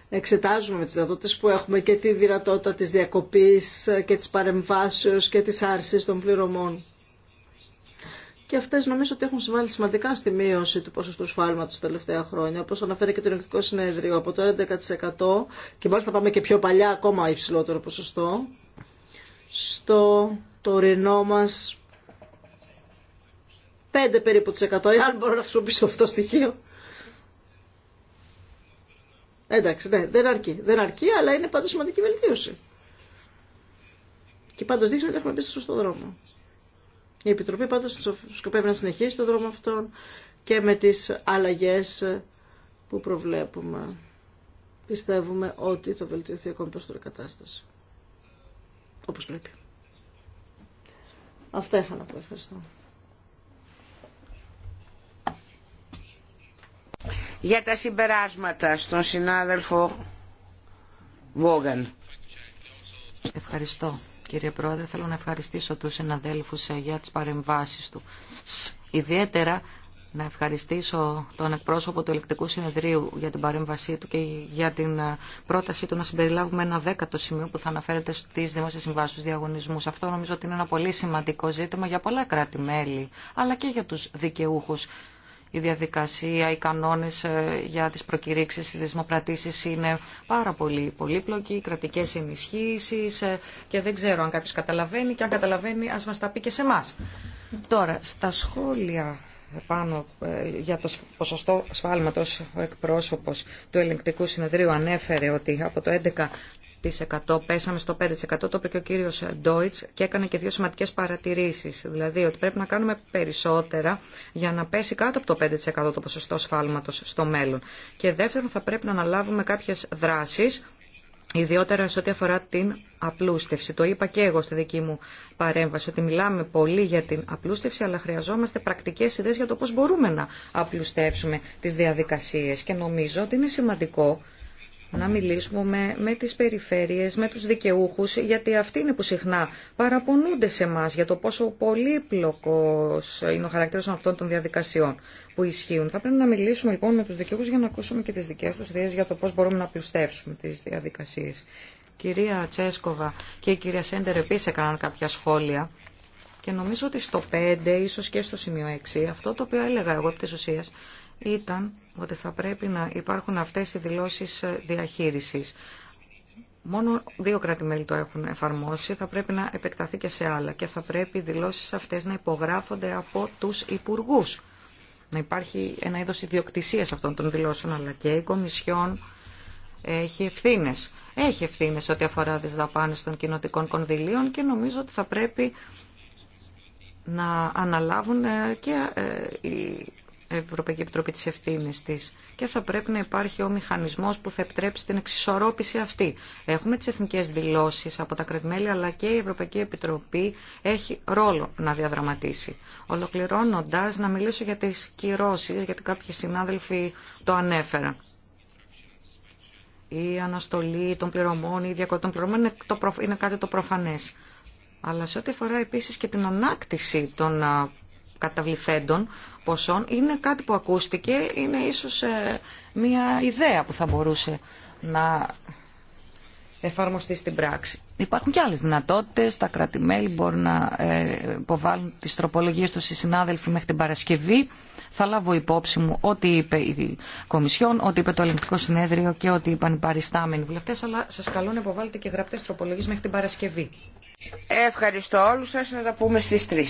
εξετάζουμε με τις δυνατότητες που έχουμε και τη δυνατότητα της διακοπής και της παρεμβάσεως και της άρσης των πληρωμών. Και αυτέ νομίζω ότι έχουν συμβάλει σημαντικά στη μείωση του ποσοστού σφάλματο τα τελευταία χρόνια. Όπω αναφέρει και το Ελεκτικό Συνέδριο, από το 11% και μάλιστα πάμε και πιο παλιά, ακόμα υψηλότερο ποσοστό, στο τωρινό μα 5 περίπου αν μπορώ να χρησιμοποιήσω αυτό το στοιχείο. Εντάξει, ναι, δεν αρκεί. Δεν αρκεί, αλλά είναι πάντως σημαντική βελτίωση. Και πάντως δείχνει ότι έχουμε πίσω στο σωστό δρόμο. Η Επιτροπή πάντως σκοπεύει να συνεχίσει τον δρόμο αυτόν και με τις αλλαγές που προβλέπουμε. Πιστεύουμε ότι θα βελτιωθεί ακόμη περισσότερο η κατάσταση. Όπως πρέπει. Αυτά είχα να πω. Ευχαριστώ. για τα συμπεράσματα στον συνάδελφο Βόγαν. Ευχαριστώ κύριε Πρόεδρε. Θέλω να ευχαριστήσω τους συναδέλφους ε, για τις παρεμβάσεις του. Ιδιαίτερα να ευχαριστήσω τον εκπρόσωπο του Ελεκτικού Συνεδρίου για την παρέμβασή του και για την ε, πρότασή του να συμπεριλάβουμε ένα δέκατο σημείο που θα αναφέρεται στι δημόσιε συμβάσει, στου διαγωνισμού. Αυτό νομίζω ότι είναι ένα πολύ σημαντικό ζήτημα για πολλά κράτη-μέλη, αλλά και για του δικαιούχου η διαδικασία, οι κανόνες ε, για τις προκηρύξεις, οι δεσμοπρατήσεις είναι πάρα πολύ πολύπλοκοι, οι κρατικές ενισχύσεις ε, και δεν ξέρω αν κάποιος καταλαβαίνει και αν καταλαβαίνει ας μας τα πει και σε εμά. Τώρα, στα σχόλια πάνω ε, για το ποσοστό σφάλματος ο εκπρόσωπος του ελεγκτικού συνεδρίου ανέφερε ότι από το 11 5% πέσαμε στο 5%, το είπε και ο κύριος Ντόιτς και έκανε και δύο σημαντικές παρατηρήσεις. Δηλαδή ότι πρέπει να κάνουμε περισσότερα για να πέσει κάτω από το 5% το ποσοστό σφάλματος στο μέλλον. Και δεύτερον θα πρέπει να αναλάβουμε κάποιες δράσεις Ιδιότερα σε ό,τι αφορά την απλούστευση. Το είπα και εγώ στη δική μου παρέμβαση ότι μιλάμε πολύ για την απλούστευση αλλά χρειαζόμαστε πρακτικέ ιδέες για το πώ μπορούμε να απλουστεύσουμε τι διαδικασίε. και νομίζω ότι είναι σημαντικό να μιλήσουμε με τις περιφέρειες, με τους δικαιούχους, γιατί αυτοί είναι που συχνά παραπονούνται σε εμά για το πόσο πολύπλοκος είναι ο χαρακτήρας αυτών των διαδικασιών που ισχύουν. Θα πρέπει να μιλήσουμε λοιπόν με τους δικαιούχους για να ακούσουμε και τις δικές τους ιδέες για το πώς μπορούμε να πλουστεύσουμε τις διαδικασίες. Κυρία Τσέσκοβα και η κυρία Σέντερ επίσης έκαναν κάποια σχόλια. Και νομίζω ότι στο 5, ίσως και στο σημείο 6, αυτό το οποίο έλεγα εγώ από της ουσίας, ήταν ότι θα πρέπει να υπάρχουν αυτές οι δηλώσεις ε, διαχείρισης. Μόνο δύο κράτη-μέλη το έχουν εφαρμόσει, θα πρέπει να επεκταθεί και σε άλλα και θα πρέπει οι δηλώσεις αυτές να υπογράφονται από τους υπουργούς. Να υπάρχει ένα είδος ιδιοκτησίας αυτών των δηλώσεων, αλλά και η Κομισιόν έχει ευθύνε. Έχει ευθύνε ό,τι αφορά τι δαπάνε των κοινοτικών κονδυλίων και νομίζω ότι θα πρέπει να αναλάβουν ε, και ε, οι Ευρωπαϊκή Επιτροπή της Ευθύνη της και θα πρέπει να υπάρχει ο μηχανισμός που θα επιτρέψει την εξισορρόπηση αυτή. Έχουμε τις εθνικές δηλώσεις από τα κρατημέλη, αλλά και η Ευρωπαϊκή Επιτροπή έχει ρόλο να διαδραματίσει. ολοκληρώνοντα να μιλήσω για τις κυρώσει γιατί κάποιοι συνάδελφοι το ανέφεραν. Η αναστολή των πληρωμών, η διακοπή των πληρωμών είναι, κάτι το προφανέ. Αλλά σε ό,τι αφορά επίση και την ανάκτηση των καταβληθέντων ποσών είναι κάτι που ακούστηκε, είναι ίσως ε, μια ιδέα που θα μπορούσε να εφαρμοστεί στην πράξη. Υπάρχουν και άλλες δυνατότητες, τα κρατημέλη μπορούν να ε, υποβάλουν τις τροπολογίες τους οι συνάδελφοι μέχρι την Παρασκευή. Θα λάβω υπόψη μου ό,τι είπε η Κομισιόν, ό,τι είπε το Ελληνικό Συνέδριο και ό,τι είπαν οι παριστάμενοι βουλευτές, αλλά σας καλώ να υποβάλλετε και γραπτές τροπολογίες μέχρι την Παρασκευή. Ευχαριστώ όλους σας, να τα πούμε στις τρει.